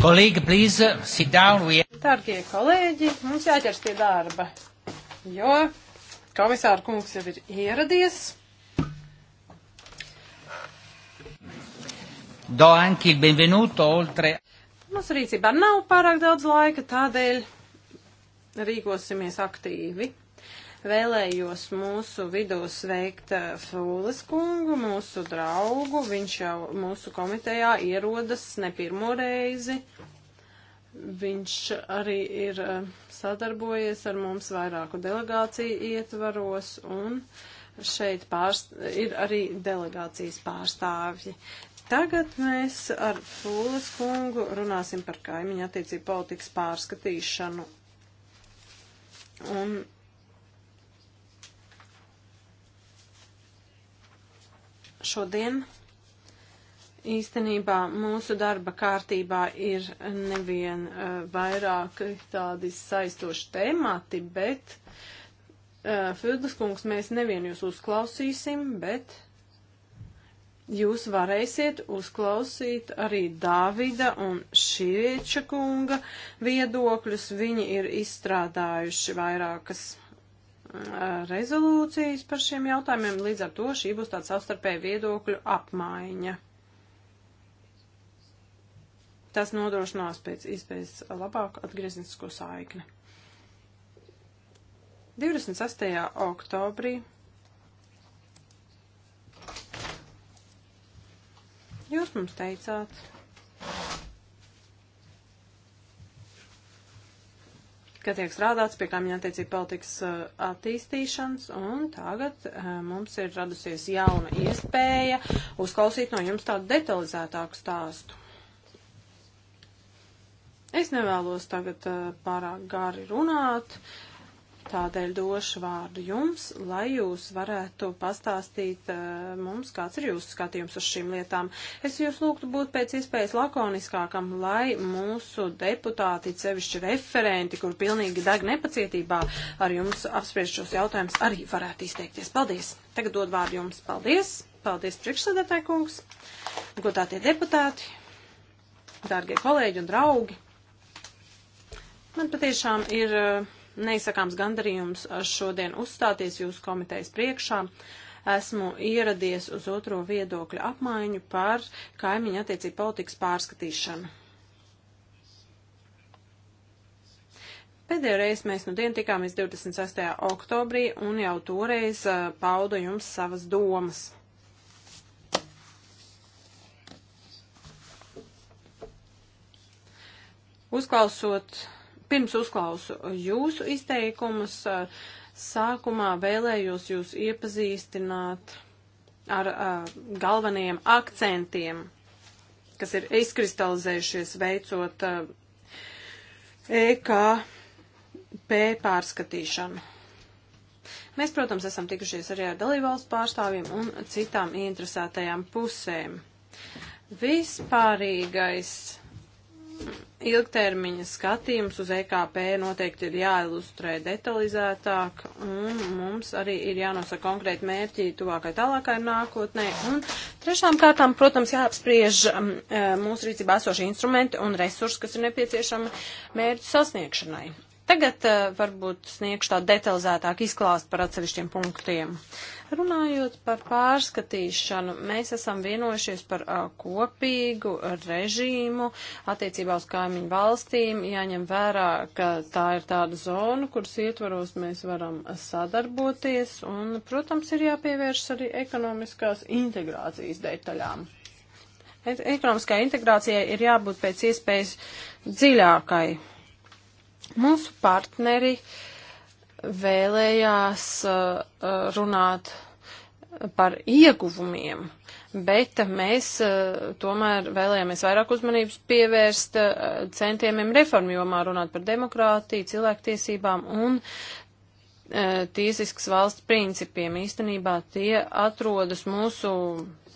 Kolēģi, please, uh, sit down. We... Dargie kolēģi, mums jāķers pie darba, jo komisāra kungs jau ir ieradies. Do anche il benvenuto oltre. Mums rīcībā nav pārāk daudz laika, tādēļ rīkosimies aktīvi. Vēlējos mūsu vidū sveikt eh, Fūles kungu, mūsu draugu. Viņš jau mūsu komitejā ierodas ne pirmo reizi. Viņš arī ir eh, sadarbojies ar mums vairāku delegāciju ietvaros un šeit pārst ir arī delegācijas pārstāvji. Tagad mēs ar Fūles kungu runāsim par kaimiņu attiecību politikas pārskatīšanu. Un Šodien īstenībā mūsu darba kārtībā ir nevien uh, vairāk tādi saistoši temati, bet uh, e, Fildas kungs, mēs nevien jūs uzklausīsim, bet jūs varēsiet uzklausīt arī Dāvida un Šīrieča kunga viedokļus. Viņi ir izstrādājuši vairākas rezolūcijas par šiem jautājumiem, līdz ar to šī būs tāda savstarpēja viedokļu apmaiņa. Tas nodrošinās pēc iespējas labāku atgrieznisko saikni. 26. oktobrī jūs mums teicāt, ka tiek strādāts pie kaimiņa attiecību politikas uh, attīstīšanas, un tagad uh, mums ir radusies jauna iespēja uzklausīt no jums tādu detalizētāku stāstu. Es nevēlos tagad uh, pārāk gari runāt, Tādēļ došu vārdu jums, lai jūs varētu pastāstīt uh, mums, kāds ir jūsu skatījums uz šīm lietām. Es jūs lūgtu būt pēc iespējas lakoniskākam, lai mūsu deputāti, sevišķi referenti, kur pilnīgi deg nepacietībā ar jums apspriež šos jautājumus, arī varētu izteikties. Paldies! Tagad dod vārdu jums. Paldies! Paldies, priekšsēdētāji kungs, godātie deputāti, dārgie kolēģi un draugi. Man patiešām ir. Uh, neizsakāms gandarījums šodien uzstāties jūsu komitejas priekšā. Esmu ieradies uz otro viedokļu apmaiņu par kaimiņu attiecību politikas pārskatīšanu. Pēdējo reizi mēs nu dienu tikāmies 26. oktobrī un jau toreiz uh, paudu jums savas domas. Uzklausot Pirms uzklausu jūsu izteikumus, eh, sākumā vēlējos jūs iepazīstināt ar eh, galvenajiem akcentiem, kas ir izkristalizējušies veicot EKP eh, e pārskatīšanu. Mēs, protams, esam tikušies arī ar dalībvalstu pārstāvjiem un citām interesētajām pusēm. Vispārīgais ilgtermiņa skatījums uz EKP noteikti ir jāilustrē detalizētāk, un mums arī ir jānosaka konkrēti mērķi tuvākai tālākai nākotnē. Un trešām kārtām, protams, jāapspriež um, eh, mūsu rīcībā esošie instrumenti un resursi, kas ir nepieciešami mērķu sasniegšanai. Tagad uh, varbūt sniegšu tā detalizētāk izklāst par atsevišķiem punktiem. Uh, Runājot par pārskatīšanu, mēs esam vienojušies par uh, kopīgu režīmu attiecībā uz kaimiņu valstīm, jāņem vērā, ka tā ir tāda zona, kuras ietvaros mēs varam sadarboties, un, protams, ir jāpievērš arī ekonomiskās integrācijas detaļām. E, ekonomiskā integrācijai ir jābūt pēc iespējas dziļākai. Mūsu partneri uh, vēlējās uh, uh, runāt par ieguvumiem, bet mēs uh, tomēr vēlējāmies vairāk uzmanības pievērst centiemiem reformu jomā runāt par demokrātiju, cilvēktiesībām un tiesiskas valsts principiem. Īstenībā tie atrodas mūsu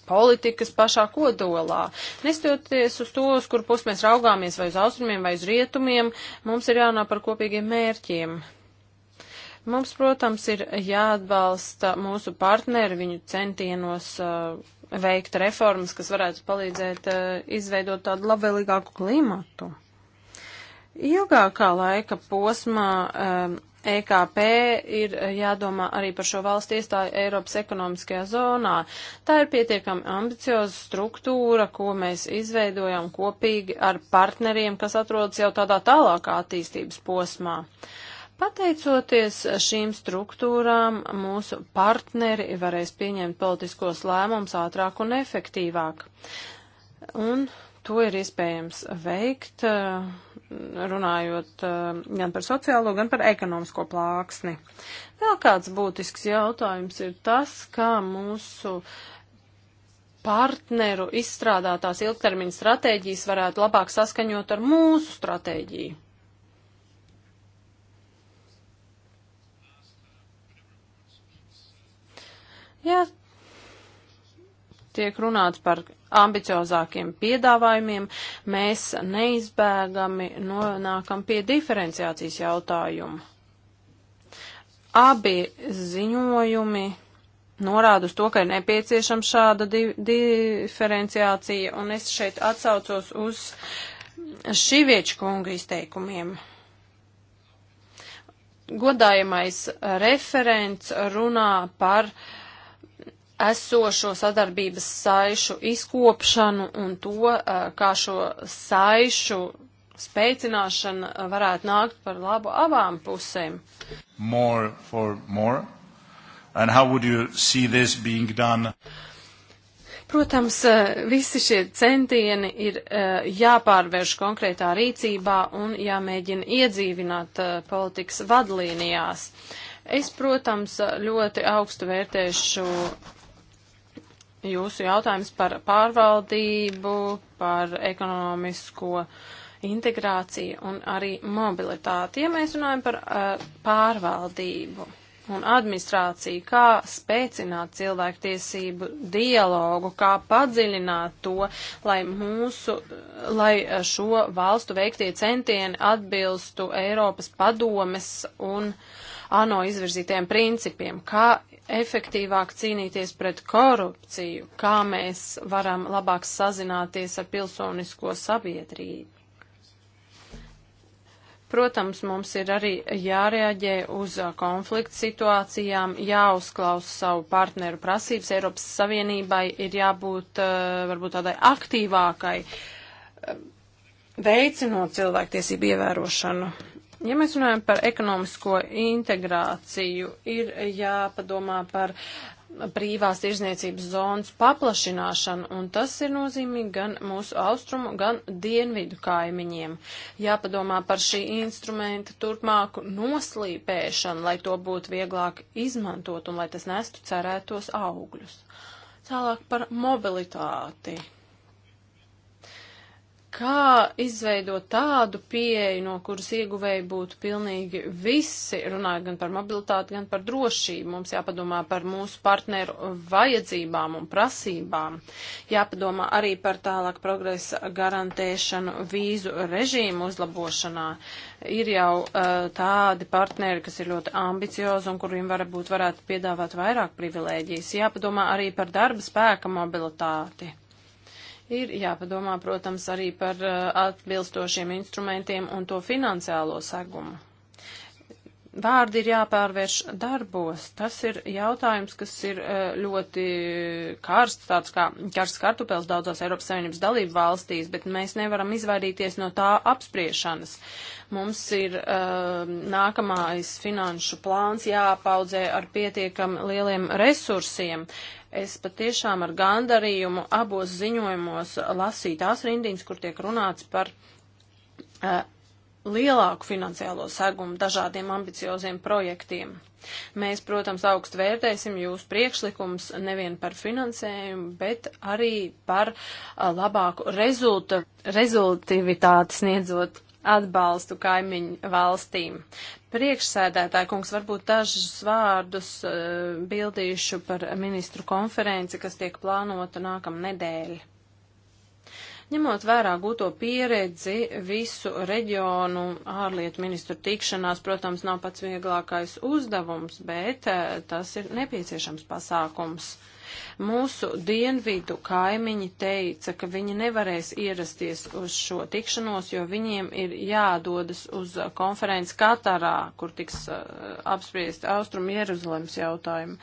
politikas pašā kodolā. Nestoties uz to, uz kur pus mēs raugāmies, vai uz austrumiem, vai uz rietumiem, mums ir jānāk par kopīgiem mērķiem. Mums, protams, ir jāatbalsta mūsu partneri viņu centienos uh, veikt reformas, kas varētu palīdzēt uh, izveidot tādu labvēlīgāku klimatu. Ilgākā laika posmā um, e uh, EKP ir jādomā arī par šo valstu iestāju Eiropas ekonomiskajā zonā. Tā ir pietiekami ambicioza struktūra, ko mēs izveidojam kopīgi ar partneriem, kas atrodas jau tādā tālākā attīstības posmā. Uh, Pateicoties šīm struktūrām, mūsu partneri varēs pieņemt politiskos lēmumus ātrāk un efektīvāk. Un to ir iespējams veikt, eh, runājot eh, gan par sociālo, gan par ekonomisko plāksni. Vēl kāds būtisks jautājums ir tas, kā mūsu partneru izstrādātās ilgtermiņa stratēģijas varētu labāk saskaņot ar mūsu stratēģiju. Ja tiek runāts par ambiciozākiem piedāvājumiem, mēs neizbēgami nonākam pie diferenciācijas jautājumu. Abi ziņojumi norāda uz to, ka ir nepieciešama šāda di diferenciācija, un es šeit atsaucos uz Šivieča kunga izteikumiem godājamais referents runā par uh, esošo sadarbības saišu izkopšanu un to, eh, kā šo saišu spēcināšana varētu nākt par labu abām pusēm. More for more. And how would you see this being done? Protams, eh, visi šie centieni ir eh, jāpārvērš konkrētā rīcībā un jāmēģina iedzīvināt politikas vadlīnijās. Es, protams, ļoti augstu vērtēšu jūsu jautājums par pārvaldību, par ekonomisko integrāciju un arī mobilitāti. Ja mēs runājam par uh, pārvaldību un administrāciju, kā spēcināt cilvēktiesību dialogu, kā padziļināt to, lai mūsu, lai šo valstu veiktie centieni atbilstu Eiropas padomes un ANO izvirzītiem principiem, kā efektīvāk cīnīties pret korupciju, kā mēs varam labāk sazināties ar pilsonisko sabiedrību. Protams, mums ir arī jārēģē uz konflikts situācijām, jāuzklaus savu partneru prasības. Eiropas Savienībai ir jābūt eh, varbūt tādai aktīvākai, eh, veicinot cilvēktiesību ievērošanu. Ja mēs runājam par ekonomisko integrāciju, ir jāpadomā par brīvās tirzniecības zonas paplašināšanu, un tas ir nozīmīgi gan mūsu austrumu, gan dienvidu kaimiņiem. Jāpadomā par šī instrumenta turpmāku noslīpēšanu, lai to būtu vieglāk izmantot un lai tas nestu cerētos augļus. Tālāk par mobilitāti kā izveidot tādu pieeju, no kuras ieguvēji būtu pilnīgi visi, runājot gan par mobilitāti, gan par drošību. Mums jāpadomā par mūsu partneru vajadzībām un prasībām. Jāpadomā arī par tālāk progresa garantēšanu vīzu režīmu uzlabošanā. Ir jau uh, tādi partneri, kas ir ļoti ambiciozi un kuriem varbūt varētu piedāvāt vairāk privilēģijas. Jāpadomā arī par darba spēka mobilitāti Ir jāpadomā, protams, arī par uh, atbilstošiem instrumentiem un to finansiālo segumu. Vārdi ir jāpārvērš darbos. Tas ir jautājums, kas ir uh, ļoti karsts, tāds kā karsts kartupēls daudzās Eiropas Savienības dalību valstīs, bet mēs nevaram izvairīties no tā apspriešanas. Mums ir uh, nākamais finanšu plāns jāpaudzē ar pietiekam lieliem resursiem. Uh, Es patiešām ar gandarījumu abos ziņojumos lasīju tās rindiņas, kur tiek runāts par uh, lielāku finansiālo segumu dažādiem ambicioziem projektiem. Mēs, protams, augstu vērtēsim jūs priekšlikums nevien par finansējumu, bet arī par a, eh, labāku rezulta, rezultivitāti sniedzot atbalstu kaimiņu valstīm. Priekšsēdētāji kungs, varbūt dažus vārdus uh, bildīšu par ministru konferenci, kas tiek plānota nākam nedēļa. Ņemot vērā gūto pieredzi, visu reģionu ārlietu ministru tikšanās, protams, nav pats vieglākais uzdevums, bet uh, tas ir nepieciešams pasākums. Uh, Mūsu dienvidu kaimiņi teica, ka viņi nevarēs ierasties uz šo tikšanos, jo viņiem ir jādodas uz konferenci Katarā, kur tiks eh, apspriesti Austrum Jeruzalems jautājumi.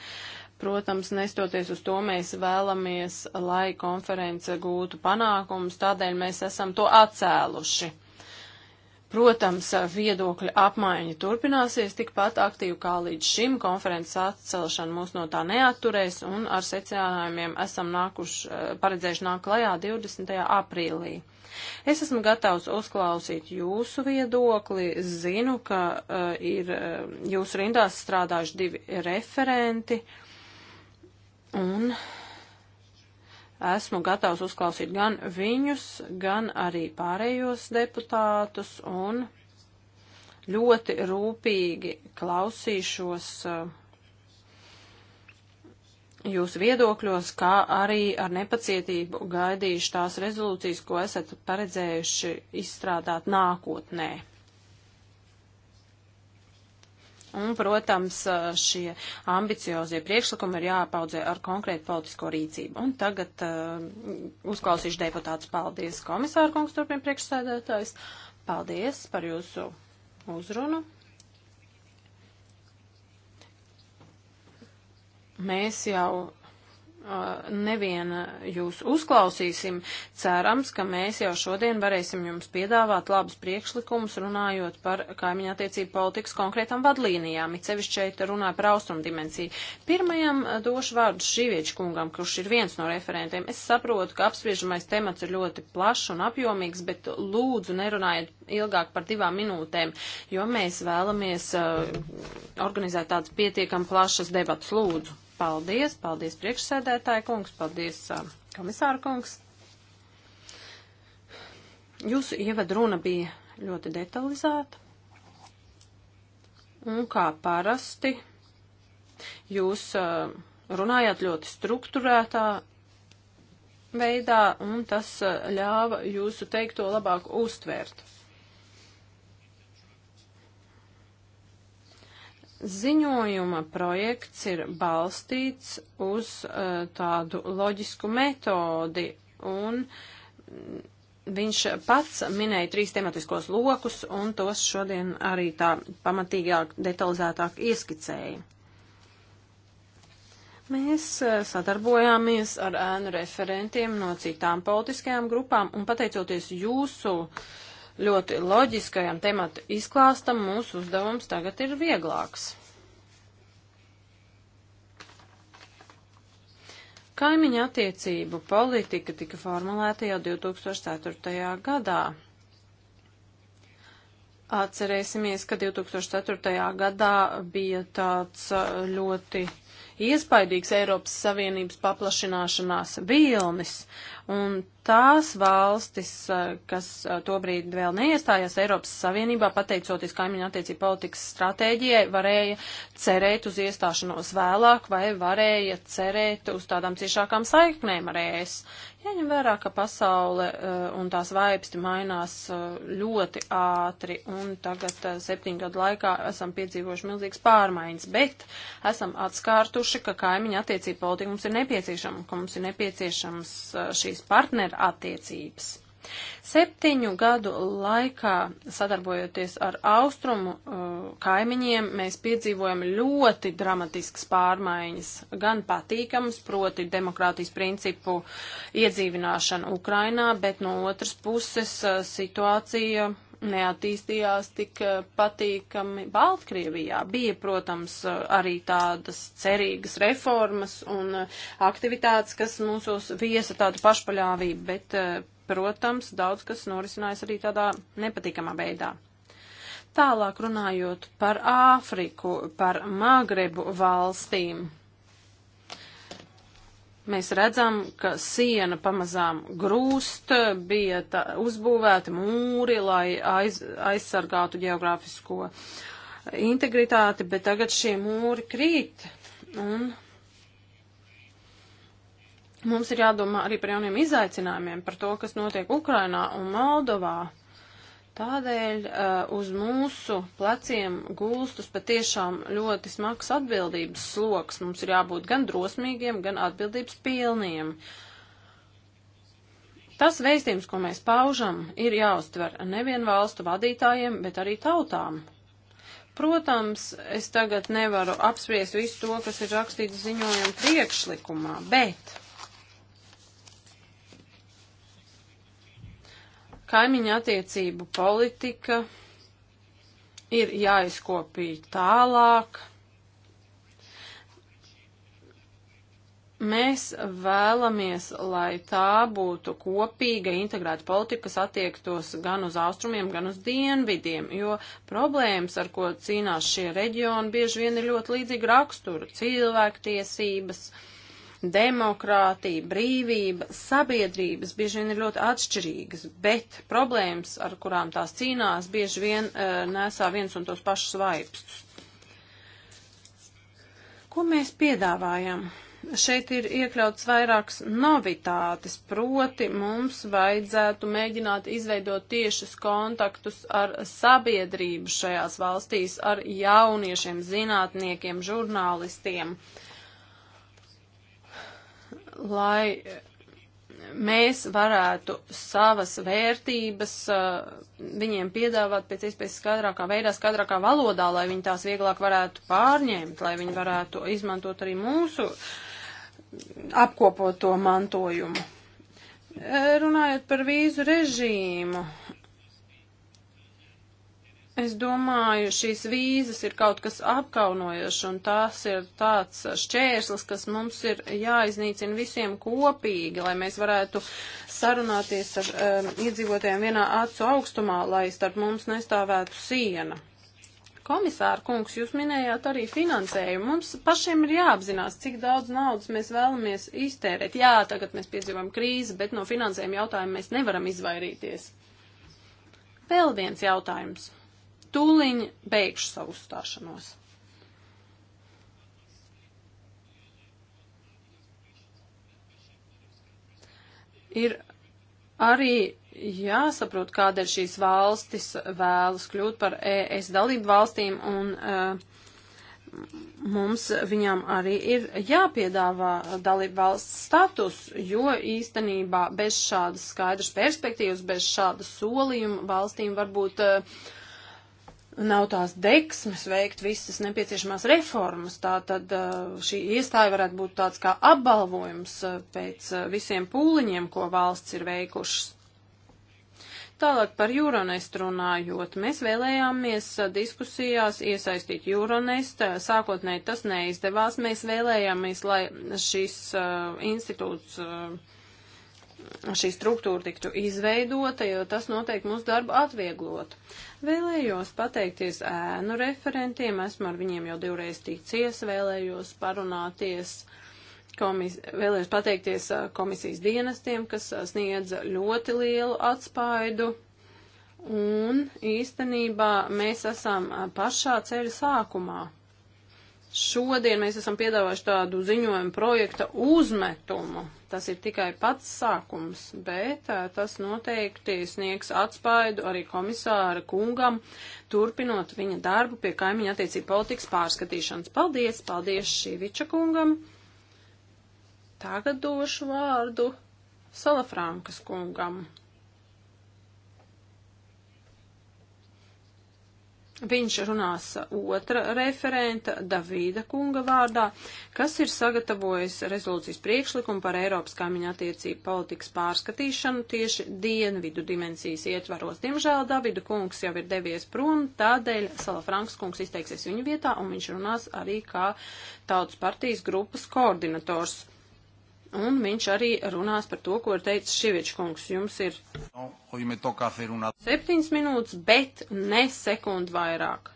Protams, nestoties uz to, mēs vēlamies, lai konference gūtu panākumus, tādēļ mēs esam to atcēluši. Protams, viedokļa apmaiņa turpināsies tikpat aktīvi kā līdz šim. Konferences atcelšana mūs no tā neatturēs un ar secinājumiem esam nākuši, paredzējuši nāk klajā 20. aprīlī. Es esmu gatavs uzklausīt jūsu viedokli, zinu, ka uh, ir jūsu rindās strādājuši divi referenti un. Uh, esmu gatavs uzklausīt gan viņus, gan arī pārējos deputātus un ļoti rūpīgi klausīšos eh, jūsu viedokļos, kā arī ar nepacietību gaidīšu tās rezolūcijas, ko esat paredzējuši izstrādāt nākotnē. Un, protams, šie ambiciozie priekšlikumi ir jāpaudzē ar konkrētu politisko rīcību. Un tagad uh, uzklausīšu deputātus. Paldies, komisāra kungs, turpina priekšsēdētājs. Paldies par jūsu uzrunu. Mēs jau neviena jūs uzklausīsim. Cerams, ka mēs jau šodien varēsim jums piedāvāt labus priekšlikumus, runājot par kaimiņa attiecību politikas konkrētām vadlīnijām. It sevišķi šeit runāja par austrumu dimensiju. Pirmajam došu vārdu Šīvieči kungam, kurš ir viens no referentiem. Es saprotu, ka apspriežamais temats ir ļoti plašs un apjomīgs, bet lūdzu nerunājiet ilgāk par divām minūtēm, jo mēs vēlamies uh, organizēt tādas pietiekam plašas debatas. Lūdzu. Paldies, paldies priekšsēdētāja kungs, paldies um, komisāra kungs. Jūsu ievadruna bija ļoti detalizēta. Un kā parasti, jūs um, runājāt ļoti strukturētā veidā, un tas uh, ļāva jūsu teikto labāk uztvērt. Ziņojuma projekts ir balstīts uz uh, tādu loģisku metodi un Viņš pats minēja trīs tematiskos lokus, un tos šodien arī tā pamatīgāk, detalizētāk ieskicēja. Mēs eh, sadarbojāmies ar ēnu referentiem no citām politiskajām grupām, un pateicoties jūsu uh, ļoti loģiskajam tematu izklāstam, mūsu uzdevums tagad ir vieglāks. Kaimiņa attiecību politika tika formulēta jau 2004. gadā. Atcerēsimies, ka 2004. gadā bija tāds uh, ļoti iespaidīgs Eiropas Savienības paplašināšanās vilnis, un tās valstis, kas tobrīd vēl neiestājās Eiropas Savienībā, pateicoties kaimiņu attiecību politikas stratēģijai, varēja cerēt uz iestāšanos vēlāk vai varēja cerēt uz tādām ciešākām saiknēm ar ES. Jaņem vērā, ka pasaule un tās vaipsti mainās ļoti ātri un tagad septiņu gadu laikā esam piedzīvojuši milzīgas pārmaiņas, bet esam atskārtuši, ka kaimiņu attiecību politika mums ir nepieciešama, ka mums ir nepieciešams šī šīs partneru attiecības. Septiņu gadu laikā, sadarbojoties ar austrumu uh, kaimiņiem, mēs piedzīvojam ļoti dramatiskas pārmaiņas, gan patīkamas, proti demokrātijas principu iedzīvināšanu Ukrainā, bet no otras puses uh, situācija neattīstījās tik eh, patīkami Baltkrievijā. Bija, protams, eh, arī tādas cerīgas reformas un eh, aktivitātes, kas mūsos viesa tādu pašpaļāvību, bet, protams, daudz kas norisinājās arī tādā nepatīkamā veidā. Tālāk runājot par Āfriku, par Magrebu valstīm. Mēs redzam, ka siena pamazām grūst, bija tā, uzbūvēti mūri, lai aiz, aizsargātu geogrāfisko integritāti, bet tagad šie mūri krīt. Un mums ir jādomā arī par jauniem izaicinājumiem, par to, kas notiek Ukrainā un Moldovā. Tādēļ uh, uz mūsu pleciem gulstus patiešām ļoti smags atbildības sloks. Mums ir jābūt gan drosmīgiem, gan atbildības pilniem. Tas veistījums, ko mēs paužam, ir jāuztver nevien valstu vadītājiem, bet arī tautām. Protams, es tagad nevaru apspriest visu to, kas ir rakstīts ziņojuma priekšlikumā, bet Kaimiņa attiecību politika ir jāizkopīja tālāk. Mēs vēlamies, lai tā būtu kopīga integrēta politika, kas attiektos gan uz austrumiem, gan uz dienvidiem, jo problēmas, ar ko cīnās šie reģioni, bieži vien ir ļoti līdzīga rakstura - cilvēktiesības, uh, Demokrātija, brīvība, sabiedrības bieži vien ir ļoti atšķirīgas, bet problēmas, ar kurām tās cīnās, bieži vien uh, nesā viens un tos pašus vaipstus. Ko mēs piedāvājam? šeit ir iekļauts vairākas novitātes, proti mums vajadzētu mēģināt izveidot tiešus kontaktus ar sabiedrību šajās valstīs, ar jauniešiem, zinātniekiem, žurnālistiem. Uh, lai mēs varētu savas vērtības uh, viņiem piedāvāt pēc iespējas skaidrākā veidā, skaidrākā valodā, lai viņi tās vieglāk varētu pārņemt, lai viņi varētu izmantot arī mūsu apkopoto mantojumu. Runājot par vīzu režīmu, Es domāju, šīs vīzas ir kaut kas apkaunojošs, un tās ir tāds šķērslis, kas mums ir jāiznīcina visiem kopīgi, lai mēs varētu sarunāties ar um, iedzīvotājiem vienā acu augstumā, lai starp mums nestāvētu siena. Komisāra kungs, jūs minējāt arī finansējumu. Mums pašiem ir jāapzinās, cik daudz naudas mēs vēlamies iztērēt. Jā, tagad mēs piedzīvojam krīzi, bet no finansējuma jautājuma mēs nevaram izvairīties. Vēl viens jautājums tūliņ beigšu savu stāšanos. Ir arī jāsaprot, kādēļ šīs valstis vēlas kļūt par ES dalību valstīm, un uh, mums viņām arī ir jāpiedāvā dalību valsts status, jo īstenībā bez šādas skaidras perspektīvas, bez šāda solījuma valstīm varbūt uh, nav tās deksmes veikt visas nepieciešamās reformas. Tā tad uh, šī iestāja varētu būt tāds kā apbalvojums uh, pēc uh, visiem pūliņiem, ko valsts ir veikušas. Tālāk par Euronest runājot, mēs vēlējāmies diskusijās iesaistīt Euronest, sākotnēji tas neizdevās, mēs vēlējāmies, lai šis uh, institūts uh, šī struktūra tiktu izveidota, jo tas noteikti mūsu darbu atvieglotu. Vēlējos pateikties ēnu referentiem, esmu ar viņiem jau divreiz ticies, vēlējos parunāties, komis, vēlējos pateikties komisijas dienestiem, kas sniedza ļoti lielu atspaidu. Un īstenībā mēs esam pašā ceļa sākumā. Šodien mēs esam piedāvājuši tādu ziņojumu projekta uzmetumu. Tas ir tikai pats sākums, bet tas noteikti sniegs atspaidu arī komisāra kungam, turpinot viņa darbu pie kaimiņa attiecību politikas pārskatīšanas. Paldies, paldies Šīviča kungam. Tagad došu vārdu Salafrankas kungam. Viņš runās otra referenta, Davīda kunga vārdā, kas ir sagatavojis rezolūcijas priekšlikumu par Eiropas kaimiņa attiecību politikas pārskatīšanu tieši dienvidu dimensijas ietvaros. Diemžēl Davida kungs jau ir devies prom, tādēļ Salafranks kungs izteiksies viņa vietā un viņš runās arī kā tautas partijas grupas koordinators. Un viņš arī runās par to, ko ir teicis Šivičkungs. Jums ir septiņas minūtes, bet ne sekundu vairāk.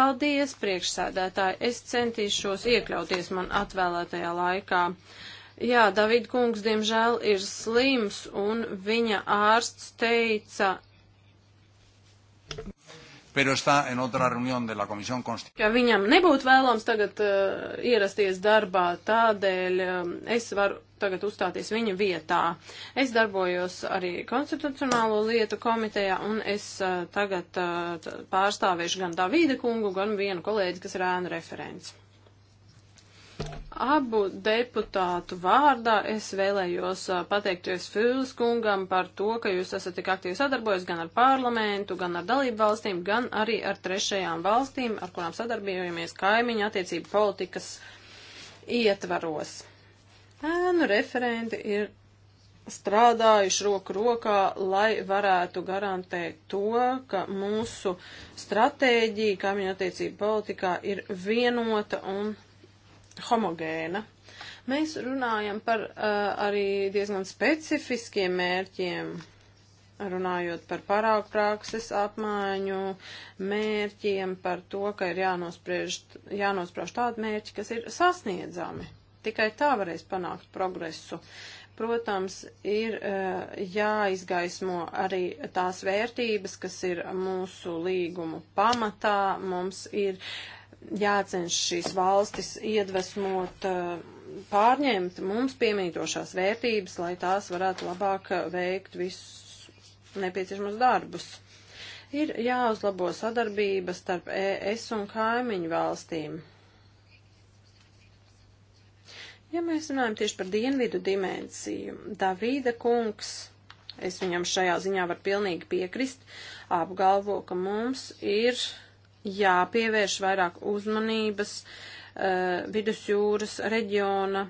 Paldies, priekšsēdētāji. Es centīšos iekļauties man atvēlētajā laikā. Jā, David kungs, diemžēl, ir slims, un viņa ārsts teica, pero está en otra reunión de la Comisión Konstitucionālā. Ja viņam nebūtu vēlams tagad uh, ierasties darbā, tādēļ um, es varu tagad uzstāties viņa vietā. Es darbojos arī Konstitucionālo lietu komitejā, un es uh, tagad uh, pārstāvēšu gan Davīda kungu, gan vienu kolēģi, kas ir ēnu referents. Abu deputātu vārdā es vēlējos pateikties Fils kungam par to, ka jūs esat tik aktīvi sadarbojies gan ar parlamentu, gan ar dalību valstīm, gan arī ar trešajām valstīm, ar kurām sadarbojamies kaimiņu attiecību politikas ietvaros. Ēnu referenti ir strādājuši roku rokā, lai varētu garantēt to, ka mūsu stratēģija kaimiņu attiecību politikā ir vienota un homogēna. Mēs runājam par uh, arī diezgan specifiskiem mērķiem, runājot par parāku prakses apmaiņu, mērķiem, par to, ka ir jānosprauž tādi mērķi, kas ir sasniedzami. Tikai tā varēs panākt progresu. Protams, ir uh, jāizgaismo arī tās vērtības, kas ir mūsu līgumu pamatā. Mums ir jācenš šīs valstis iedvesmot, eh, pārņemt mums piemītošās vērtības, lai tās varētu labāk eh, veikt visus nepieciešamos darbus. Ir jāuzlabo sadarbība starp ES un kaimiņu valstīm. Ja mēs runājam tieši par dienvidu dimensiju, Davīda kungs es viņam šajā ziņā varu pilnīgi piekrist, apgalvo, ka mums ir jāpievērš vairāk uzmanības uh, vidusjūras reģiona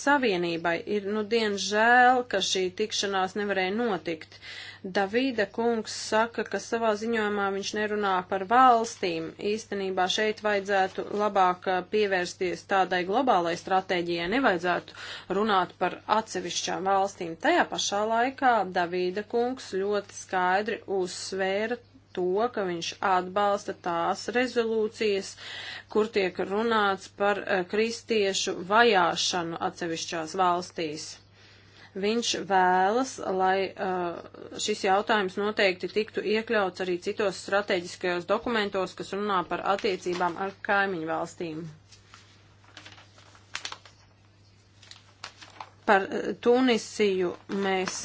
savienībai. Ir nu dien žēl, ka šī tikšanās nevarēja notikt. Davīda kungs saka, ka savā ziņojumā viņš nerunā par valstīm. Īstenībā šeit vajadzētu labāk eh, pievērsties tādai globālai stratēģijai, nevajadzētu runāt par atsevišķām valstīm. Tajā pašā laikā Davīda kungs ļoti skaidri uzsvēra to, ka viņš atbalsta tās rezolūcijas, kur tiek runāts par eh, kristiešu vajāšanu atsevišķās valstīs. Viņš vēlas, lai eh, šis jautājums noteikti tiktu iekļauts arī citos strateģiskajos dokumentos, kas runā par attiecībām ar kaimiņu valstīm. Par eh, Tunisiju mēs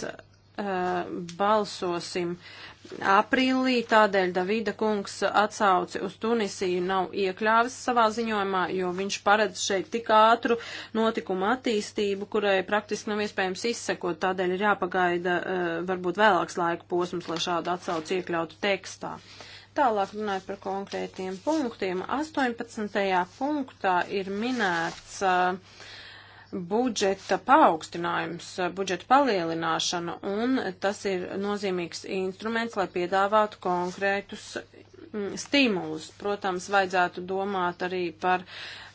Uh, balsosim aprīlī, tādēļ Davida kungs atsauci uz Tunisiju nav iekļāvis savā ziņojumā, jo viņš paredz šeit tik ātru notikumu attīstību, kurai praktiski nav iespējams izsekot, tādēļ ir jāpagaida uh, varbūt vēlāks laika posms, lai šādu atsauci iekļautu tekstā. Tālāk runājot par konkrētiem punktiem, 18. punktā ir minēts uh, budžeta paaugstinājums, budžeta palielināšana, un tas ir nozīmīgs instruments, lai piedāvātu konkrētus mm, stimulus. Protams, vajadzētu domāt arī par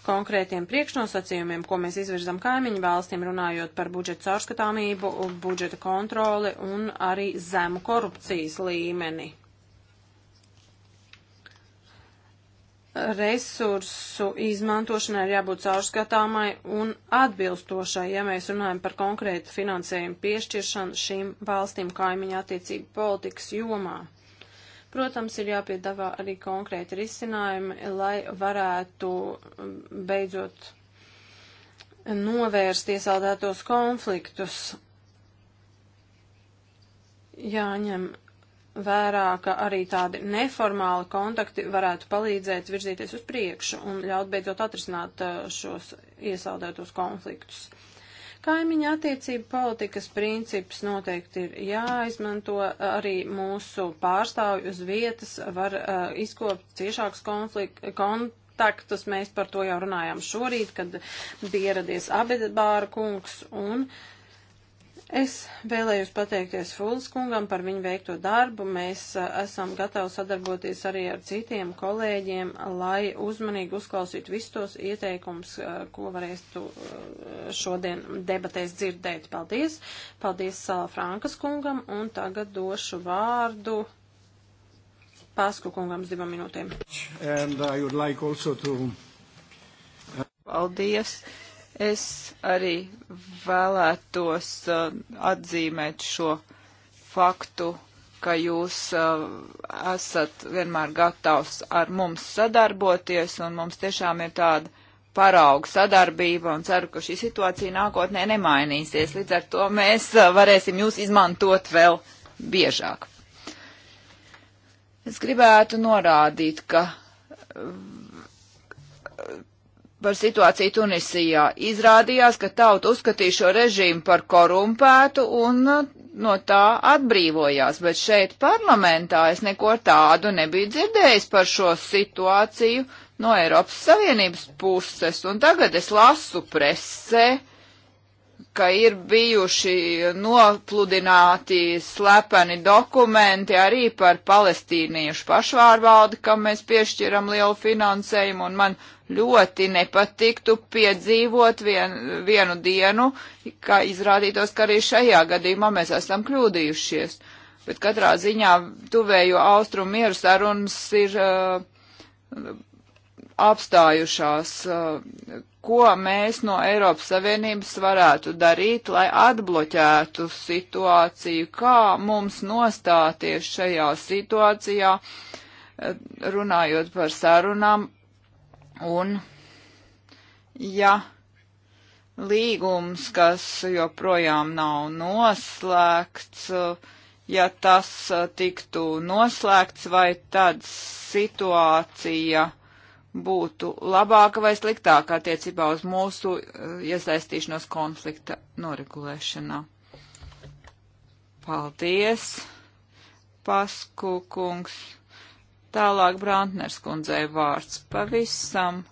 konkrētiem priekšnosacījumiem, ko mēs izvirzam kaimiņu valstīm, runājot par budžeta caurskatāmību, budžeta kontroli un arī zemu korupcijas līmeni. resursu izmantošanai ir jābūt caurskatāmai un atbilstošai, ja mēs runājam par konkrētu finansējumu piešķiršanu šīm valstīm kaimiņa attiecību politikas jomā. Protams, ir jāpiedāvā arī konkrēti risinājumi, lai varētu um, beidzot novērst iesaldētos konfliktus. Jāņem vērā, ka arī tādi neformāli kontakti varētu palīdzēt virzīties uz priekšu un ļaut beidzot atrisināt uh, šos iesaldētos konfliktus. Kaimiņa attiecība politikas princips noteikti ir jāizmanto arī mūsu pārstāvju uz vietas, var uh, izkopt ciešāks konflikt, kontaktus. Mēs par to jau runājām šorīt, kad bija ieradies Abedbāra kungs un uh, Es vēlējos pateikties Fūles kungam par viņu veikto darbu. Mēs esam gatavi sadarboties arī ar citiem kolēģiem, lai uzmanīgi uzklausītu visus tos ieteikumus, ko varēs tu šodien debatēs dzirdēt. Paldies! Paldies Sala Frankas kungam un tagad došu vārdu Pasku kungam uz divām minūtēm. And, uh, like to... Paldies! Es arī vēlētos uh, atzīmēt šo faktu, ka jūs uh, esat vienmēr gatavs ar mums sadarboties, un mums tiešām ir tāda parauga sadarbība, un ceru, ka šī situācija nākotnē nemainīsies. Līdz ar to mēs uh, varēsim jūs izmantot vēl biežāk. Es gribētu norādīt, ka uh, par situāciju Tunisijā. Izrādījās, ka tauta uzskatīja šo režīmu par korumpētu un uh, no tā atbrīvojās, bet šeit parlamentā es neko tādu nebiju dzirdējis par šo situāciju no Eiropas Savienības puses, un tagad es lasu presē, uh, ka ir bijuši nopludināti slepeni dokumenti arī par palestīniešu pašvārvaldi, kam mēs piešķiram lielu finansējumu, un man ļoti nepatiktu piedzīvot vien, vienu dienu, kā izrādītos, ka arī šajā gadījumā mēs esam kļūdījušies. Bet katrā ziņā tuvējo austrumu mieru sarunas ir uh, apstājušās, uh, ko mēs no Eiropas Savienības varētu darīt, lai atbloķētu situāciju, kā mums nostāties šajā situācijā, uh, runājot par sarunām un, ja līgums, kas joprojām nav noslēgts, uh, ja tas tiktu noslēgts, vai tad situācija būtu labāka vai sliktāka attiecībā uz mūsu eh, iesaistīšanos konflikta noregulēšanā. Paldies, Pasku kungs. Tālāk Brantners kundzei vārds pavisam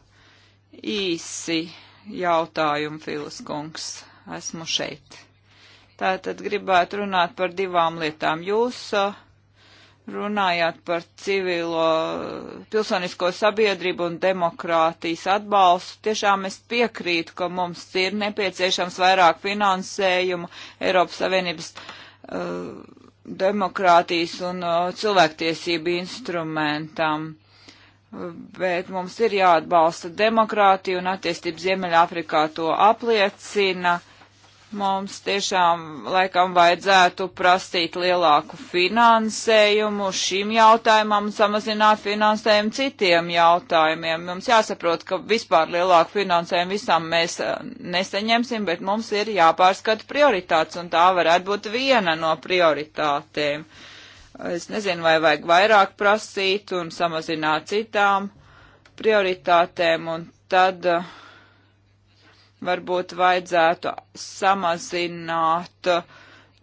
īsi jautājumu, Filas kungs. Esmu šeit. Tātad gribētu runāt par divām lietām. Jūs uh, runājāt par civilo pilsonisko sabiedrību un demokrātijas atbalstu. Tiešām es piekrītu, ka mums ir nepieciešams vairāk finansējumu Eiropas Savienības uh, demokrātijas un uh, cilvēktiesību instrumentam. Uh, bet mums ir jāatbalsta demokrātija un attīstība Ziemeļāfrikā to apliecina. Uh, Mums tiešām laikam vajadzētu prasīt lielāku finansējumu šim jautājumam un samazināt finansējumu citiem jautājumiem. Mums jāsaprot, ka vispār lielāku finansējumu visam mēs eh, neseņemsim, bet mums ir jāpārskata prioritātes un tā varētu būt viena no prioritātēm. Es nezinu, vai vajag vairāk prasīt un samazināt citām prioritātēm un tad. Uh, varbūt vajadzētu samazināt uh,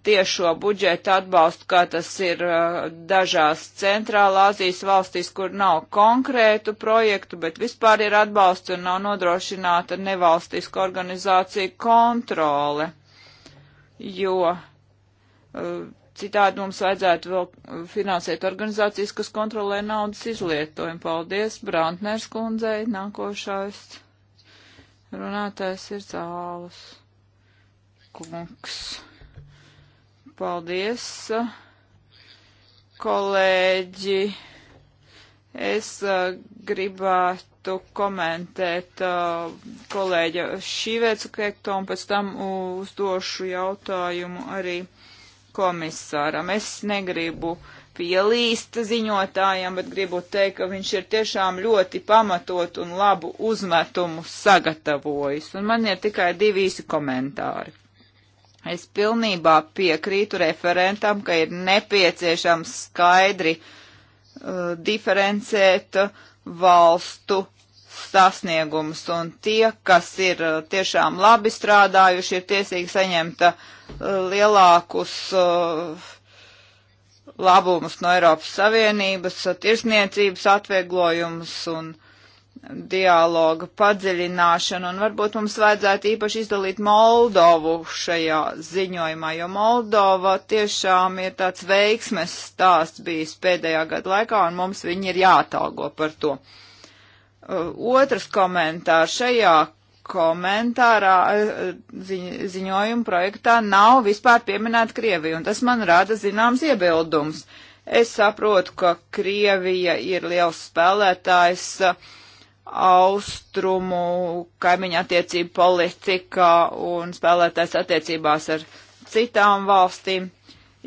tiešo budžeta atbalstu, kā tas ir uh, dažās centrālā Azijas valstīs, kur nav konkrētu projektu, bet vispār ir atbalsts un nav nodrošināta nevalstiska organizācija kontrole, jo uh, citādi mums vajadzētu vēl finansēt organizācijas, kas kontrolē naudas izlietojumu. Paldies, Brantners kundzei, nākošais. Runātājs ir zāles kungs. Paldies, kolēģi. Es uh, gribētu komentēt uh, kolēģa Šīvēcu Kekto un pēc tam uzdošu jautājumu arī komisāram. Es negribu uh, pielīst ziņotājam, bet gribu teikt, ka viņš ir tiešām ļoti pamatot un labu uzmetumu sagatavojis. Un man ir tikai divi īsi komentāri. Es pilnībā piekrītu referentam, ka ir nepieciešams skaidri uh, diferencēt valstu sasniegumus, un tie, kas ir uh, tiešām labi strādājuši, ir tiesīgi saņemt uh, lielākus uh, labumus no Eiropas Savienības, tirsniecības atvieglojumus un dialoga padziļināšanu, un varbūt mums vajadzētu īpaši izdalīt Moldovu šajā ziņojumā, jo Moldova tiešām ir tāds veiksmes stāsts bijis pēdējā gada laikā, un mums viņi ir jātalgo par to. Uh, otrs komentārs šajā komentārā eh, ziņ, ziņojuma projektā nav vispār pieminēta Krievija, un tas man rada zināms iebildums. Es saprotu, ka Krievija ir liels spēlētājs eh, austrumu kaimiņu attiecību politikā un spēlētājs attiecībās ar citām valstīm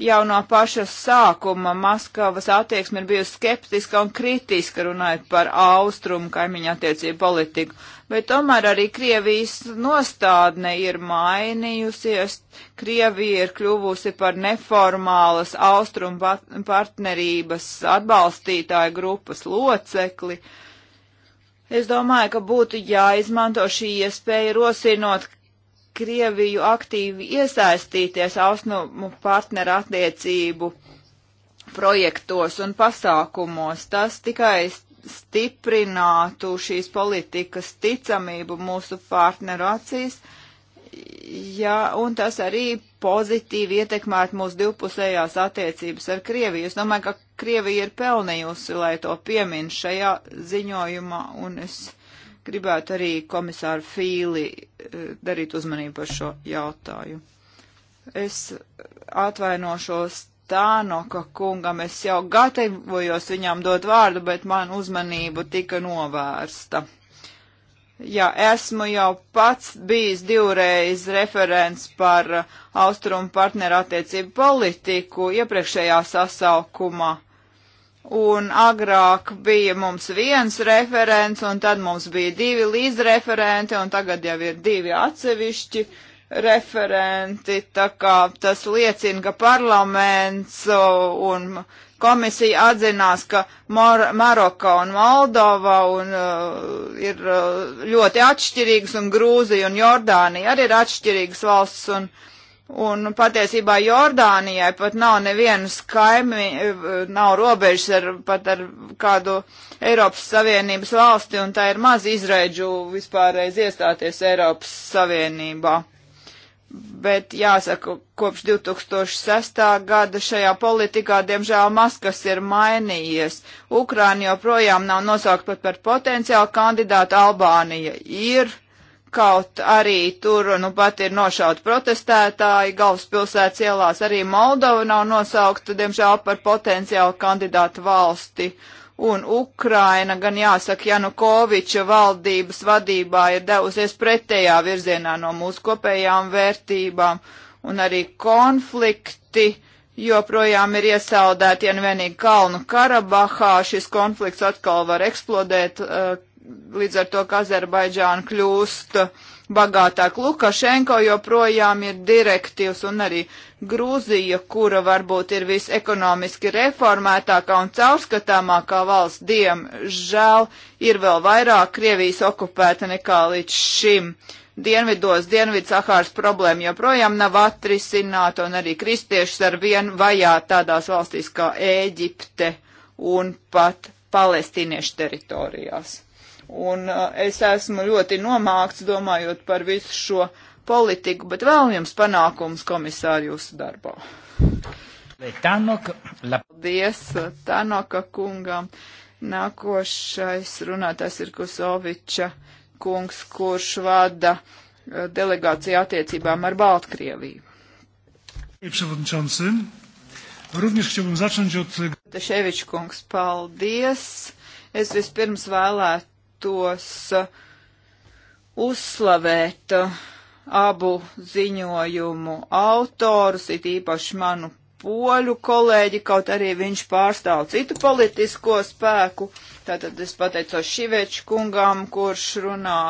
jau no paša sākuma Maskavas attieksme ir bijusi skeptiska un kritiska runājot par austrumu kaimiņu attiecību politiku, bet tomēr arī Krievijas nostādne ir mainījusies. Krievija ir kļuvusi par neformālas austrumu partnerības atbalstītāju grupas locekli. Es domāju, ka būtu jāizmanto šī iespēja rosinot Krieviju aktīvi iesaistīties austrumu partneru attiecību projektos un pasākumos. Tas tikai stiprinātu šīs politikas ticamību mūsu partneru acīs, ja, un tas arī pozitīvi ietekmētu mūsu divpusējās attiecības ar Krieviju. Es domāju, ka Krievija ir pelnījusi, lai to piemin šajā ziņojumā, un es gribētu arī komisāru Fīli eh, darīt uzmanību par šo jautājumu. Es atvainošos Tānoka kungam, es jau gatavojos viņām dot vārdu, bet man uzmanību tika novērsta. Jā, esmu jau pats bijis divreiz referents par austrumu partneru attiecību politiku iepriekšējā sasaukumā. Uh, Un agrāk bija mums viens referents, un tad mums bija divi līdzreferenti, un tagad jau ir divi atsevišķi referenti. Tā kā tas liecina, ka parlaments un komisija atzinās, ka Mar Maroka un Moldova un, uh, ir uh, ļoti atšķirīgas, un Grūzija un Jordānija arī ir atšķirīgas valsts. Un, uh, Un patiesībā Jordānijai pat nav nevienas kaimi, nav robežas ar, pat ar kādu Eiropas Savienības valsti, un tā ir maz izraidžu vispārreiz iestāties Eiropas Savienībā. Bet jāsaka, kopš 2006. gada šajā politikā, diemžēl, Maskas ir mainījies. Ukrāna joprojām nav nosaukt pat par potenciālu kandidātu, Albānija ir kaut arī tur, nu, pat ir nošauti protestētāji, galvaspilsētas ielās arī Moldova nav nosaukta, diemžēl, par potenciālu kandidātu valsti. Un Ukraina, gan jāsaka, Janukoviča valdības vadībā ir devusies pretējā virzienā no mūsu kopējām vērtībām, un arī konflikti joprojām ir iesaldēti, ja nu vienīgi Kalnu Karabahā šis konflikts atkal var eksplodēt, uh, līdz ar to, ka Azerbaidžāna kļūst bagātāk. Lukašenko joprojām ir direktīvs un arī Grūzija, kura varbūt ir visekonomiski reformētākā un caurskatāmākā valsts, diemžēl, ir vēl vairāk Krievijas okupēta nekā līdz šim. Dienvidos, Dienvidu Sahāras problēma joprojām nav atrisināta, un arī kristiešus ar vienu vajā tādās valstīs kā Ēģipte un pat palestīniešu teritorijās. Un uh, es esmu ļoti nomākts domājot par visu šo politiku, bet vēl jums panākums komisāri jūsu darbā. Paldies uh, Tanoka kungam. Nākošais runātājs ir Kusoviča kungs, kurš vada uh, delegāciju attiecībām ar Baltkrieviju. Ševičs kungs, paldies! Es vispirms vēlētu vēlētos uh, uzslavēt uh, abu ziņojumu autorus, it īpaši manu poļu kolēģi, kaut arī viņš pārstāv citu politisko spēku. Tātad es pateicos Šiveču kungam, kurš runā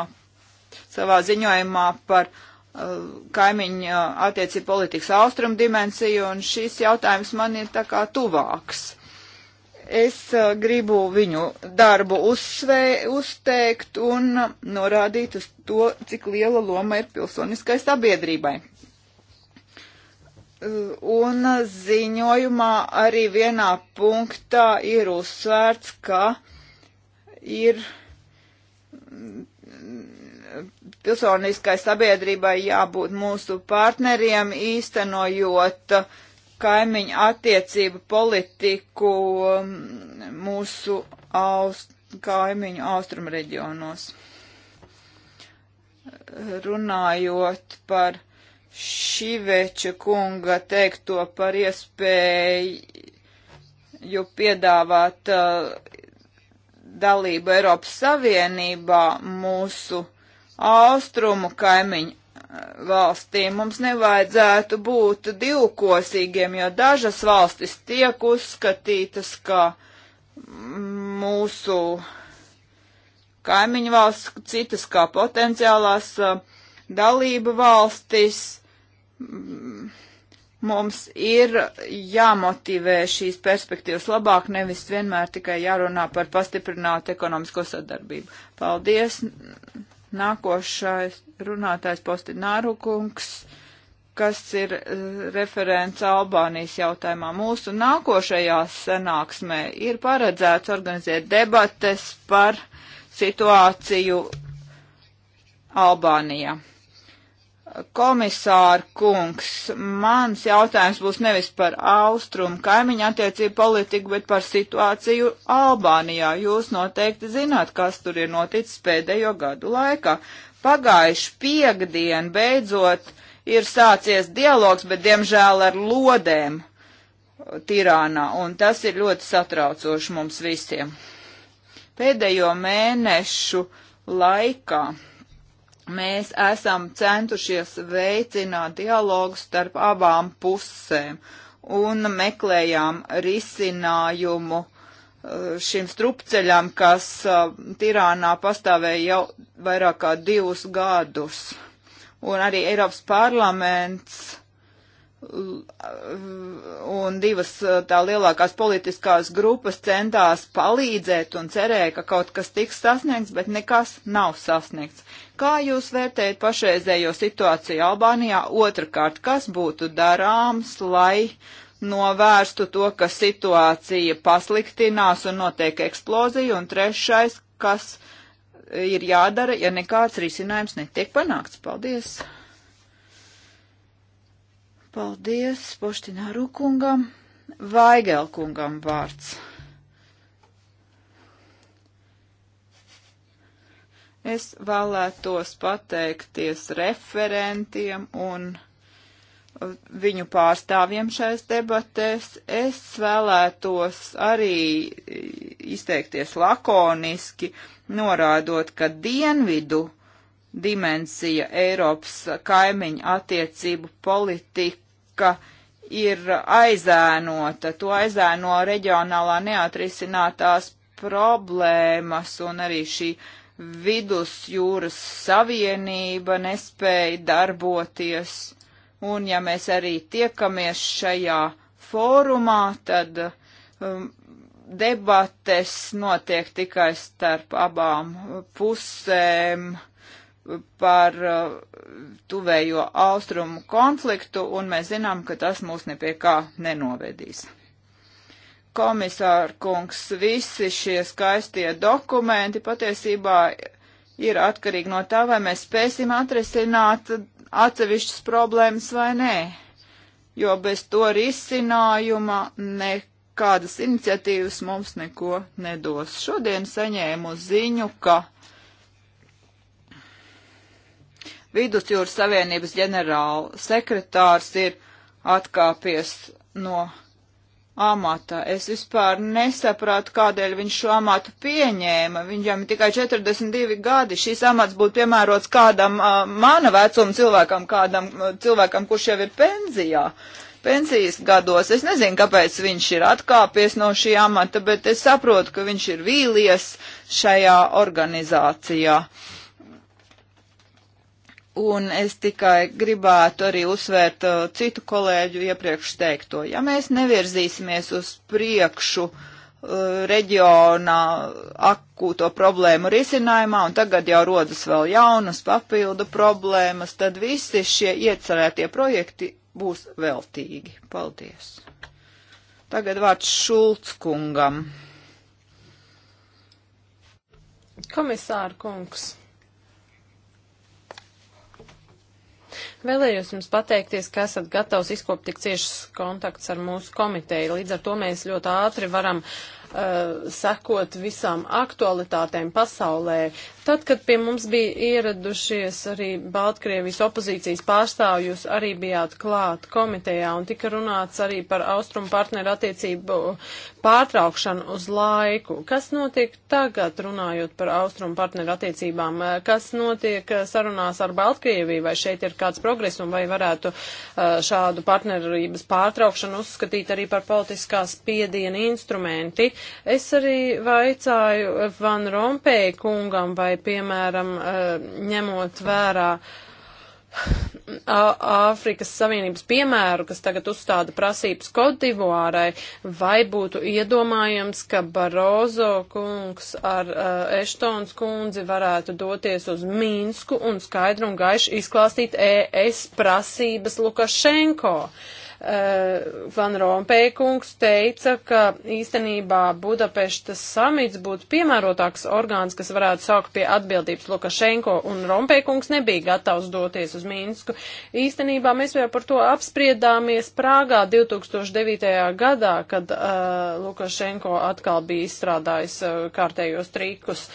savā ziņojumā par uh, kaimiņu attiecību politikas austrumu dimensiju, un šis jautājums man ir tā kā tuvāks. Es eh, gribu viņu darbu uzsvē, uzteikt un norādīt uz to, cik liela loma ir pilsoniskai sabiedrībai. Eh, un ziņojumā arī vienā punktā ir uzsvērts, ka ir mm, pilsoniskai sabiedrībai jābūt mūsu partneriem īstenojot uh, kaimiņu attiecību politiku um, mūsu aust, kaimiņu austrumu reģionos. Runājot par Šiveča kunga teikto par iespēju piedāvāt uh, dalību Eiropas Savienībā mūsu austrumu kaimiņu valstīm. Mums nevajadzētu būt divkosīgiem, jo dažas valstis tiek uzskatītas, ka mūsu kaimiņu valsts, citas kā potenciālās dalība valstis. Mums ir jāmotivē šīs perspektīvas labāk, nevis vienmēr tikai jārunā par pastiprinātu ekonomisko sadarbību. Paldies! Nākošais runātājs Postināru kungs, kas ir eh, referents Albānijas jautājumā. Mūsu nākošajā sanāksmē ir paredzēts organizēt debates par situāciju Albānijā. Komisāra kungs, mans jautājums būs nevis par austrumu kaimiņu attiecību politiku, bet par situāciju Albānijā. Jūs noteikti zināt, kas tur ir noticis pēdējo gadu laikā. Pagājuši piekdien beidzot ir sācies dialogs, bet diemžēl ar lodēm Tirānā, un tas ir ļoti satraucoši mums visiem. Pēdējo mēnešu laikā mēs esam centušies veicināt dialogu starp abām pusēm un meklējām risinājumu eh, šim strupceļam, kas eh, Tirānā pastāvēja jau vairāk kā divus gadus. Un arī Eiropas parlaments eh, un divas tā lielākās politiskās grupas centās palīdzēt un cerēja, ka kaut kas tiks sasniegts, bet nekas nav sasniegts. Kā jūs vērtējat pašreizējo situāciju Albānijā? Otrakārt, kas būtu darāms, lai novērstu to, ka situācija pasliktinās un notiek eksplozija? Un trešais, kas ir jādara, ja nekāds risinājums netiek panākts? Paldies! Paldies Poštinā Rukungam, Vaigelkungam vārds. Es vēlētos pateikties referentiem un viņu pārstāvjiem šais debatēs. Es vēlētos arī izteikties lakoniski, norādot, ka dienvidu dimensija Eiropas kaimiņu attiecību politika ir aizēnota, to aizēno reģionālā neatrisinātās problēmas un arī šī uh, vidusjūras savienība nespēja darboties. Un ja mēs arī tiekamies šajā fórumā, tad um, debates notiek tikai starp abām pusēm par uh, tuvējo austrumu konfliktu, un mēs zinām, ka tas mūs nepie kā nenovedīs komisāra kungs, visi šie skaistie dokumenti patiesībā ir atkarīgi no tā, vai mēs spēsim atrisināt atsevišķas problēmas vai nē. Jo bez to risinājuma nekādas iniciatīvas mums neko nedos. Šodien saņēmu ziņu, ka Vidusjūras Savienības ģenerāla sekretārs ir atkāpies no amatā. Es vispār nesaprātu, kādēļ viņš šo amatu pieņēma. Viņam ir tikai 42 gadi. Šīs amats būtu piemērots kādam uh, mana vecuma cilvēkam, kādam uh, cilvēkam, kurš jau ir pensijā. Pensijas gados es nezinu, kāpēc viņš ir atkāpies no šī amata, bet es saprotu, ka viņš ir vīlies šajā organizācijā. Uh, Un es tikai gribētu arī uzsvērt uh, citu kolēģu iepriekš teikto. Ja mēs nevirzīsimies uz priekšu uh, reģionā akūto problēmu risinājumā, un tagad jau rodas vēl jaunas papildu problēmas, tad visi šie iecerētie projekti būs veltīgi. Paldies! Tagad vārds Šulc kungam. Komisāra kungs. Vēlējos jums pateikties, ka esat gatavs izkopt tik ciešas kontakts ar mūsu komiteju. Līdz ar to mēs ļoti ātri varam uh, uh, sekot visām aktualitātēm pasaulē. Tad, kad pie mums bija ieradušies arī Baltkrievijas opozīcijas pārstāvji, jūs arī bijāt klāt komitejā un tika runāts arī par austrumu partneru attiecību pārtraukšanu uz laiku. Kas notiek tagad, runājot par austrumu partneru attiecībām? Uh, kas notiek sarunās ar Baltkrieviju? Vai šeit ir kāds progress un vai varētu uh, šādu partnerības pārtraukšanu uzskatīt arī par politiskā spiediena instrumenti? Es arī vaicāju Van Rompēja kungam, vai, piemēram, eh, ņemot vērā Āfrikas Savienības piemēru, kas tagad uzstāda prasības Kodivārai, vai būtu iedomājams, ka Barozo kungs ar uh, Eštons kundzi varētu doties uz Minsku un skaidru un gaišu izklāstīt ES prasības Lukašenko? Uh, Eh, Van Rompējkungs teica, ka īstenībā Budapeštas samits būtu piemērotāks orgāns, kas varētu saukt pie atbildības Lukašenko, un Rompējkungs nebija gatavs doties uz Mīnsku. Īstenībā mēs jau par to apspriedāmies Prāgā 2009. gadā, kad uh, Lukašenko atkal bija izstrādājis uh, kārtējos trikus.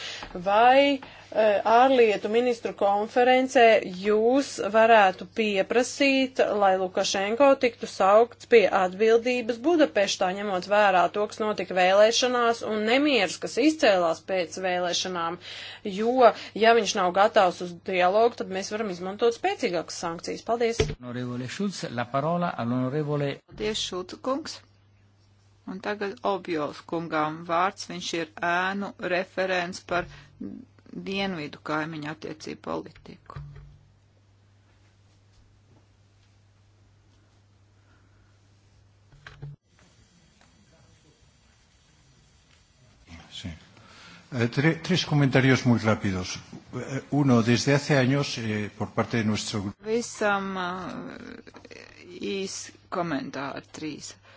Vai uh, Eh, ārlietu ministru konferencē jūs varētu pieprasīt, lai Lukašenko tiktu saukts pie atbildības Budapeštā, ņemot vērā to, kas notika vēlēšanās un nemieris, kas izcēlās pēc vēlēšanām, jo, ja viņš nav gatavs uz dialogu, tad mēs varam izmantot spēcīgākas sankcijas. Paldies! Paldies, Šulca kungs! Un tagad objos kungām vārds, viņš ir ēnu referents par dienvidu kaimiņu attiecību politiku. Sí. Eh, tre, tres comentarios muy rápidos. Eh, uno, desde hace años, eh, por parte de nuestro grupo. Visam uh, eh, īs komentāri trīs. Uh,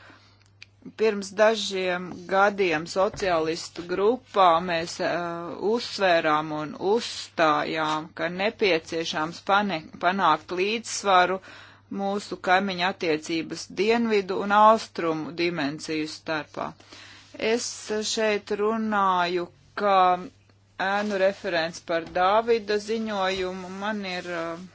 Pirms dažiem gadiem sociālistu grupā mēs uh, uzsvērām un uzstājām, ka nepieciešams pane, panākt līdzsvaru mūsu kaimiņa attiecības dienvidu un austrumu dimensiju starpā. Es šeit runāju, ka ēnu referents par Dāvida ziņojumu man ir. Uh,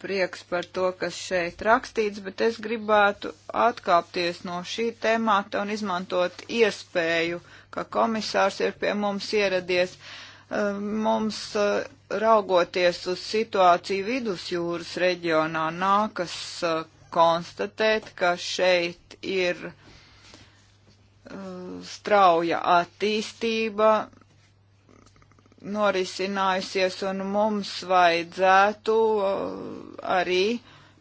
prieks par to, kas šeit rakstīts, bet es gribētu atkāpties no šī temata un izmantot iespēju, ka komisārs ir pie mums ieradies. Eh, mums eh, raugoties uz situāciju vidusjūras reģionā nākas eh, konstatēt, ka šeit ir strauja attīstība, norisinājusies, un mums vajadzētu uh, arī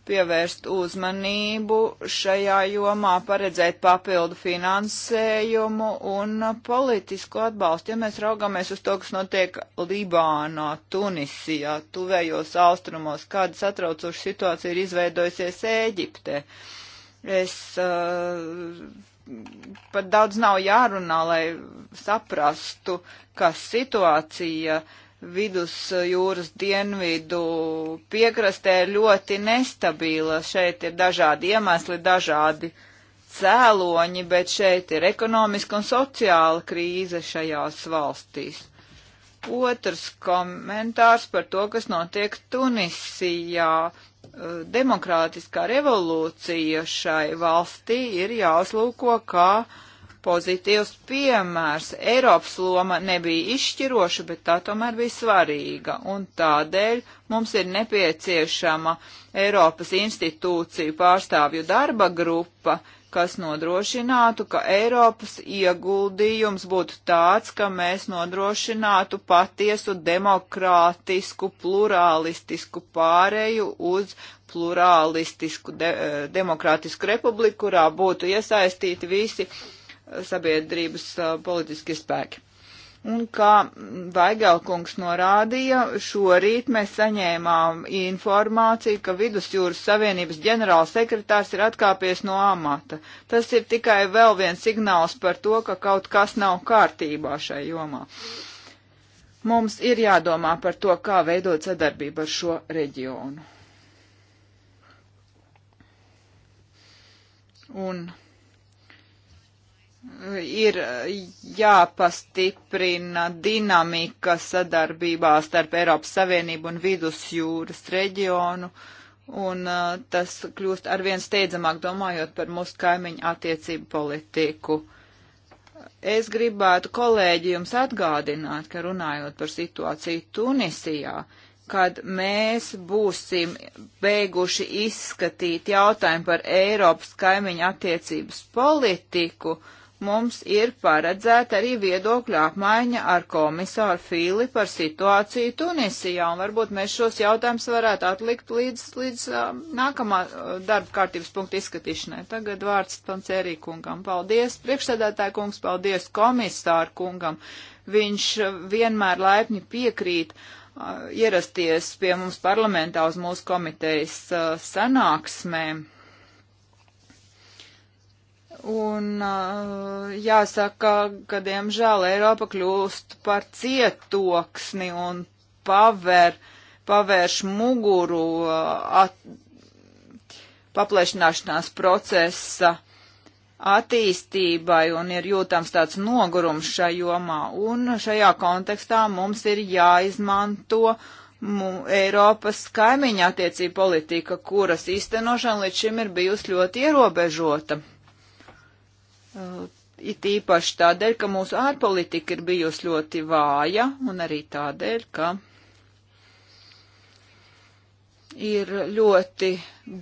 pievērst uzmanību šajā jomā, paredzēt papildu finansējumu un politisku atbalstu. Ja mēs raugamies uz to, kas notiek Libānā, Tunisijā, tuvējos austrumos, kāda satraucoša situācija ir izveidojusies Ēģipte. Es uh, pat daudz nav jārunā, lai saprastu, ka situācija vidus jūras dienvidu piekrastē ir ļoti nestabila. Šeit ir dažādi iemesli, dažādi cēloņi, bet šeit ir ekonomiska un sociāla krīze šajās valstīs. Otrs komentārs par to, kas notiek Tunisijā demokrātiskā revolūcija šai valstī ir jāuzlūko kā pozitīvs piemērs. Eiropas loma nebija izšķiroša, bet tā tomēr bija svarīga, un tādēļ mums ir nepieciešama Eiropas institūciju pārstāvju darba grupa, uh, kas nodrošinātu, ka Eiropas ieguldījums būtu tāds, ka mēs nodrošinātu patiesu demokrātisku, plurālistisku pāreju uz plurālistisku de eh, demokrātisku republiku, kurā būtu iesaistīti visi sabiedrības eh, politiskie spēki. Un kā Vaigelkungs norādīja, šorīt mēs saņēmām informāciju, ka Vidusjūras Savienības ģenerālsekretārs ir atkāpies no amata. Tas ir tikai vēl viens signāls par to, ka kaut kas nav kārtībā šai jomā. Mums ir jādomā par to, kā veidot sadarbību ar šo reģionu. Un ir eh, jāpastiprina dinamika sadarbībā starp Eiropas Savienību un Vidusjūras reģionu, un eh, tas kļūst arvien steidzamāk domājot par mūsu kaimiņu attiecību politiku. Es gribētu kolēģi jums atgādināt, ka runājot par situāciju Tunisijā, kad mēs būsim beiguši izskatīt jautājumu par Eiropas kaimiņu attiecības politiku, uh, mums ir paredzēta arī viedokļa apmaiņa ar komisāru Fīli par situāciju Tunisijā, un varbūt mēs šos jautājumus varētu atlikt līdz, līdz uh, nākamā uh, darba kārtības punkta izskatīšanai. Tagad vārds Pancērī kungam. Paldies, priekšsēdētāji kungs, paldies komisāru kungam. Viņš vienmēr laipni piekrīt uh, ierasties pie mums parlamentā uz mūsu komitejas sanāksmēm. Un uh, jāsaka, ka diemžēl Eiropa kļūst par cietoksni un paver, pavērš muguru uh, at, paplašināšanās procesa attīstībai un ir jūtams tāds nogurums šajā jomā. Un šajā kontekstā mums ir jāizmanto mu, Eiropas kaimiņa attiecība politika, kuras īstenošana līdz šim ir bijusi ļoti ierobežota. Uh, it īpaši tādēļ, ka mūsu ārpolitika ir bijusi ļoti vāja un arī tādēļ, ka ir ļoti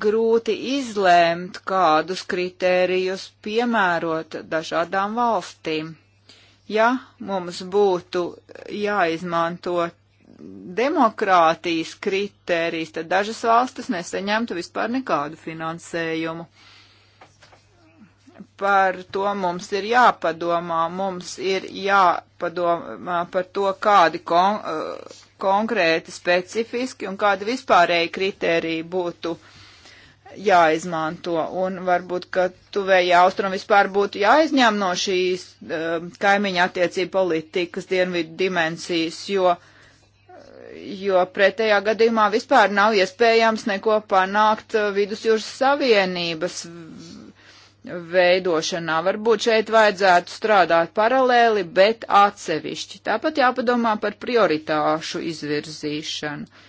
grūti izlēmt, kādus kritērijus piemērot dažādām valstīm. Ja mums būtu jāizmanto demokrātijas kritērijas, tad dažas valstis nesaņemtu vispār nekādu finansējumu par to mums ir jāpadomā. Mums ir jāpadomā par to, kādi kon eh, konkrēti, specifiski un kādi vispārēji kriteriji būtu jāizmanto. Un varbūt, ka tuvēja austrumu vispār būtu jāizņem no šīs uh, kaimiņa attiecību politikas dienvidu dimensijas, jo, jo pretējā gadījumā vispār nav iespējams neko panākt eh, Vidusjūras Savienības veidošanā. Varbūt šeit vajadzētu strādāt paralēli, bet atsevišķi. Tāpat jāpadomā par prioritāšu izvirzīšanu.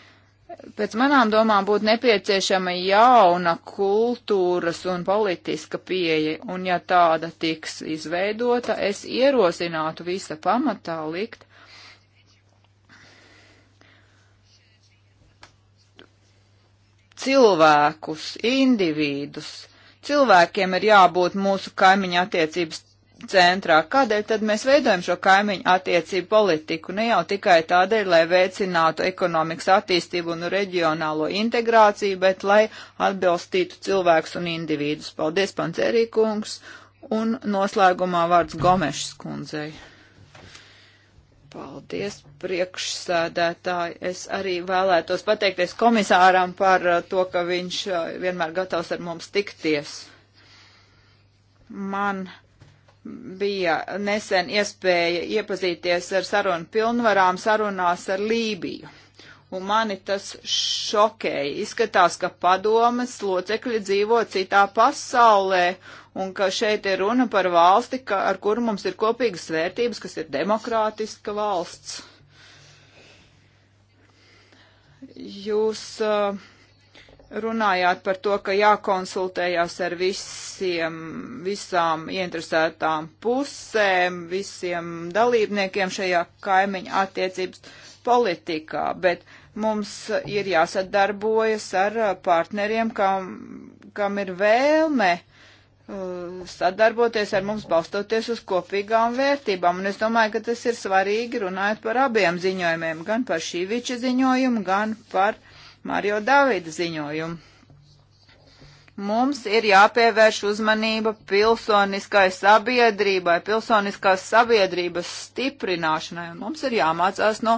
Pēc manām domām būtu nepieciešama jauna kultūras un politiska pieeja, un ja tāda tiks izveidota, es ierosinātu visa pamatā likt cilvēkus, individus, Cilvēkiem ir jābūt mūsu kaimiņa attiecības centrā. Kādēļ tad mēs veidojam šo kaimiņu attiecību politiku? Ne nu, jau tikai tādēļ, lai veicinātu ekonomikas attīstību un reģionālo integrāciju, bet lai atbilstītu cilvēkus un individus. Paldies, Pancerī kungs! Un noslēgumā vārds Gomešas kundzei. Paldies, priekšsēdētāji. Es arī vēlētos pateikties komisāram par uh, to, ka viņš uh, vienmēr gatavs ar mums tikties. Man bija nesen iespēja iepazīties ar sarunu pilnvarām sarunās ar Lībiju. Un mani tas šokēja. Izskatās, ka padomas locekļi dzīvo citā pasaulē un ka šeit ir runa par valsti, ka, ar kuru mums ir kopīgas vērtības, kas ir demokrātiska valsts. Jūs uh, runājāt par to, ka jākonsultējās ar visiem, visām interesētām pusēm, visiem dalībniekiem šajā kaimiņa attiecības politikā, bet mums ir jāsadarbojas ar uh, partneriem, kam, kam ir vēlme Uh, sadarboties ar mums balstoties uz kopīgām vērtībām. Un es domāju, ka tas ir svarīgi runājot par abiem ziņojumiem, gan par Šīviča ziņojumu, gan par Mario Davida ziņojumu. Mums ir jāpievērš uzmanība pilsoniskai sabiedrībai, pilsoniskās sabiedrības stiprināšanai, un mums ir jāmācās no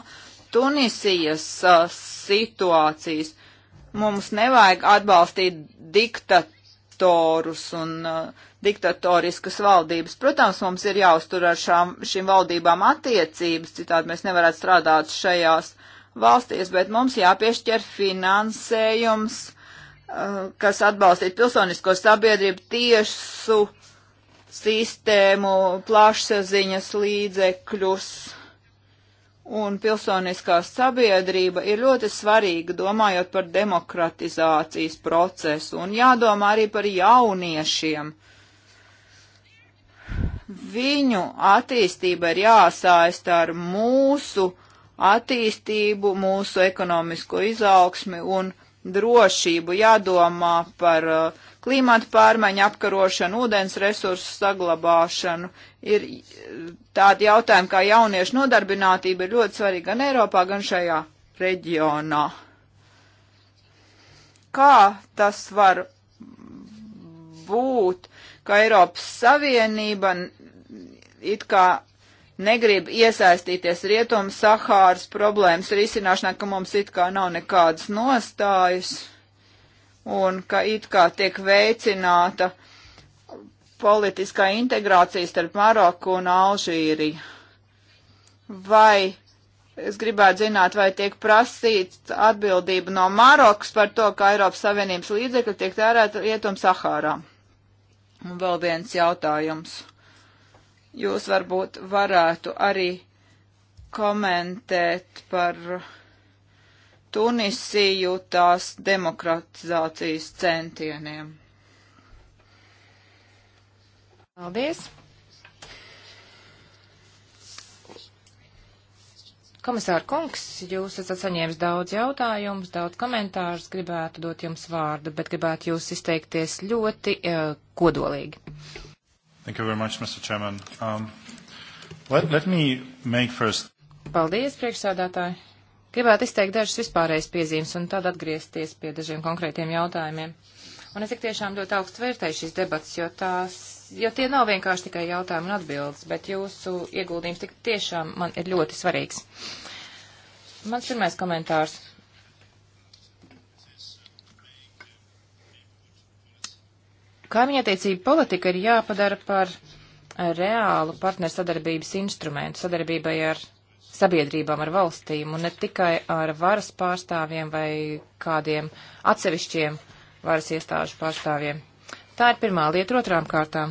Tunisijas uh, situācijas. Mums nevajag atbalstīt diktatūru diktatorus un uh, diktatoriskas valdības. Protams, mums ir jāuztur ar šām, šīm valdībām attiecības, citādi mēs nevarētu strādāt šajās valstīs, bet mums jāpiešķir finansējums, uh, kas atbalstītu pilsonisko sabiedrību tiesu sistēmu, plašsaziņas līdzekļus un pilsoniskā sabiedrība ir ļoti svarīga, domājot par demokratizācijas procesu, un jādomā arī par jauniešiem. Viņu attīstība ir jāsaista ar mūsu attīstību, mūsu ekonomisko izaugsmi un drošību, jādomā par uh, klimata pārmaiņu apkarošanu, ūdens resursu saglabāšanu, ir tādi jautājumi kā jauniešu nodarbinātība ir ļoti svarīga gan Eiropā, gan šajā reģionā. Kā tas var būt, ka Eiropas Savienība it kā negrib iesaistīties Rietumu Sahāras problēmas risināšanā, ka mums it kā nav nekādas nostājas un ka it kā tiek veicināta uh, politiskā integrācija starp Maroku un Alžīriju. Vai es gribētu zināt, vai tiek prasīts atbildība no Marokas par to, ka Eiropas Savienības līdzekļi tiek tērēti Rietum Sahārā? Un vēl viens jautājums. Jūs varbūt varētu arī komentēt par Tunisiju tās demokratizācijas centieniem. Paldies! Komisāra kungs, jūs esat saņēmis daudz jautājumus, daudz komentārus, gribētu dot jums vārdu, bet gribētu jūs izteikties ļoti uh, kodolīgi. Thank you very much, Mr. Chairman. Um, let, let me make first. Paldies, priekšsādātāji. Gribētu izteikt dažas vispārējas piezīmes un tad atgriezties pie dažiem konkrētiem jautājumiem. Un es tik tiešām ļoti augstu vērtēju šīs debats, jo tās jo tie nav vienkārši tikai jautājumi un atbildes, bet jūsu ieguldījums tik tiešām man ir ļoti svarīgs. Mans pirmais komentārs. Kaimiņattiecība politika ir jāpadara par reālu partneru sadarbības instrumentu sadarbībai ar sabiedrībām, ar valstīm un ne tikai ar varas pārstāvjiem vai kādiem atsevišķiem varas iestāžu pārstāvjiem. Tā ir pirmā lieta otrām kārtām.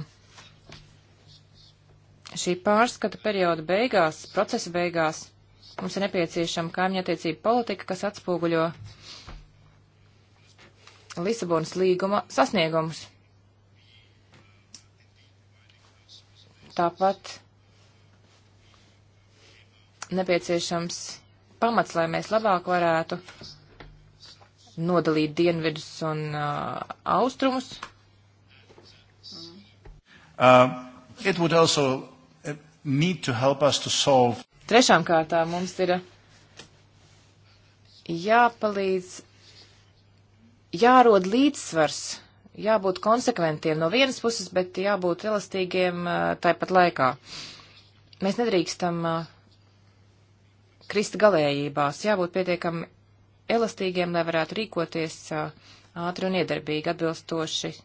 Šī pārskata perioda beigās, procesa beigās, mums ir nepieciešama kaimiņattiecība politika, kas atspoguļo Lisabonas līguma sasniegumus. Tāpat nepieciešams pamats, lai mēs labāk varētu nodalīt dienvidus un uh, austrumus, Uh, it would also uh, need to help us to solve. Trešām kārtām mums ir jāpalīdz, jārod līdzsvars, jābūt konsekventiem no vienas puses, bet jābūt elastīgiem uh, tāpat laikā. Mēs nedrīkstam uh, krist galējībās, jābūt pietiekami elastīgiem, lai varētu rīkoties ātri un iedarbīgi atbilstoši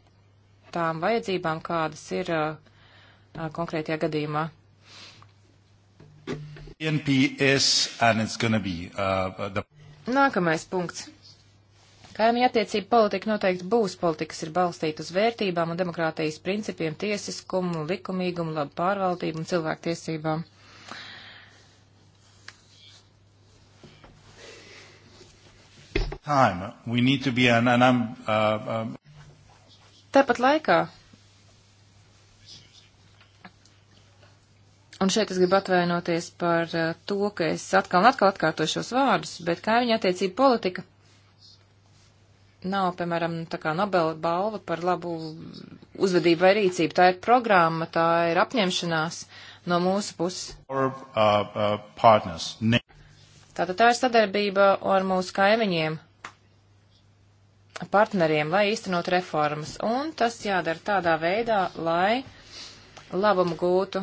tām vajadzībām, kādas ir uh, uh, konkrētajā gadījumā. NPS, be, uh, the... Nākamais punkts. Kaimiņa attiecība politika noteikti būs politikas ir balstīta uz vērtībām un demokrātijas principiem, tiesiskumu, likumīgumu, labu pārvaldību un cilvēktiesībām. Time. We need to be an, an um, uh, um... Tāpat laikā, un šeit es gribu atvainoties par eh, to, ka es atkal un atkal atkārtoju šos vārdus, bet kaimiņa attiecība politika nav, piemēram, tā kā Nobela balva par labu uzvedību vai rīcību. Tā ir programma, tā ir apņemšanās no mūsu puses. Or, uh, uh, Tātad tā ir sadarbība ar mūsu kaimiņiem partneriem, lai īstenot reformas. Un tas jādara tādā veidā, lai labumu gūtu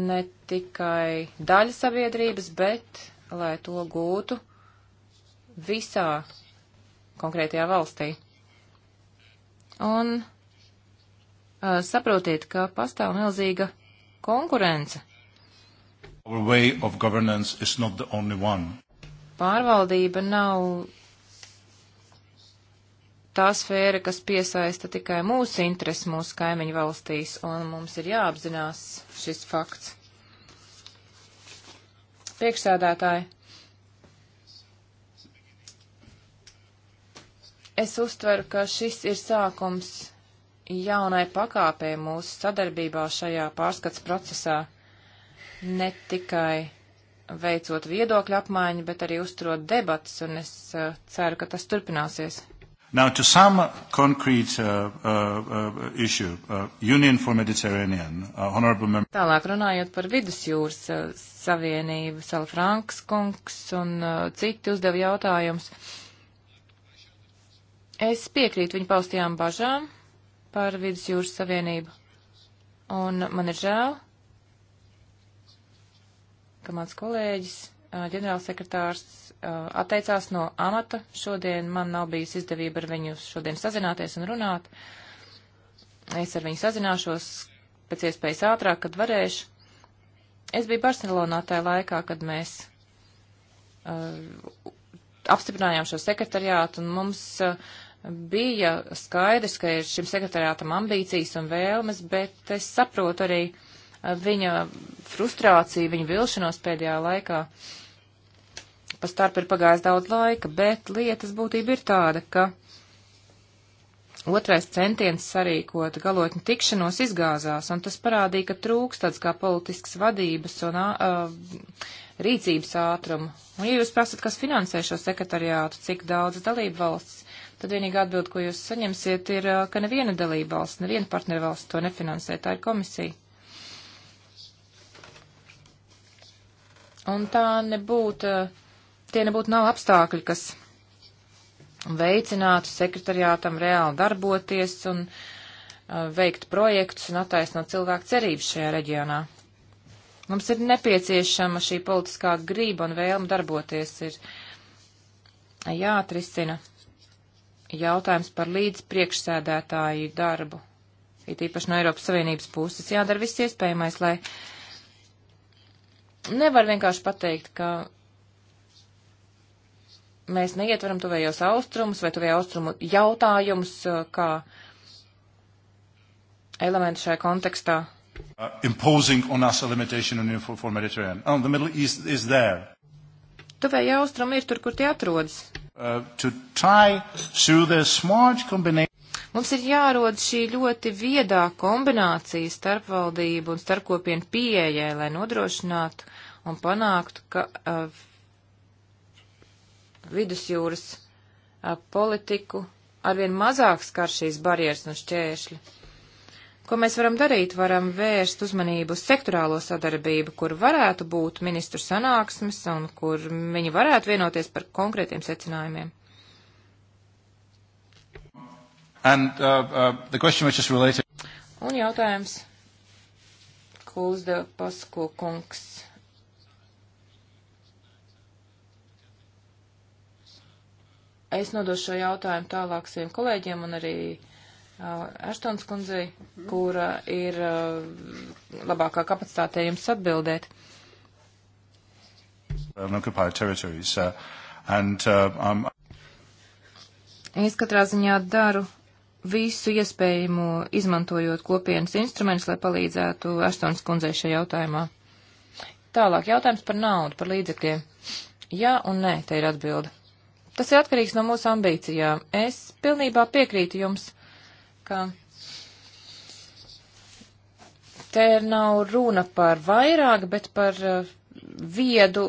ne tikai daļa sabiedrības, bet lai to gūtu visā konkrētajā valstī. Un uh, saprotiet, ka pastāv milzīga konkurence. Pārvaldība nav tā sfēra, kas piesaista tikai mūsu interesi mūsu kaimiņu valstīs, un mums ir jāapzinās šis fakts. Priekšsēdētāji, es uztveru, ka šis ir sākums jaunai pakāpē mūsu sadarbībā šajā pārskats procesā, ne tikai veicot viedokļu apmaiņu, bet arī uzturot debatas, un es uh, ceru, ka tas turpināsies. Now, to some concrete uh, uh, uh, issue, uh, Union for Mediterranean, uh, honorable member. Tālāk runājot par vidusjūras uh, savienību, Salfranks kungs un uh, citi uzdev jautājums. Es piekrītu viņu paustajām bažām par vidusjūras savienību. Un man ir žēl, ka mans kolēģis, uh, ģenerālsekretārs Uh, atteicās no amata. Šodien man nav bijis izdevība ar viņu šodien sazināties un runāt. Es ar viņu sazināšos pēc iespējas ātrāk, kad varēšu. Es biju Barcelonā tajā laikā, kad mēs uh, apstiprinājām šo sekretariātu, un mums uh, bija skaidrs, ka ir šim sekretariātam ambīcijas un vēlmes, bet es saprotu arī uh, viņa frustrāciju, viņa vilšanos pēdējā laikā. Uh, pa starp ir pagājis daudz laika, bet lietas būtība ir tāda, ka otrais centiens sarīkot galotņu tikšanos izgāzās, un tas parādīja, ka trūks tāds kā politisks vadības un uh, rīcības ātrumu. Un ja jūs prasat, kas finansē šo sekretariātu, cik daudz dalību valsts, tad vienīgā atbild, ko jūs saņemsiet, ir, ka neviena dalība valsts, neviena partneru valsts to nefinansē, tā ir komisija. Un tā nebūtu uh, tie nebūtu nav apstākļi, kas veicinātu sekretariātam reāli darboties un uh, veikt projektus un attaisnot cilvēku cerības šajā reģionā. Mums ir nepieciešama šī politiskā grība un vēlme darboties. Ir jāatrisina jautājums par līdz priekšsēdētāju darbu. It īpaši no Eiropas Savienības puses jādara viss iespējamais, lai nevar vienkārši pateikt, ka mēs neietveram tuvējos austrumus vai tuvējo austrumu jautājumus uh, kā elementu šajā kontekstā. Uh, imposing on us a limitation on for, for Mediterranean. Oh, the Middle East is there. Tuvēja austrumi ir tur, kur tie atrodas. Uh, to try through the smart combination. Mums ir jārod šī ļoti viedā kombinācija starpvaldību un starpkopienu pieejai, lai nodrošinātu un panāktu, ka uh, vidusjūras politiku arvien mazāk skar šīs barjeras un šķēršļi. Ko mēs varam darīt? Varam vērst uzmanību uz sektorālo sadarbību, kur varētu būt ministru sanāksmes un kur viņi varētu vienoties par konkrētiem secinājumiem. And, uh, uh, question, related... Un jautājums, ko uzdeva Pasko kungs Es nodošu šo jautājumu tālāk saviem kolēģiem un arī uh, Aštons kundzei, kura ir uh, labākā kapacitāte jums atbildēt. Uh, and, uh, um... Es katrā ziņā daru visu iespējamo, izmantojot kopienas instrumentus, lai palīdzētu Aštons kundzei šajā jautājumā. Tālāk jautājums par naudu, par līdzekļiem. Jā un nē, te ir atbilde. Tas ir atkarīgs no mūsu ambīcijām. Es pilnībā piekrītu jums, ka te nav runa par vairāk, bet par uh, viedu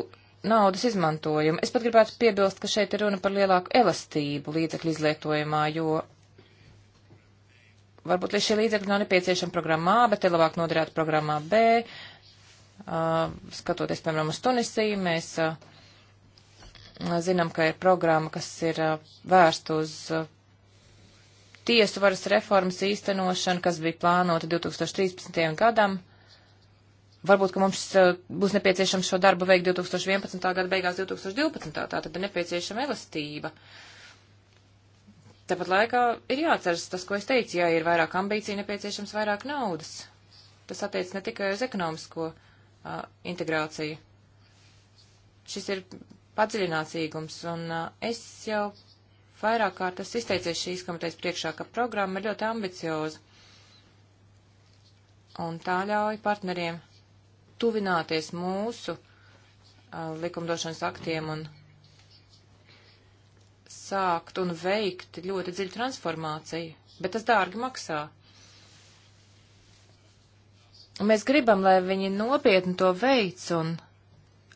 naudas izmantojumu. Es pat gribētu piebilst, ka šeit ir runa par lielāku elastību līdzekļu izlietojumā, jo varbūt līdz šie līdzekļi nav nepieciešami programmā A, bet ir labāk noderēt programmā B. Uh, skatoties, piemēram, uz Tunisiju, mēs uh, Zinām, ka ir programma, kas ir uh, vērsta uz uh, tiesu varas reformas īstenošanu, kas bija plānota 2013. gadam. Varbūt, ka mums uh, būs nepieciešams šo darbu veikt 2011. gada beigās 2012. Tā tad ir nepieciešama elastība. Tāpat laikā ir jāatceras tas, ko es teicu, ja ir vairāk ambīcija, nepieciešams vairāk naudas. Tas attiec ne tikai uz ekonomisko uh, integrāciju. Šis ir padziļināts īgums, un uh, es jau vairāk kārt esmu izteicies šīs komitejas priekšā, ka programma ir ļoti ambicioza, un tā ļauj partneriem tuvināties mūsu uh, likumdošanas aktiem un sākt un veikt ļoti dziļu transformāciju, bet tas dārgi maksā. Mēs gribam, lai viņi nopietni to veic un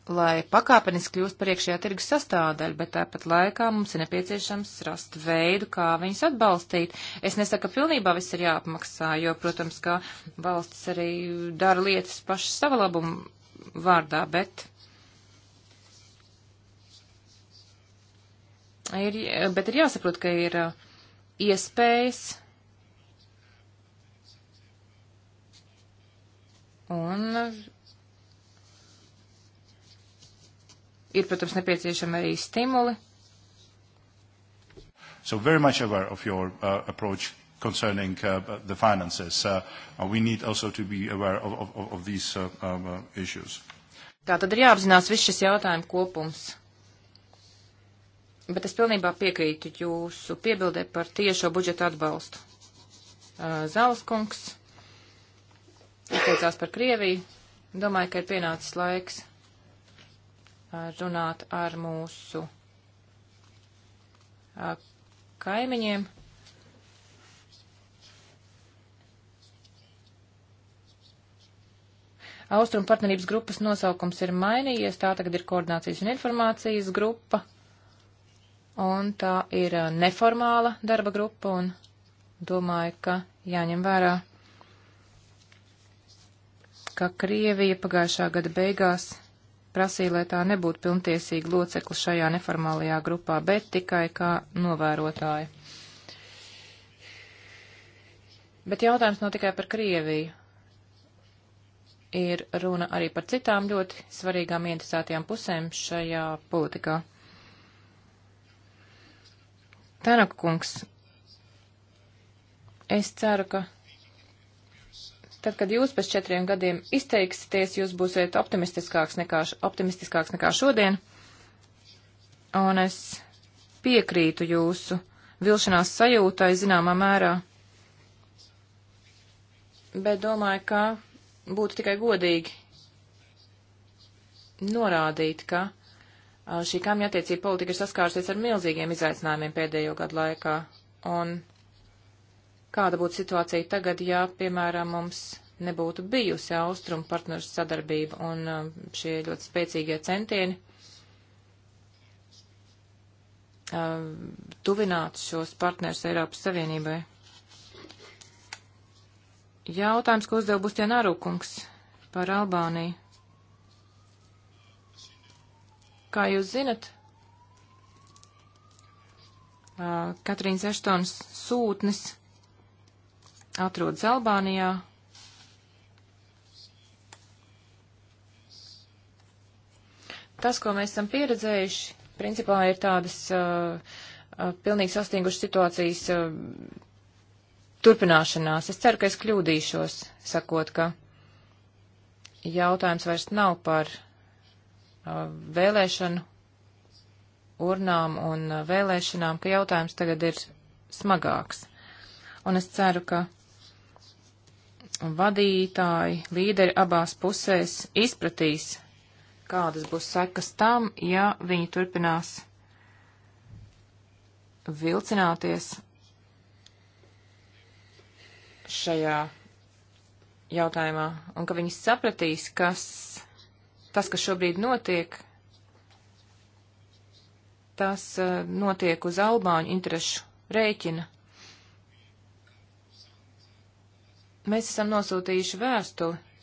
lai pakāpeniski kļūst par iekšējā tirgus sastāvdaļu, bet tāpat laikā mums ir nepieciešams rast veidu, kā viņus atbalstīt. Es nesaku, ka pilnībā viss ir jāapmaksā, jo, protams, kā valsts arī dara lietas pašas sava labuma vārdā, bet. Ir, bet ir jāsaprot, ka ir uh, iespējas un ir, protams, nepieciešami arī stimuli. So very much aware of your uh, approach concerning uh, the finances. Uh, we need also to be aware of, of, of these uh, um, uh, issues. Tā tad ir jāapzinās viss šis jautājumu kopums. Bet es pilnībā piekrītu jūsu piebildē par tiešo budžeta atbalstu. Uh, Zāleskungs izteicās par Krieviju. Domāju, ka ir pienācis laiks Eh, runāt ar mūsu eh, kaimiņiem. Austrum partnerības grupas nosaukums ir mainījies, tā tagad ir koordinācijas un informācijas grupa, un tā ir eh, neformāla darba grupa, un domāju, ka jāņem vērā, ka Krievija pagājušā gada beigās prasīja, lai tā nebūtu pilntiesīga locekla šajā neformālajā grupā, bet tikai kā novērotāja. Bet jautājums nav tikai par Krieviju. Ir runa arī par citām ļoti svarīgām interesētajām pusēm šajā politikā. Tanaka kungs, es ceru, ka Tad, kad jūs pēc četriem gadiem izteiksieties, jūs būsiet optimistiskāks nekā, optimistiskāks nekā šodien. Un es piekrītu jūsu vilšanās sajūtai zināmā mērā. Bet domāju, ka būtu tikai godīgi norādīt, ka šī kaimiņattiecība politika ir saskārusies ar milzīgiem izaicinājumiem pēdējo gadu laikā. Un Kāda būtu situācija tagad, ja, piemēram, mums nebūtu bijusi austrumu partneru sadarbība un um, šie ļoti spēcīgie centieni um, tuvināt šos partnerus Eiropas Savienībai? Jautājums, ko uzdev Bustjana Arukungs par Albāniju. Kā jūs zinat, uh, Katrīnas Eštons sūtnis atrodas Albānijā. Tas, ko mēs esam pieredzējuši, principā ir tādas uh, uh, pilnīgi sastingušas situācijas uh, turpināšanās. Es ceru, ka es kļūdīšos, sakot, ka jautājums vairs nav par uh, vēlēšanu urnām un uh, vēlēšanām, ka jautājums tagad ir smagāks. Un es ceru, ka vadītāji, līderi abās pusēs izpratīs, kādas būs sekas tam, ja viņi turpinās vilcināties šajā jautājumā, un ka viņi sapratīs, kas tas, kas šobrīd notiek, tas uh, notiek uz Albāņu interešu rēķina. Mēs esam nosūtījuši vēstuli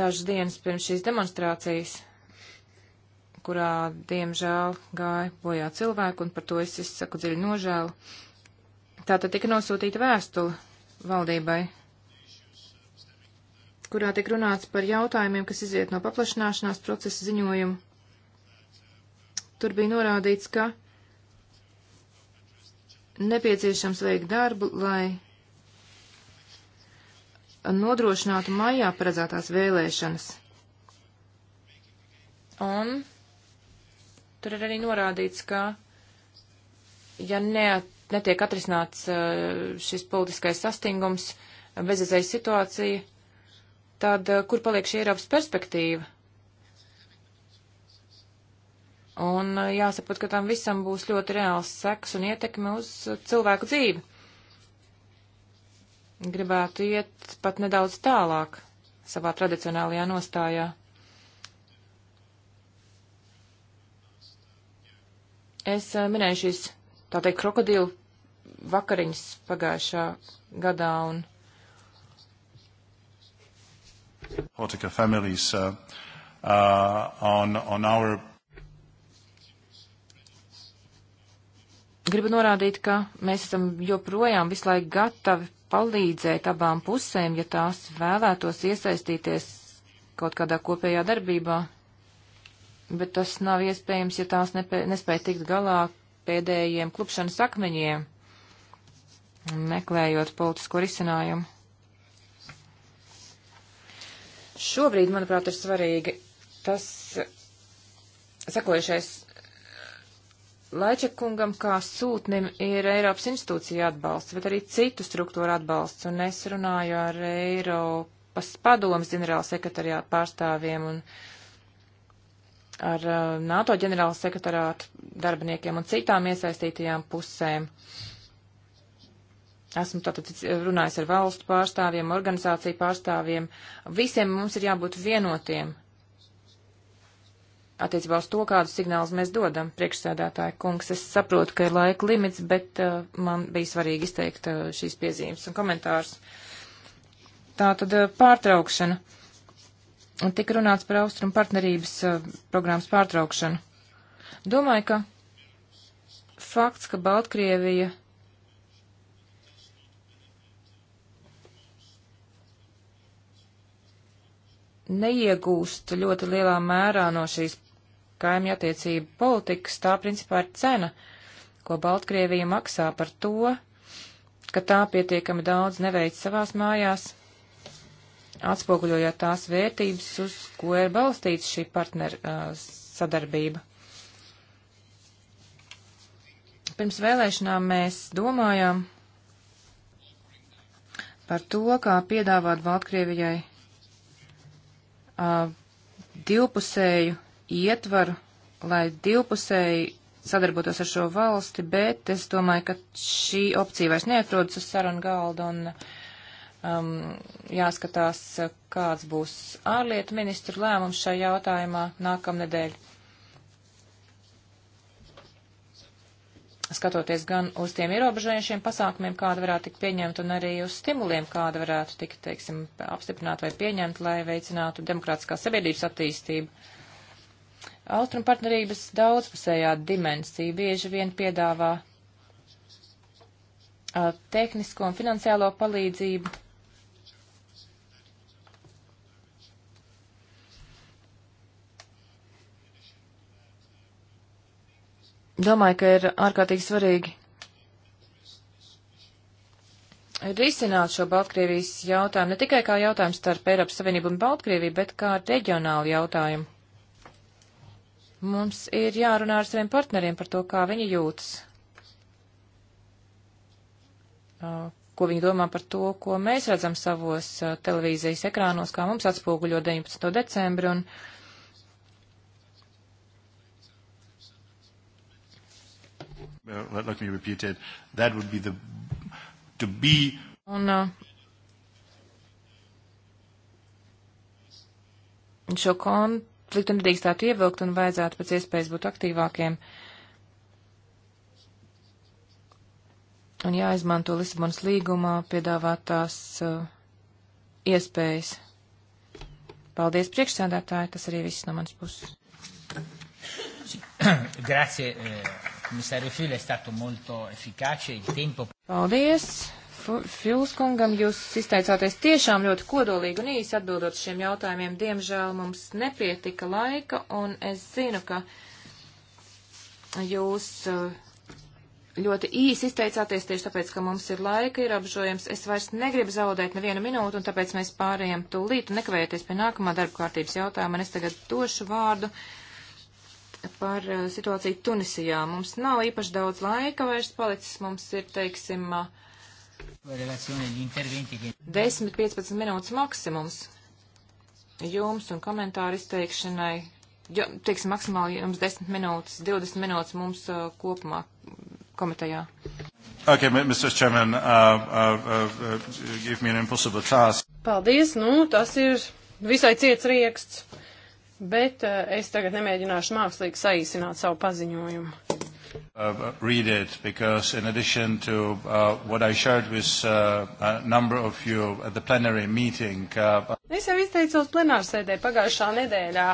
dažas dienas pirms šīs demonstrācijas, kurā, diemžēl, gāja bojā cilvēku, un par to es izsaku dziļu nožēlu. Tātad tika nosūtīta vēstule valdībai, kurā tika runāts par jautājumiem, kas iziet no paplašināšanās procesa ziņojuma. Tur bija norādīts, ka nepieciešams veikt darbu, lai nodrošinātu maijā paredzētās vēlēšanas. Un tur ir arī norādīts, ka, ja neat, netiek atrisināts eh, šis politiskais sastingums, bezizējas situācija, tad eh, kur paliek šī Eiropas perspektīva? Un eh, jāsaprot, ka tam visam būs ļoti reāls seks un ietekme uz eh, cilvēku dzīvi. Gribētu iet pat nedaudz tālāk savā tradicionālajā nostājā. Es eh, minēju šīs, tā teikt, krokodilu vakariņas pagājušā gadā un. Hortica families uh, uh, on, on our Gribu norādīt, ka mēs esam joprojām visu laiku gatavi palīdzēt abām pusēm, ja tās vēlētos iesaistīties kaut kādā kopējā darbībā, bet tas nav iespējams, ja tās nepē, nespēja tikt galā pēdējiem klupšanas akmeņiem, meklējot politisko risinājumu. Šobrīd, manuprāt, ir svarīgi tas sekojušais Laičakungam kā sūtnim ir Eiropas institūcija atbalsts, bet arī citu struktūru atbalsts, un es runāju ar Eiropas padomas ģenerāla sekretariāta pārstāvjiem un ar uh, NATO ģenerāla sekretariāta darbiniekiem un citām iesaistītajām pusēm. Esmu tātad runājis ar valstu pārstāvjiem, organizāciju pārstāvjiem. Visiem mums ir jābūt vienotiem attiecībā uz to, kādus signālus mēs dodam. Priekšsēdētāja kungs, es saprotu, ka ir laika limits, bet uh, man bija svarīgi izteikt uh, šīs piezīmes un komentārus. Tā tad uh, pārtraukšana. Un tik runāts par austrumu partnerības uh, programmas pārtraukšanu. Domāju, ka fakts, ka Baltkrievija neiegūst ļoti lielā mērā no šīs kaimja attiecību politikas, tā principā ir cena, ko Baltkrievija maksā par to, ka tā pietiekami daudz neveic savās mājās, atspoguļojot tās vērtības, uz ko ir balstīts šī partneru uh, sadarbība. Pirms vēlēšanām mēs domājām par to, kā piedāvāt Baltkrievijai uh, divpusēju ietvaru, lai divpusēji sadarbotos ar šo valsti, bet es domāju, ka šī opcija vairs neatrodas uz sarunu galda un um, jāskatās, kāds būs ārlietu ministru lēmums šajā jautājumā nākamnedēļ. skatoties gan uz tiem ierobežojušiem pasākumiem, kāda varētu tikt pieņemta, un arī uz stimuliem, kāda varētu tikt, teiksim, apstiprināta vai pieņemta, lai veicinātu demokrātiskā sabiedrības attīstību. Austrum partnerības daudzpusējā dimensija bieži vien piedāvā uh, tehnisko un finansiālo palīdzību. Domāju, ka ir ārkārtīgi svarīgi risināt šo Baltkrievijas jautājumu ne tikai kā jautājumu starp Eiropas Savienību un Baltkrieviju, bet kā reģionālu jautājumu. Mums ir jārunā ar saviem partneriem par to, kā viņi jūtas, ko viņi domā par to, ko mēs redzam savos televīzijas ekrānos, kā mums atspoguļo 19. decembri. Un, Let me repeat it. That would be the to be. Un, uh, šo kontu likt un nedrīkstētu ievilkt un vajadzētu pēc iespējas būt aktīvākiem. Un jāizmanto Lisabonas līgumā piedāvātās uh, iespējas. Paldies priekšsēdētāji, tas arī viss no manas puses. [coughs] Grazie, komisāri eh, Fīle, stato molto efficace, il tempo. Paldies. Filskungam. Jūs izteicāties tiešām ļoti kodolīgi un īsi atbildot šiem jautājumiem. Diemžēl mums nepietika laika, un es zinu, ka jūs eh, ļoti īsi izteicāties tieši tāpēc, ka mums ir laika ierobežojums. Es vairs negribu zaudēt nevienu minūtu, un tāpēc mēs pārējām tūlīt un nekavējoties pie nākamā darba kārtības jautājuma. Un es tagad došu vārdu par eh, situāciju Tunisijā. Mums nav īpaši daudz laika vairs palicis, mums ir, teiksim, uh, 10-15 minūtes maksimums jums un komentāru izteikšanai. Jo, teiksim, maksimāli jums 10 minūtes, 20 minūtes mums uh, kopumā komitejā. Okay, Mr. Chairman, uh, uh, uh, give me an impossible task. Paldies, nu, tas ir visai ciets rieksts, bet uh, es tagad nemēģināšu mākslīgi saīsināt savu paziņojumu. Uh, read it because in addition to uh, what I shared with uh, a number of you at the plenary meeting. Uh, es jau izteicos plenārsēdē pagājušā nedēļā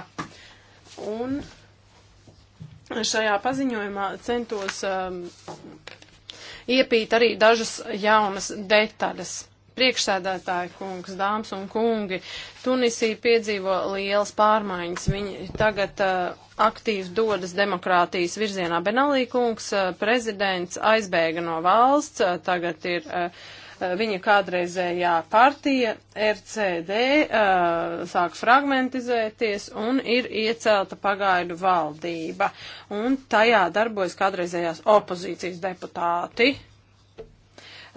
un šajā paziņojumā centos um, iepīt arī dažas jaunas detaļas. Priekšsēdētāji, kungs, dāmas un kungi, Tunisija piedzīvo lielas pārmaiņas. Viņi tagad uh, aktīvi dodas demokrātijas virzienā. Benalī kungs, uh, prezidents, aizbēga no valsts, uh, tagad ir. Uh, uh viņa kādreizējā partija RCD uh, sāk fragmentizēties un ir iecelta pagaidu valdība. Un tajā darbojas kādreizējās opozīcijas deputāti.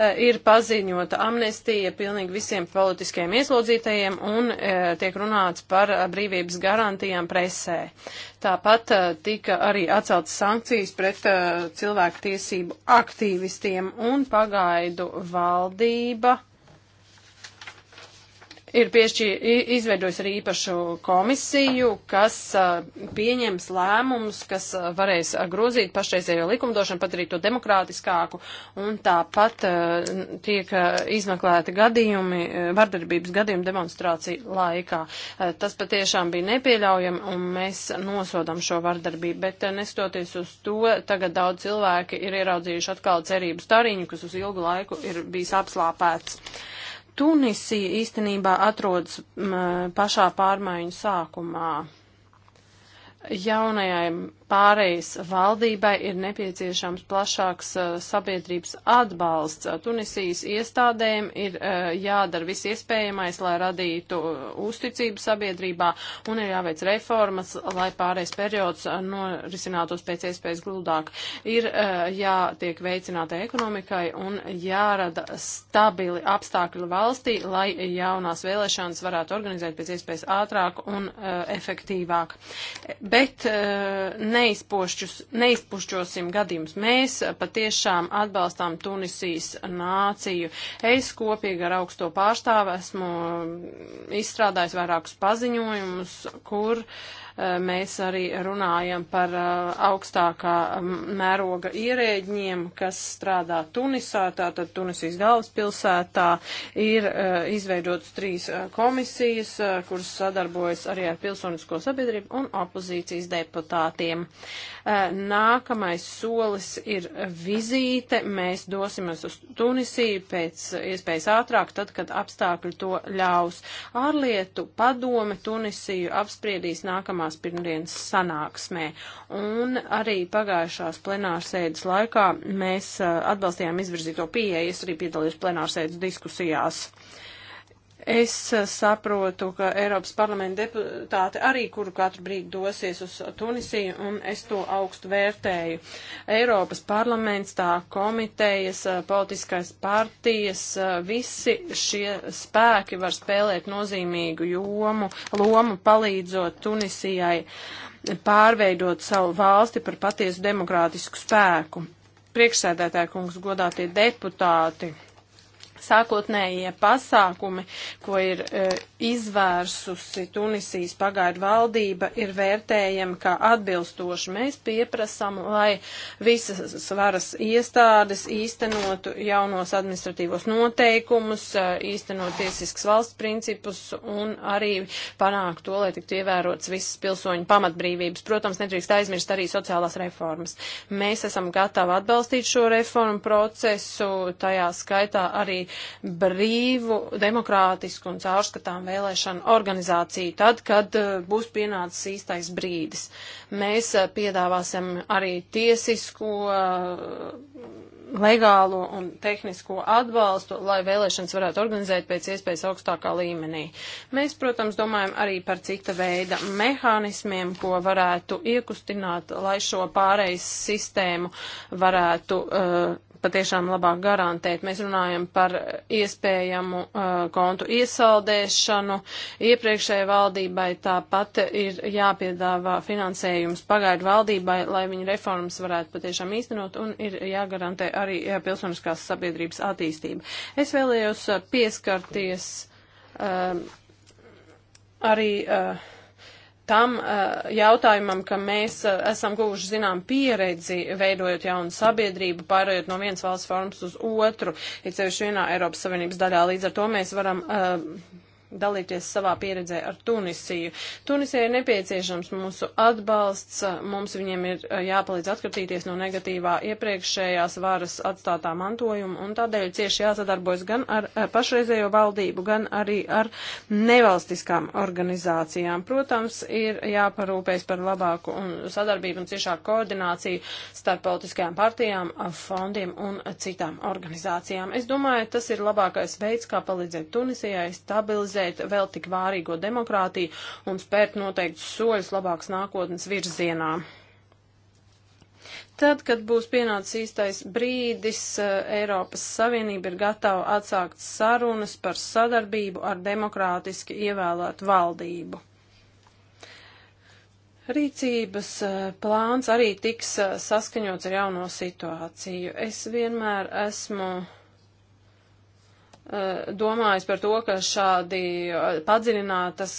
Eh, ir paziņota amnestija pilnīgi visiem politiskajiem ieslodzītajiem un eh, tiek runāts par eh, brīvības garantijām presē. Tāpat tika arī atceltas sankcijas pret cilvēku tiesību aktīvistiem un pagaidu valdība ir piešķi, izveidojis arī īpašu komisiju, kas pieņems lēmumus, kas varēs grozīt pašreizējo likumdošanu, padarīt to demokrātiskāku, un tāpat tiek izmeklēti gadījumi, vardarbības gadījumi demonstrāciju laikā. Tas patiešām bija nepieļaujami, un mēs nosodam šo vardarbību, bet nestoties uz to, tagad daudz cilvēki ir ieraudzījuši atkal cerību stariņu, kas uz ilgu laiku ir bijis apslāpēts. Tunisija īstenībā atrodas m, pašā pārmaiņu sākumā. Jaunajai pārējas valdībai ir nepieciešams plašāks uh, sabiedrības atbalsts. Tunisijas iestādēm ir uh, jādara viss iespējamais, lai radītu uh, uzticību sabiedrībā un ir jāveic reformas, lai pārējais periods norisinātos pēc iespējas gludāk. Ir jātiek veicināta ekonomikai un jārada stabili apstākļi valstī, lai jaunās vēlēšanas varētu organizēt pēc iespējas ātrāk un efektīvāk. Bet neizpušķosim gadījumus. Mēs eh, patiešām atbalstām Tunisijas nāciju. Es kopīgi ar augsto pārstāvu esmu mm, izstrādājis vairākus paziņojumus, kur uh, mēs arī runājam par uh, augstākā mēroga ierēģiem, kas strādā Tunisā, tātad Tunisijas galvaspilsētā ir uh, izveidotas trīs uh, komisijas, kuras sadarbojas arī ar pilsonisko sabiedrību un opozīcijas deputātiem. Uh, Eh, nākamais solis ir vizīte. Mēs dosimies uz Tunisiju pēc iespējas ātrāk, tad, kad apstākļi to ļaus. Ārlietu padome Tunisiju apspriedīs nākamās pirmdienas sanāksmē. Un arī pagājušās plenārsēdes laikā mēs eh, atbalstījām izvirzīto pieeju. Es arī piedalījos plenārsēdes diskusijās. Uh, Es eh, saprotu, ka Eiropas parlamenta deputāti arī kuru katru brīdi dosies uz Tunisiju, un es to augstu vērtēju. Eiropas parlaments, tā komitejas, eh, politiskais partijas, eh, visi šie spēki var spēlēt nozīmīgu jomu, lomu palīdzot Tunisijai pārveidot savu valsti par patiesu demokrātisku spēku. Priekšsēdētāja kungs, godātie deputāti! sākotnējie pasākumi, ko ir e, izvērsusi Tunisijas pagaidu valdība, ir vērtējami kā atbilstoši. Mēs pieprasam, lai visas varas iestādes īstenotu jaunos administratīvos noteikumus, e, īstenot tiesisks valsts principus un arī panākt to, lai tiktu ievērots visas pilsoņu pamatbrīvības. Protams, nedrīkst aizmirst arī sociālās reformas. Mēs esam gatavi atbalstīt šo reformu procesu, tajā skaitā arī brīvu, demokrātisku un caurskatām vēlēšanu organizāciju tad, kad eh, būs pienācis īstais brīdis. Mēs eh, piedāvāsim arī tiesisko eh, legālo un tehnisko atbalstu, lai vēlēšanas varētu organizēt pēc iespējas augstākā līmenī. Mēs, protams, domājam arī par cita veida mehānismiem, ko varētu iekustināt, lai šo pārejas sistēmu varētu uh, patiešām labāk garantēt. Mēs runājam par iespējamu uh, kontu iesaldēšanu. Iepriekšējai valdībai tāpat ir jāpiedāvā finansējums pagaidu valdībai, lai viņa reformas varētu patiešām īstenot un ir jāgarantē arī jā, uh, pilsoniskās sabiedrības attīstība. Es vēlējos uh, pieskarties uh, arī. Uh, tam uh, jautājumam, ka mēs uh, esam guvuši zinām pieredzi, veidojot jaunu sabiedrību, pārējot no vienas valsts formas uz otru, ir sevišķi vienā Eiropas Savienības daļā. Līdz ar to mēs varam uh, dalīties savā pieredzē ar Tunisiju. Tunisija ir nepieciešams mūsu atbalsts, mums viņiem ir eh, jāpalīdz atkatīties no negatīvā iepriekšējās varas atstātā mantojuma, un tādēļ cieši jāsadarbojas gan ar eh, pašreizējo valdību, gan arī ar nevalstiskām organizācijām. Protams, ir jāparūpējas par labāku un sadarbību un ciešāku koordināciju starp politiskajām partijām, fondiem un citām organizācijām. Es domāju, tas ir labākais veids, kā palīdzēt Tunisijai stabilizēt kritizēt vēl tik vārīgo demokrātiju un spērt noteikts soļus labāks nākotnes virzienā. Tad, kad būs pienācis īstais brīdis, eh, Eiropas Savienība ir gatava atsākt sarunas par sadarbību ar demokrātiski ievēlētu valdību. Rīcības eh, plāns arī tiks eh, saskaņots ar jauno situāciju. Es vienmēr esmu Eh, domājis par to, ka šādi eh, padziļinātas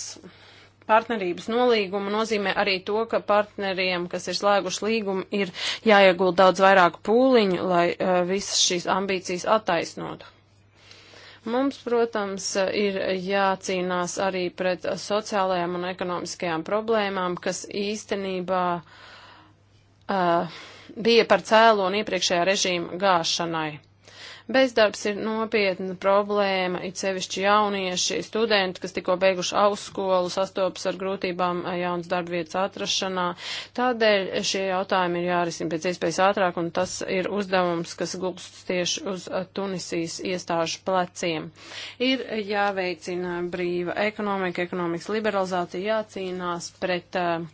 partnerības nolīguma nozīmē arī to, ka partneriem, kas ir slēguši līgumu, ir jāiegulda daudz vairāk pūliņu, lai uh, visas šīs ambīcijas attaisnotu. Mums, protams, ir jācīnās arī pret sociālajām un ekonomiskajām problēmām, kas īstenībā uh, bija par cēloni iepriekšējā režīma gāšanai. Bezdarbs ir nopietna problēma, it sevišķi jaunieši, studenti, kas tikko beiguši augstskolu, sastopas ar grūtībām eh, jaunas darbvietas atrašanā. Tādēļ šie jautājumi ir jārisina pēc iespējas ātrāk, un tas ir uzdevums, kas gulsts tieši uz eh, Tunisijas iestāžu pleciem. Ir jāveicina brīva ekonomika, ekonomikas liberalizācija, jācīnās pret uh,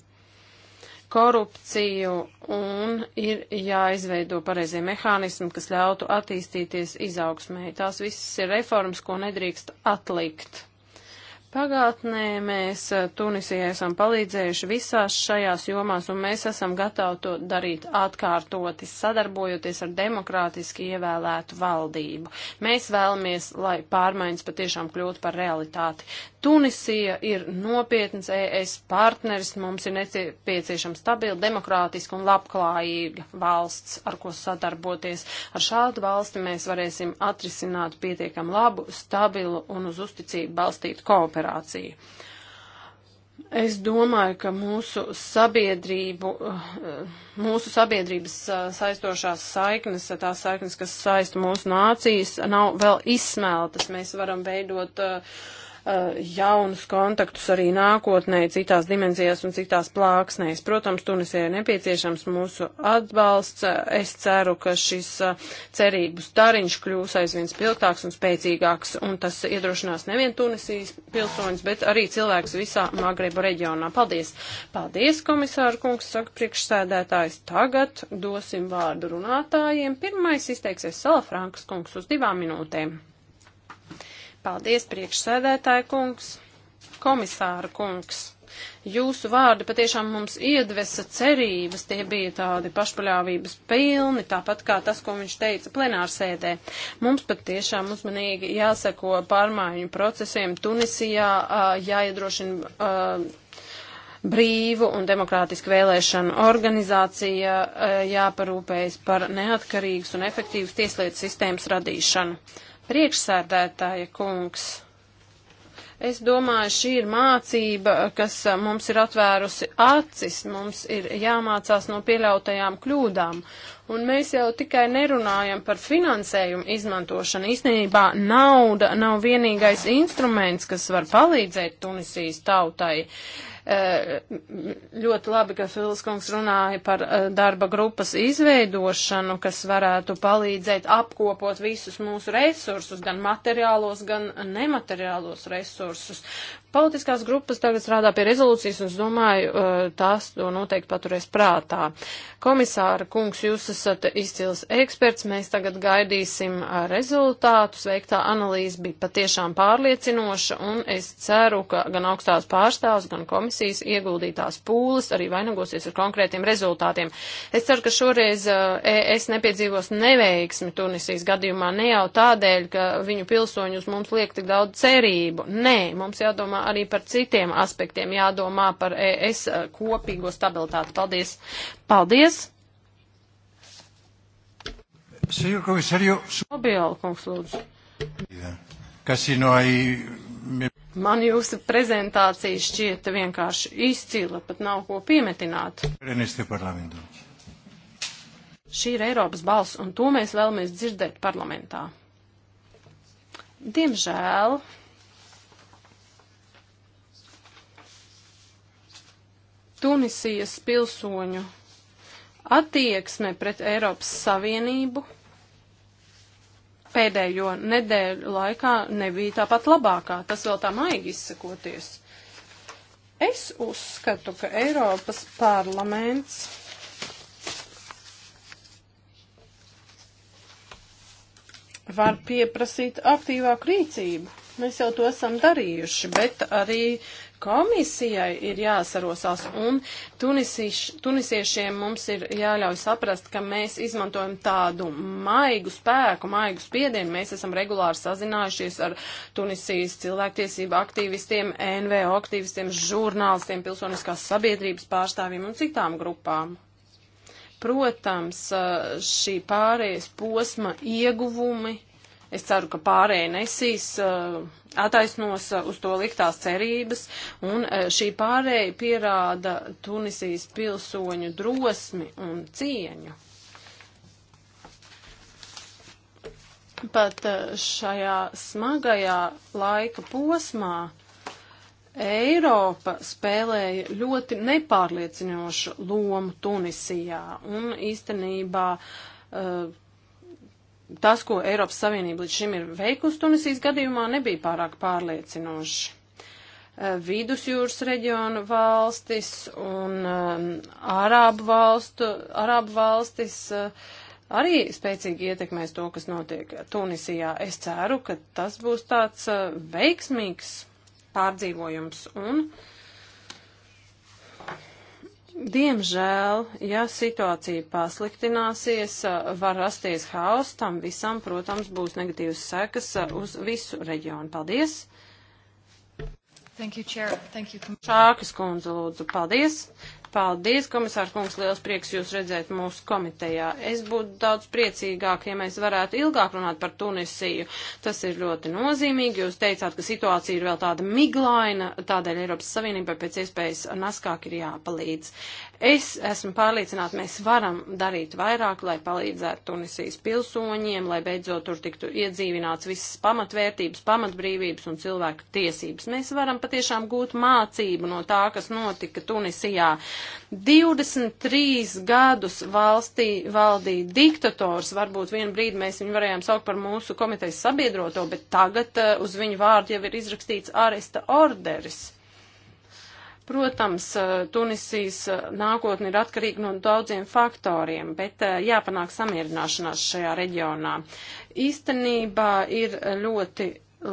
korupciju un ir jāizveido pareizie mehānismi, kas ļautu attīstīties izaugsmēji. Tās visas ir reformas, ko nedrīkst atlikt. Pagātnē mēs eh, Tunisijai esam palīdzējuši visās šajās jomās, un mēs esam gatavi to darīt atkārtoti, sadarbojoties ar demokrātiski ievēlētu valdību. Mēs vēlamies, lai pārmaiņas patiešām kļūtu par realitāti. Tunisija ir nopietns ES partneris, mums ir nepieciešama stabila, demokrātiska un labklājīga valsts, ar ko sadarboties. Ar šādu valsti mēs varēsim atrisināt pietiekam labu, stabilu un uz uzticību balstītu kooperāciju integrāciju. Es domāju, ka mūsu sabiedrību, mūsu sabiedrības saistošās saiknes, tās saiknes, kas saista mūsu nācijas, nav vēl izsmeltas. Mēs varam veidot uh, Uh, jaunus kontaktus arī nākotnē, citās dimensijās un citās plāksnēs. Protams, Tunisijai ir nepieciešams mūsu atbalsts. Es ceru, ka šis uh, cerību stariņš kļūs aizvien spilgtāks un spēcīgāks, un tas iedrošinās nevien Tunisijas pilsoņus, bet arī cilvēks visā Magreba reģionā. Paldies! Paldies, komisāra kungs, saka priekšsēdētājs. Tagad dosim vārdu runātājiem. Pirmais izteiksies Salafrankas kungs uz divām minūtēm. Paldies, priekšsēdētāja kungs, komisāra kungs. Jūsu vārdi patiešām mums iedvesa cerības, tie bija tādi pašpaļāvības pilni, tāpat kā tas, ko viņš teica plenārsēdē. Mums patiešām uzmanīgi jāseko pārmaiņu procesiem Tunisijā, jāiedrošina brīvu un demokrātisku vēlēšanu organizācija, jāparūpējas par neatkarīgas un efektīvas tieslietu sistēmas radīšanu. Priekšsēdētāja kungs. Es domāju, šī ir mācība, kas mums ir atvērusi acis, mums ir jāmācās no pieļautajām kļūdām. Un mēs jau tikai nerunājam par finansējumu izmantošanu. Īstenībā nauda nav vienīgais instruments, kas var palīdzēt Tunisijas tautai. Uh, Eh, ļoti labi, ka Filskungs runāja par eh, darba grupas izveidošanu, kas varētu palīdzēt apkopot visus mūsu resursus, gan materiālos, gan nemateriālos resursus. Politiskās grupas tagad strādā pie rezolūcijas, un es domāju, uh, tās to noteikti paturēs prātā. Komisāra kungs, jūs esat izcils eksperts, mēs tagad gaidīsim uh, rezultātus. Veiktā analīze bija patiešām pārliecinoša, un es ceru, ka gan augstās pārstāvs, gan komisijas ieguldītās pūles arī vainagosies ar konkrētiem rezultātiem. Es ceru, ka šoreiz uh, es nepiedzīvos neveiksmi Tunisijas gadījumā ne jau tādēļ, ka viņu pilsoņi uz mums liek tik daudz cerību. Nē, mums jādomā jādomā arī par citiem aspektiem, jādomā par ES kopīgo stabilitāti. Paldies! Paldies! Señor komisario, Nobel, kungs, lūdzu. Casi no hay Man jūsu prezentācija šķiet vienkārši izcila, pat nav ko piemetināt. Šī ir Eiropas balss, un to mēs vēlamies dzirdēt parlamentā. Diemžēl Tunisijas pilsoņu attieksme pret Eiropas Savienību pēdējo nedēļu laikā nebija tāpat labākā. Tas vēl tā maigi izsakoties. Es uzskatu, ka Eiropas parlaments var pieprasīt aktīvāku rīcību. Mēs jau to esam darījuši, bet arī komisijai ir jāsarosās, un tunisiš, tunisiešiem mums ir jāļauj saprast, ka mēs izmantojam tādu maigu spēku, maigu spiedienu. Mēs esam regulāri sazinājušies ar Tunisijas cilvēktiesību aktīvistiem, NVO aktīvistiem, žurnālistiem, pilsoniskās sabiedrības pārstāvjiem un citām grupām. Protams, šī pārējais posma ieguvumi Es ceru, ka pārējie nesīs uh, attaisnos uh, uz to liktās cerības, un uh, šī pārēja pierāda Tunisijas pilsoņu drosmi un cieņu. Pat šajā smagajā laika posmā Eiropa spēlēja ļoti nepārliecinošu lomu Tunisijā un īstenībā uh, tas, ko Eiropas Savienība līdz šim ir veikusi Tunisijas gadījumā, nebija pārāk pārliecinoši. Eh, Vidusjūras reģionu valstis un um, ehm, Arābu, valstu, Arābu valstis uh, arī spēcīgi ietekmēs to, kas notiek Tunisijā. Es ceru, ka tas būs tāds uh, veiksmīgs pārdzīvojums un uh, Diemžēl, ja situācija pasliktināsies, var rasties haoss, tam visam, protams, būs negatīvas sekas uz visu reģionu. Paldies! Thank you, Chair. Thank you. Šākas kundze, lūdzu, paldies. Paldies, komisārs kungs, liels prieks jūs redzēt mūsu komitejā. Es būtu daudz priecīgāk, ja mēs varētu ilgāk runāt par Tunisiju. Tas ir ļoti nozīmīgi. Jūs teicāt, ka situācija ir vēl tāda miglaina, tādēļ Eiropas Savienībai pēc iespējas naskāk ir jāpalīdz. Es esmu pārliecināta, mēs varam darīt vairāk, lai palīdzētu Tunisijas pilsoņiem, lai beidzot tur tiktu iedzīvināts visas pamatvērtības, pamatbrīvības un cilvēku tiesības. Mēs varam patiešām gūt mācību no tā, kas notika Tunisijā. 23 gadus valstī valdīja diktators, varbūt vienu brīdi mēs viņu varējām saukt par mūsu komitejas sabiedroto, bet tagad uh, uz viņu vārdu jau ir izrakstīts aresta orderis. Protams, eh, Tunisijas eh, nākotne ir atkarīga no daudziem faktoriem, bet eh, jāpanāk samierināšanās šajā reģionā. Īstenībā ir ļoti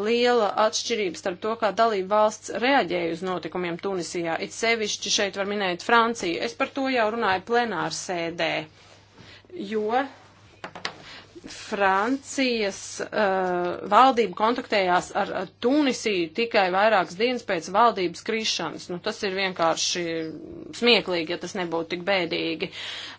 liela atšķirība starp to, kā dalība valsts reaģēja uz notikumiem Tunisijā. It sevišķi šeit var minēt Franciju. Es par to jau runāju plenārsēdē, jo Francijas uh, valdība kontaktējās ar, ar Tunisiju tikai vairākas dienas pēc valdības krišanas. Nu, tas ir vienkārši smieklīgi, ja tas nebūtu tik bēdīgi.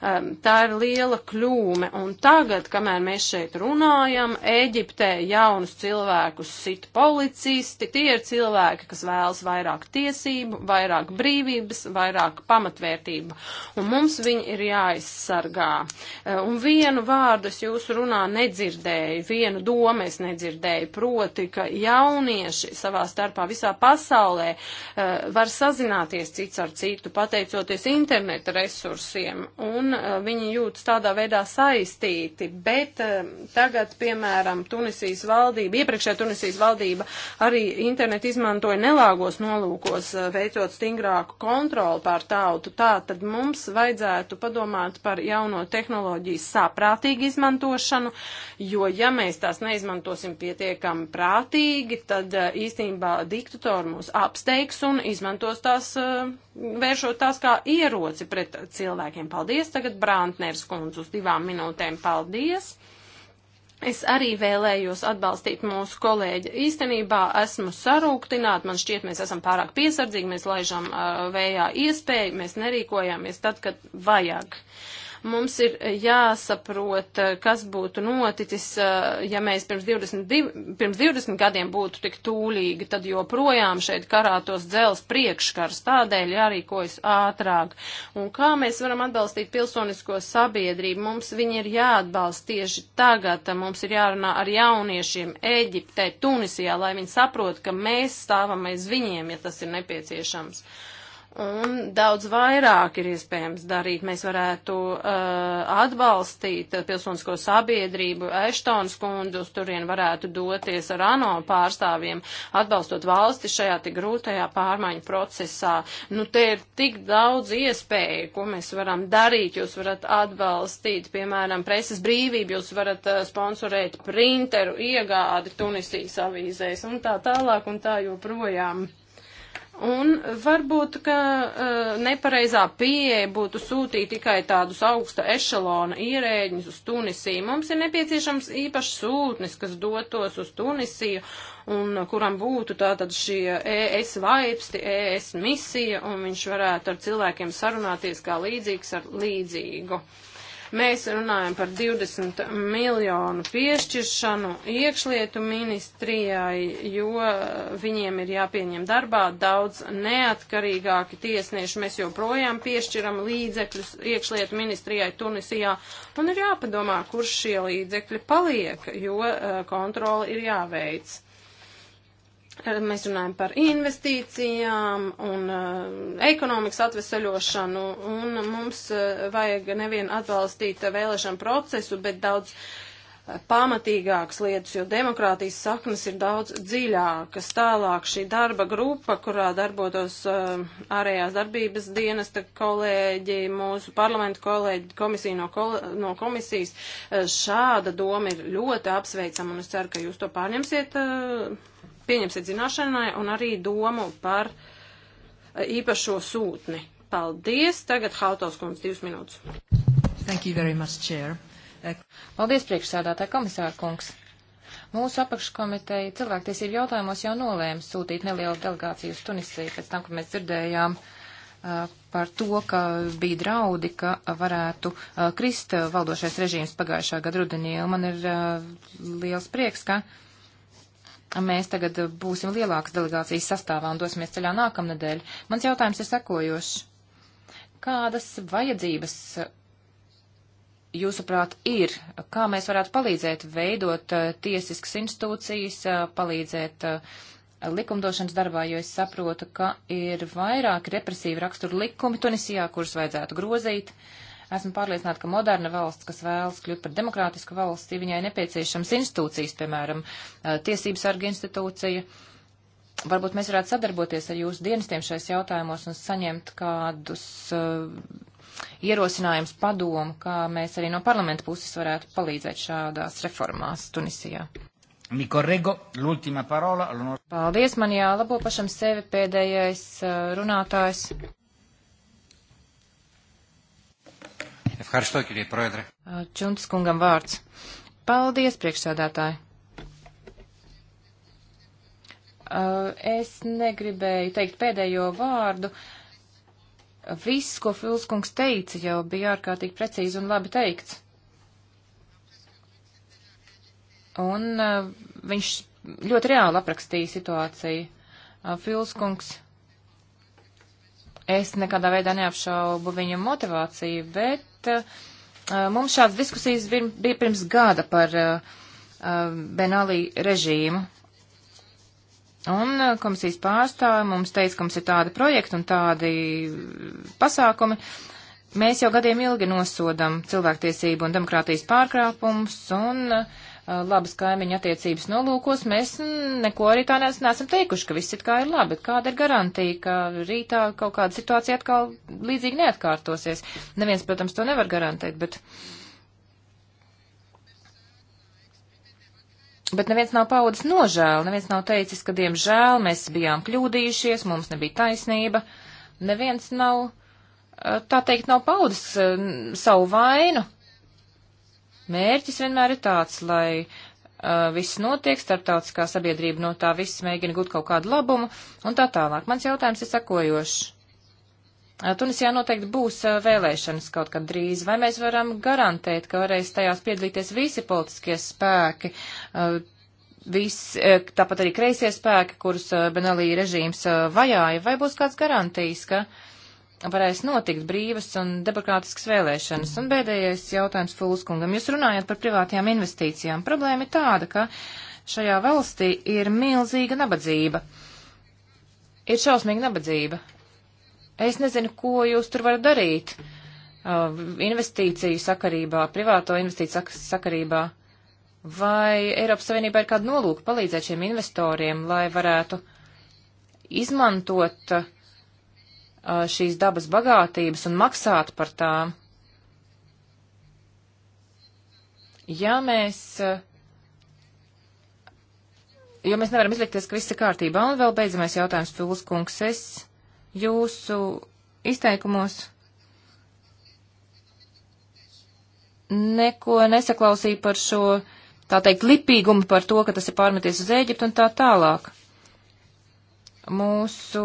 Um, tā ir liela kļūme. Un tagad, kamēr mēs šeit runājam, Eģiptē jaunus cilvēkus sit policisti. Tie ir cilvēki, kas vēlas vairāk tiesību, vairāk brīvības, vairāk pamatvērtību. Un mums viņi ir jāaizsargā. Uh, un vienu vārdu es jūsu runāju runā nedzirdēju, vienu domu es nedzirdēju, proti, ka jaunieši savā starpā visā pasaulē uh, var sazināties cits ar citu, pateicoties interneta resursiem, un uh, viņi jūtas tādā veidā saistīti, bet uh, tagad, piemēram, Tunisijas valdība, iepriekšējā Tunisijas valdība arī internetu izmantoja nelāgos nolūkos, uh, veicot stingrāku kontroli pār tautu, tā tad mums vajadzētu padomāt par jauno tehnoloģiju saprātīgu izmantošanu, lietošanu, jo ja mēs tās neizmantosim pietiekami prātīgi, tad eh, īstenībā diktatori mūs apsteigs un izmantos tās, eh, vēršot tās kā ieroci pret cilvēkiem. Paldies, tagad Brāntners kundze uz divām minūtēm. Paldies! Es arī vēlējos atbalstīt mūsu kolēģi. Īstenībā esmu sarūktināta, man šķiet, mēs esam pārāk piesardzīgi, mēs laižam uh, vējā iespēju, mēs nerīkojāmies tad, kad vajag. Uh, Mums ir eh, jāsaprot, eh, kas būtu noticis, eh, ja mēs pirms 20, pirms 20 gadiem būtu tik tūlīgi, tad joprojām šeit karātos dzels priekškars, tādēļ jārīkojas ātrāk. Un kā mēs varam atbalstīt pilsonisko sabiedrību? Mums viņi ir jāatbalsta tieši tagad, mums ir jārunā ar jauniešiem Eģiptē, Tunisijā, lai viņi saprot, ka mēs stāvam aiz viņiem, ja tas ir nepieciešams. Uh, un daudz vairāk ir iespējams darīt. Mēs varētu uh, atbalstīt pilsonisko sabiedrību, Eštons kundus, turien varētu doties ar ANO pārstāvjiem, atbalstot valsti šajā tik grūtajā pārmaiņu procesā. Nu, te ir tik daudz iespēju, ko mēs varam darīt. Jūs varat atbalstīt, piemēram, preses brīvību, jūs varat uh, sponsorēt printeru iegādi Tunisijas avīzēs un tā tālāk un tā joprojām. Un varbūt, ka uh, nepareizā pieeja būtu sūtīt tikai tādus augsta ešalona ierēģņus uz Tunisiju. Mums ir nepieciešams īpašs sūtnis, kas dotos uz Tunisiju un eh, kuram būtu tātad šī e ES vaipsti, ES misija, un viņš varētu ar cilvēkiem sarunāties kā līdzīgs ar līdzīgu. Uh, Mēs runājam par 20 miljonu piešķiršanu iekšlietu ministrijai, jo viņiem ir jāpieņem darbā daudz neatkarīgāki tiesnieši. Mēs joprojām piešķiram līdzekļus iekšlietu ministrijai Tunisijā un ir jāpadomā, kur šie līdzekļi paliek, jo eh, kontroli ir jāveic. Mēs runājam par investīcijām un eh, ekonomikas atvesaļošanu, un mums eh, vajag nevien atbalstīt vēlēšanu procesu, bet daudz eh, pamatīgākas lietas, jo demokrātijas saknes ir daudz dziļākas. Tālāk šī darba grupa, kurā darbotos uh, ārējās darbības dienesta kolēģi, mūsu parlamentu kolēģi, komisija no, kol no komisijas, uh, šāda doma ir ļoti apsveicama, un es ceru, ka jūs to pārņemsiet uh, pieņemsiet zināšanai un arī domu par e, īpašo sūtni. Paldies. Tagad Hautals kundze divas minūtes. Thank you very much, Chair. E, Paldies, priekšsēdātāja komisāra kungs. Mūsu apakškomiteja cilvēktiesību jautājumos jau nolēma sūtīt nelielu delegāciju uz Tunisiju pēc tam, ka mēs dzirdējām uh, par to, ka bija draudi, ka varētu uh, krist valdošais režīms pagājušā gada rudenī. Un man ir uh, liels prieks, ka uh, mēs tagad būsim lielākas delegācijas sastāvā un dosimies ceļā nākamnedēļ. Mans jautājums ir sekojošs. Kādas vajadzības jūsuprāt ir? Kā mēs varētu palīdzēt veidot eh, tiesiskas institūcijas, eh, palīdzēt eh, likumdošanas darbā, jo es saprotu, ka ir vairāk represīvu raksturu likumi Tunisijā, kurus vajadzētu grozīt. Uh, Esmu pārliecināta, ka moderna valsts, kas vēlas kļūt par demokrātisku valsti, viņai nepieciešams institūcijas, piemēram, eh, tiesības sarga institūcija. Varbūt mēs varētu sadarboties ar jūsu dienestiem šais jautājumos un saņemt kādus uh, eh, ierosinājums padomu, kā mēs arī no parlamenta puses varētu palīdzēt šādās reformās Tunisijā. Mi correggo, l'ultima parola. Paldies, man jālabo pašam sevi pēdējais eh, runātājs. Ευχαριστώ, κύριε Πρόεδρε. Čunts kungam vārds. Paldies, priekšsēdētāji. Es negribēju teikt pēdējo vārdu. Viss, ko Filskungs teica, jau bija ārkārtīgi precīzi un labi teikts. Un viņš ļoti reāli aprakstīja situāciju. Filskungs Es nekādā veidā neapšaubu viņa motivāciju, bet bet eh, mums šāds diskusijas bija pirms gada par eh, eh, Benalī režīmu. Un komisijas pārstāvi mums teica, ka mums ir tādi projekti un tādi pasākumi. Mēs jau gadiem ilgi nosodam cilvēktiesību un demokrātijas pārkrāpumus, un uh, labas kaimiņa attiecības nolūkos, mēs neko arī tā nes, nesam teikuši, ka viss it kā ir labi. Kāda ir garantija, ka rītā kaut kāda situācija atkal līdzīgi neatkārtosies? Neviens, protams, to nevar garantēt, bet. Bet neviens nav paudis nožēlu, neviens nav teicis, ka diemžēl mēs bijām kļūdījušies, mums nebija taisnība. Neviens nav, tā teikt, nav paudis savu vainu mērķis vienmēr ir tāds, lai uh, viss notiek, starptautiskā sabiedrība no tā viss mēģina gūt kaut kādu labumu un tā tālāk. Mans jautājums ir sakojošs. Uh, Tunisijā noteikti būs uh, vēlēšanas kaut kad drīz. Vai mēs varam garantēt, ka varēs tajās piedalīties visi politiskie spēki, uh, visi, tāpat arī kreisie spēki, kurus Benelī režīms vajāja? Vai būs kāds garantijas, ka varēs notikt brīvas un demokrātiskas vēlēšanas. Un pēdējais jautājums Fulskungam. Jūs runājat par privātajām investīcijām. Problēma ir tāda, ka šajā valstī ir milzīga nabadzība. Ir šausmīga nabadzība. Es nezinu, ko jūs tur varat darīt. Uh, investīciju sakarībā, privāto investīciju sakarībā. Vai Eiropas Savienībā ir kāda nolūka palīdzēt šiem investoriem, lai varētu izmantot uh, šīs dabas bagātības un maksāt par tām. Ja mēs, jo mēs nevaram izlikties, ka viss ir kārtībā, un vēl beidzamais jautājums, Pilskungs, es jūsu izteikumos neko nesaklausīju par šo, tā teikt, lipīgumu par to, ka tas ir pārmeties uz Ēģiptu un tā tālāk. Mūsu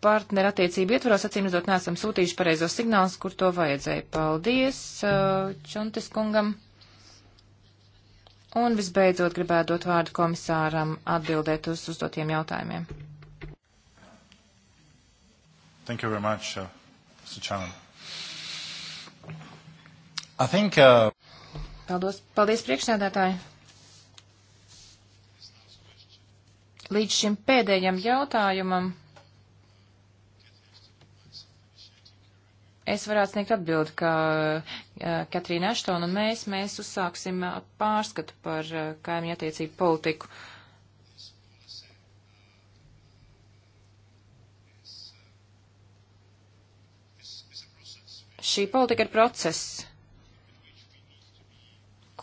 partnerattiecību ietvaros, acīm redzot, neesam sūtījuši pareizos signālus, kur to vajadzēja. Paldies uh, Čuntis kungam. Un visbeidzot gribētu dot vārdu komisāram atbildēt uz uzdotiem jautājumiem. Thank you very much, uh, Mr. Chairman. I think, uh... Paldos, paldies priekšsēdētāji. Līdz šim pēdējam jautājumam Es varētu sniegt atbildi, ka Katrīna Aštona un mēs, mēs uzsāksim pārskatu par kaimiņu attiecību politiku. Šī politika ir process,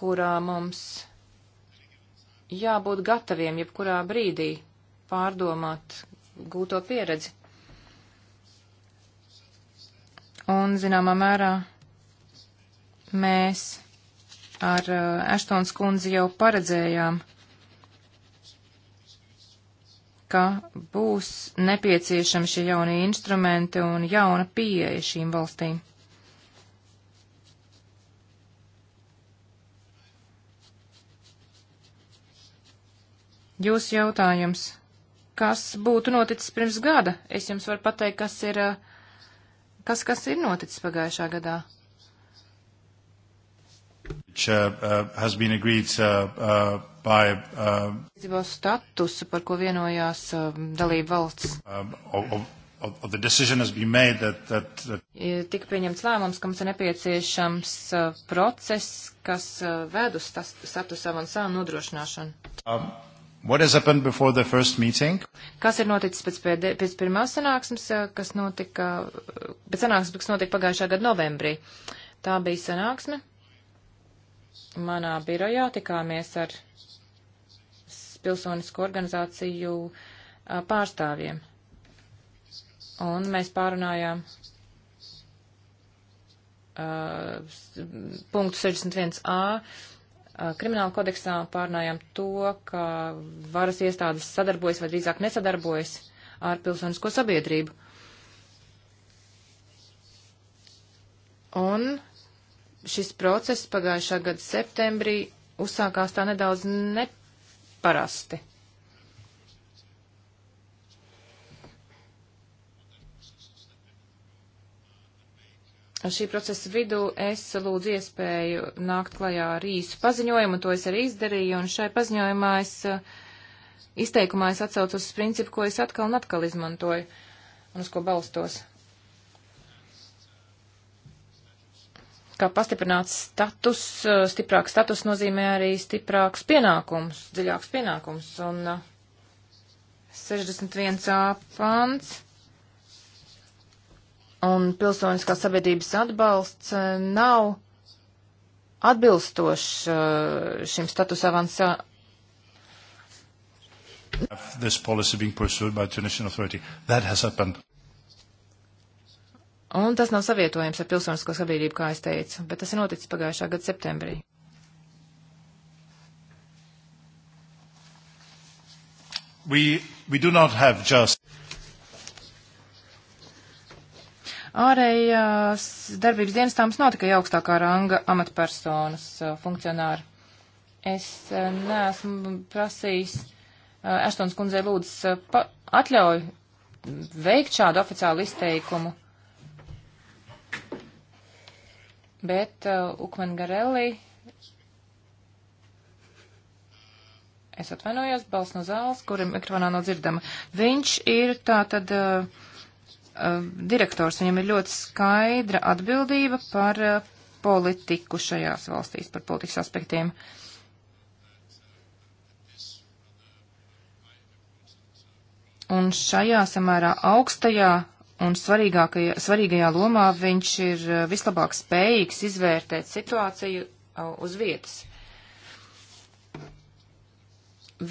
kurā mums jābūt gataviem jebkurā brīdī pārdomāt gūto pieredzi. un, zināmā mērā, mēs ar Eštons eh, kundzi jau paredzējām, ka būs nepieciešami šie jaunie instrumenti un jauna pieeja šīm valstīm. Jūsu jautājums. Kas būtu noticis pirms gada? Es jums varu pateikt, kas ir uh, Kas, kas ir noticis pagājušā gadā? Which, uh, uh, agreed, uh, uh, by, uh, statusu, par ko vienojās uh, um, dalību valsts. Uh, of, of that, that, that... Tika pieņemts lēmums, ka mums ir nepieciešams uh, process, kas uh, ved uz status avansā nodrošināšanu. Um. Kas ir noticis pēc, pēdē, pēc pirmās sanāksmes, eh, kas notika, eh, pēc sanāksmes, kas notika pagājušā gada novembrī? Tā bija sanāksme. Manā birojā tikāmies ar pilsonisko organizāciju eh, pārstāvjiem. Un mēs pārunājām uh, punktu 61a Eh, krimināla kodeksā pārnājām to, ka varas iestādes sadarbojas vai drīzāk nesadarbojas ar pilsonisko sabiedrību. Un šis process pagājušā gada septembrī uzsākās tā nedaudz neparasti. šī procesa vidū es lūdzu iespēju nākt klajā ar īsu paziņojumu, to es arī izdarīju, un šai paziņojumā es, izteikumā es atsaucos uz principu, ko es atkal un atkal izmantoju un uz ko balstos. Kā pastiprināts status, stiprāks status nozīmē arī stiprāks pienākums, dziļāks pienākums, un 61a pants un pilsoniskā sabiedrības atbalsts eh, nav atbilstošs eh, šim status avansā. Un tas nav savietojams ar pilsonisko sabiedrību, kā es teicu, bet tas ir noticis pagājušā gada septembrī. We, we do not have just Ārējās darbības dienestāms nav tikai augstākā ranga amatpersonas uh, funkcionāri. Es uh, neesmu prasījis uh, Eštons kundzei lūdzas atļauju veikt šādu oficiālu izteikumu. Bet uh, Ukmen Garelli, es atvainojos, balss no zāles, kurim ekranā nav dzirdama. Viņš ir tā tad. Uh, Eh, direktors, viņam ir ļoti skaidra atbildība par eh, politiku šajās valstīs, par politikas aspektiem. Un šajā samērā augstajā un svarīgajā lomā viņš ir eh, vislabāk spējīgs izvērtēt situāciju uz vietas.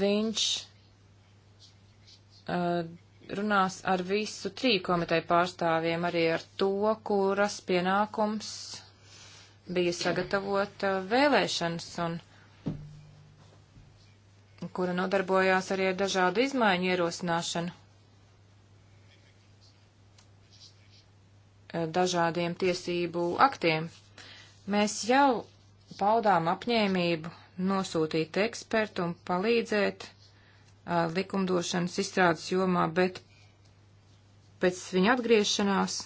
Viņš uh, runās ar visu triju komiteju pārstāvjiem, arī ar to, kuras pienākums bija sagatavot uh, vēlēšanas un kura nodarbojās arī ar dažādu izmaiņu ierosināšanu uh, dažādiem tiesību aktiem. Mēs jau paudām apņēmību nosūtīt ekspertu un palīdzēt likumdošanas izstrādes jomā, bet pēc viņa atgriešanās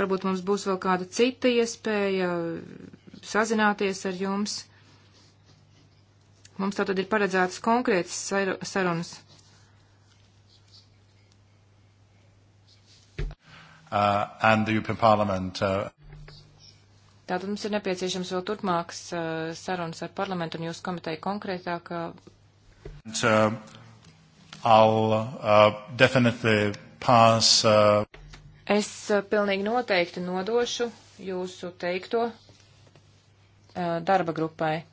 varbūt mums būs vēl kāda cita iespēja sazināties ar jums. Mums tātad ir paredzētas konkrētas sarunas. Uh, and the European Parliament. Uh... Tātad mums ir nepieciešams vēl turpmāks uh, sarunas ar parlamentu un jūsu komiteju konkrētāk. Uh, And, uh, I'll, uh, definitely pass, uh... Es uh, pilnīgi noteikti nodošu jūsu teikto uh, darba grupai.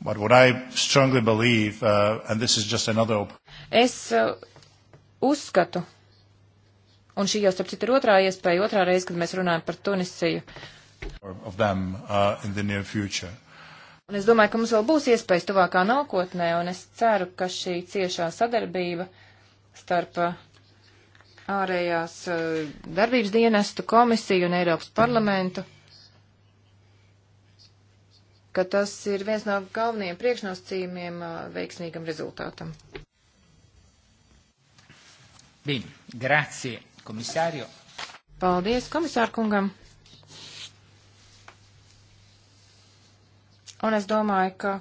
But what I strongly believe, uh, and this is just another... Es uh, uzskatu, Un šī jau, starp citu, ir otrā iespēja, otrā reize, kad mēs runājam par Tunisiju. Them, uh, un es domāju, ka mums vēl būs iespējas tuvākā nākotnē, un es ceru, ka šī ciešā sadarbība starp uh, ārējās uh, darbības dienestu komisiju un Eiropas parlamentu, ka tas ir viens no galvenajiem priekšnosacījumiem uh, veiksmīgam rezultātam. Bene, grazie komisārio. Paldies komisārkungam. Un es domāju, ka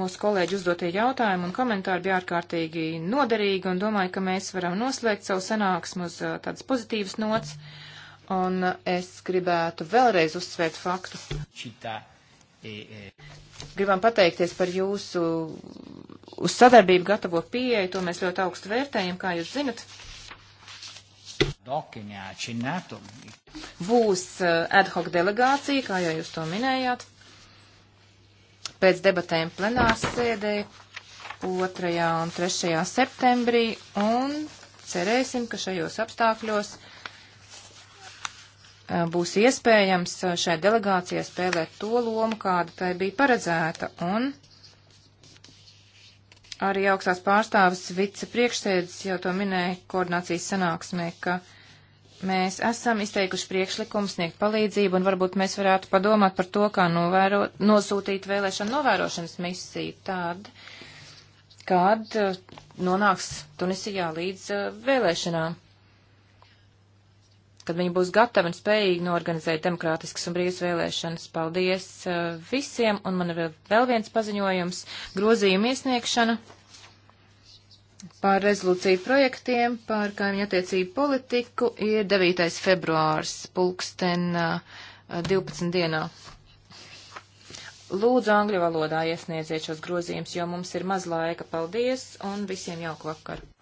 mūsu kolēģi uzdotie jautājumi un komentāri bija ārkārtīgi noderīgi un domāju, ka mēs varam noslēgt savu sanāksmu uz uh, tādas pozitīvas nots. Un uh, es gribētu vēlreiz uzsvērt faktu. Čitā. E, e. Gribam pateikties par jūsu uz sadarbību gatavo pieeju, to mēs ļoti augstu vērtējam, kā jūs zinat. Būs eh, ad hoc delegācija, kā jau jūs to minējāt, pēc debatēm plenārs sēdē 2. un 3. septembrī, un cerēsim, ka šajos apstākļos eh, būs iespējams eh, šai delegācijai spēlēt to lomu, kāda tai bija paredzēta, un arī augstās pārstāvis vicepriekšsēdis jau to minēja koordinācijas sanāksmē, ka uh, Mēs esam izteikuši priekšlikumu sniegt palīdzību, un varbūt mēs varētu padomāt par to, kā novēro, nosūtīt vēlēšanu novērošanas misiju tādu, kad eh, nonāks Tunisijā līdz eh, vēlēšanām, kad viņi būs gatavi un spējīgi norganizēt demokrātiskas un brīvas vēlēšanas. Paldies eh, visiem, un man ir vēl viens paziņojums - grozījuma iesniegšana par rezolūciju projektiem par kaimiņu attiecību politiku ir 9. februārs, pulksten 12. dienā. Lūdzu, angļu valodā iesniedziet šos grozījumus, jo mums ir maz laika. Paldies un visiem jauku vakaru!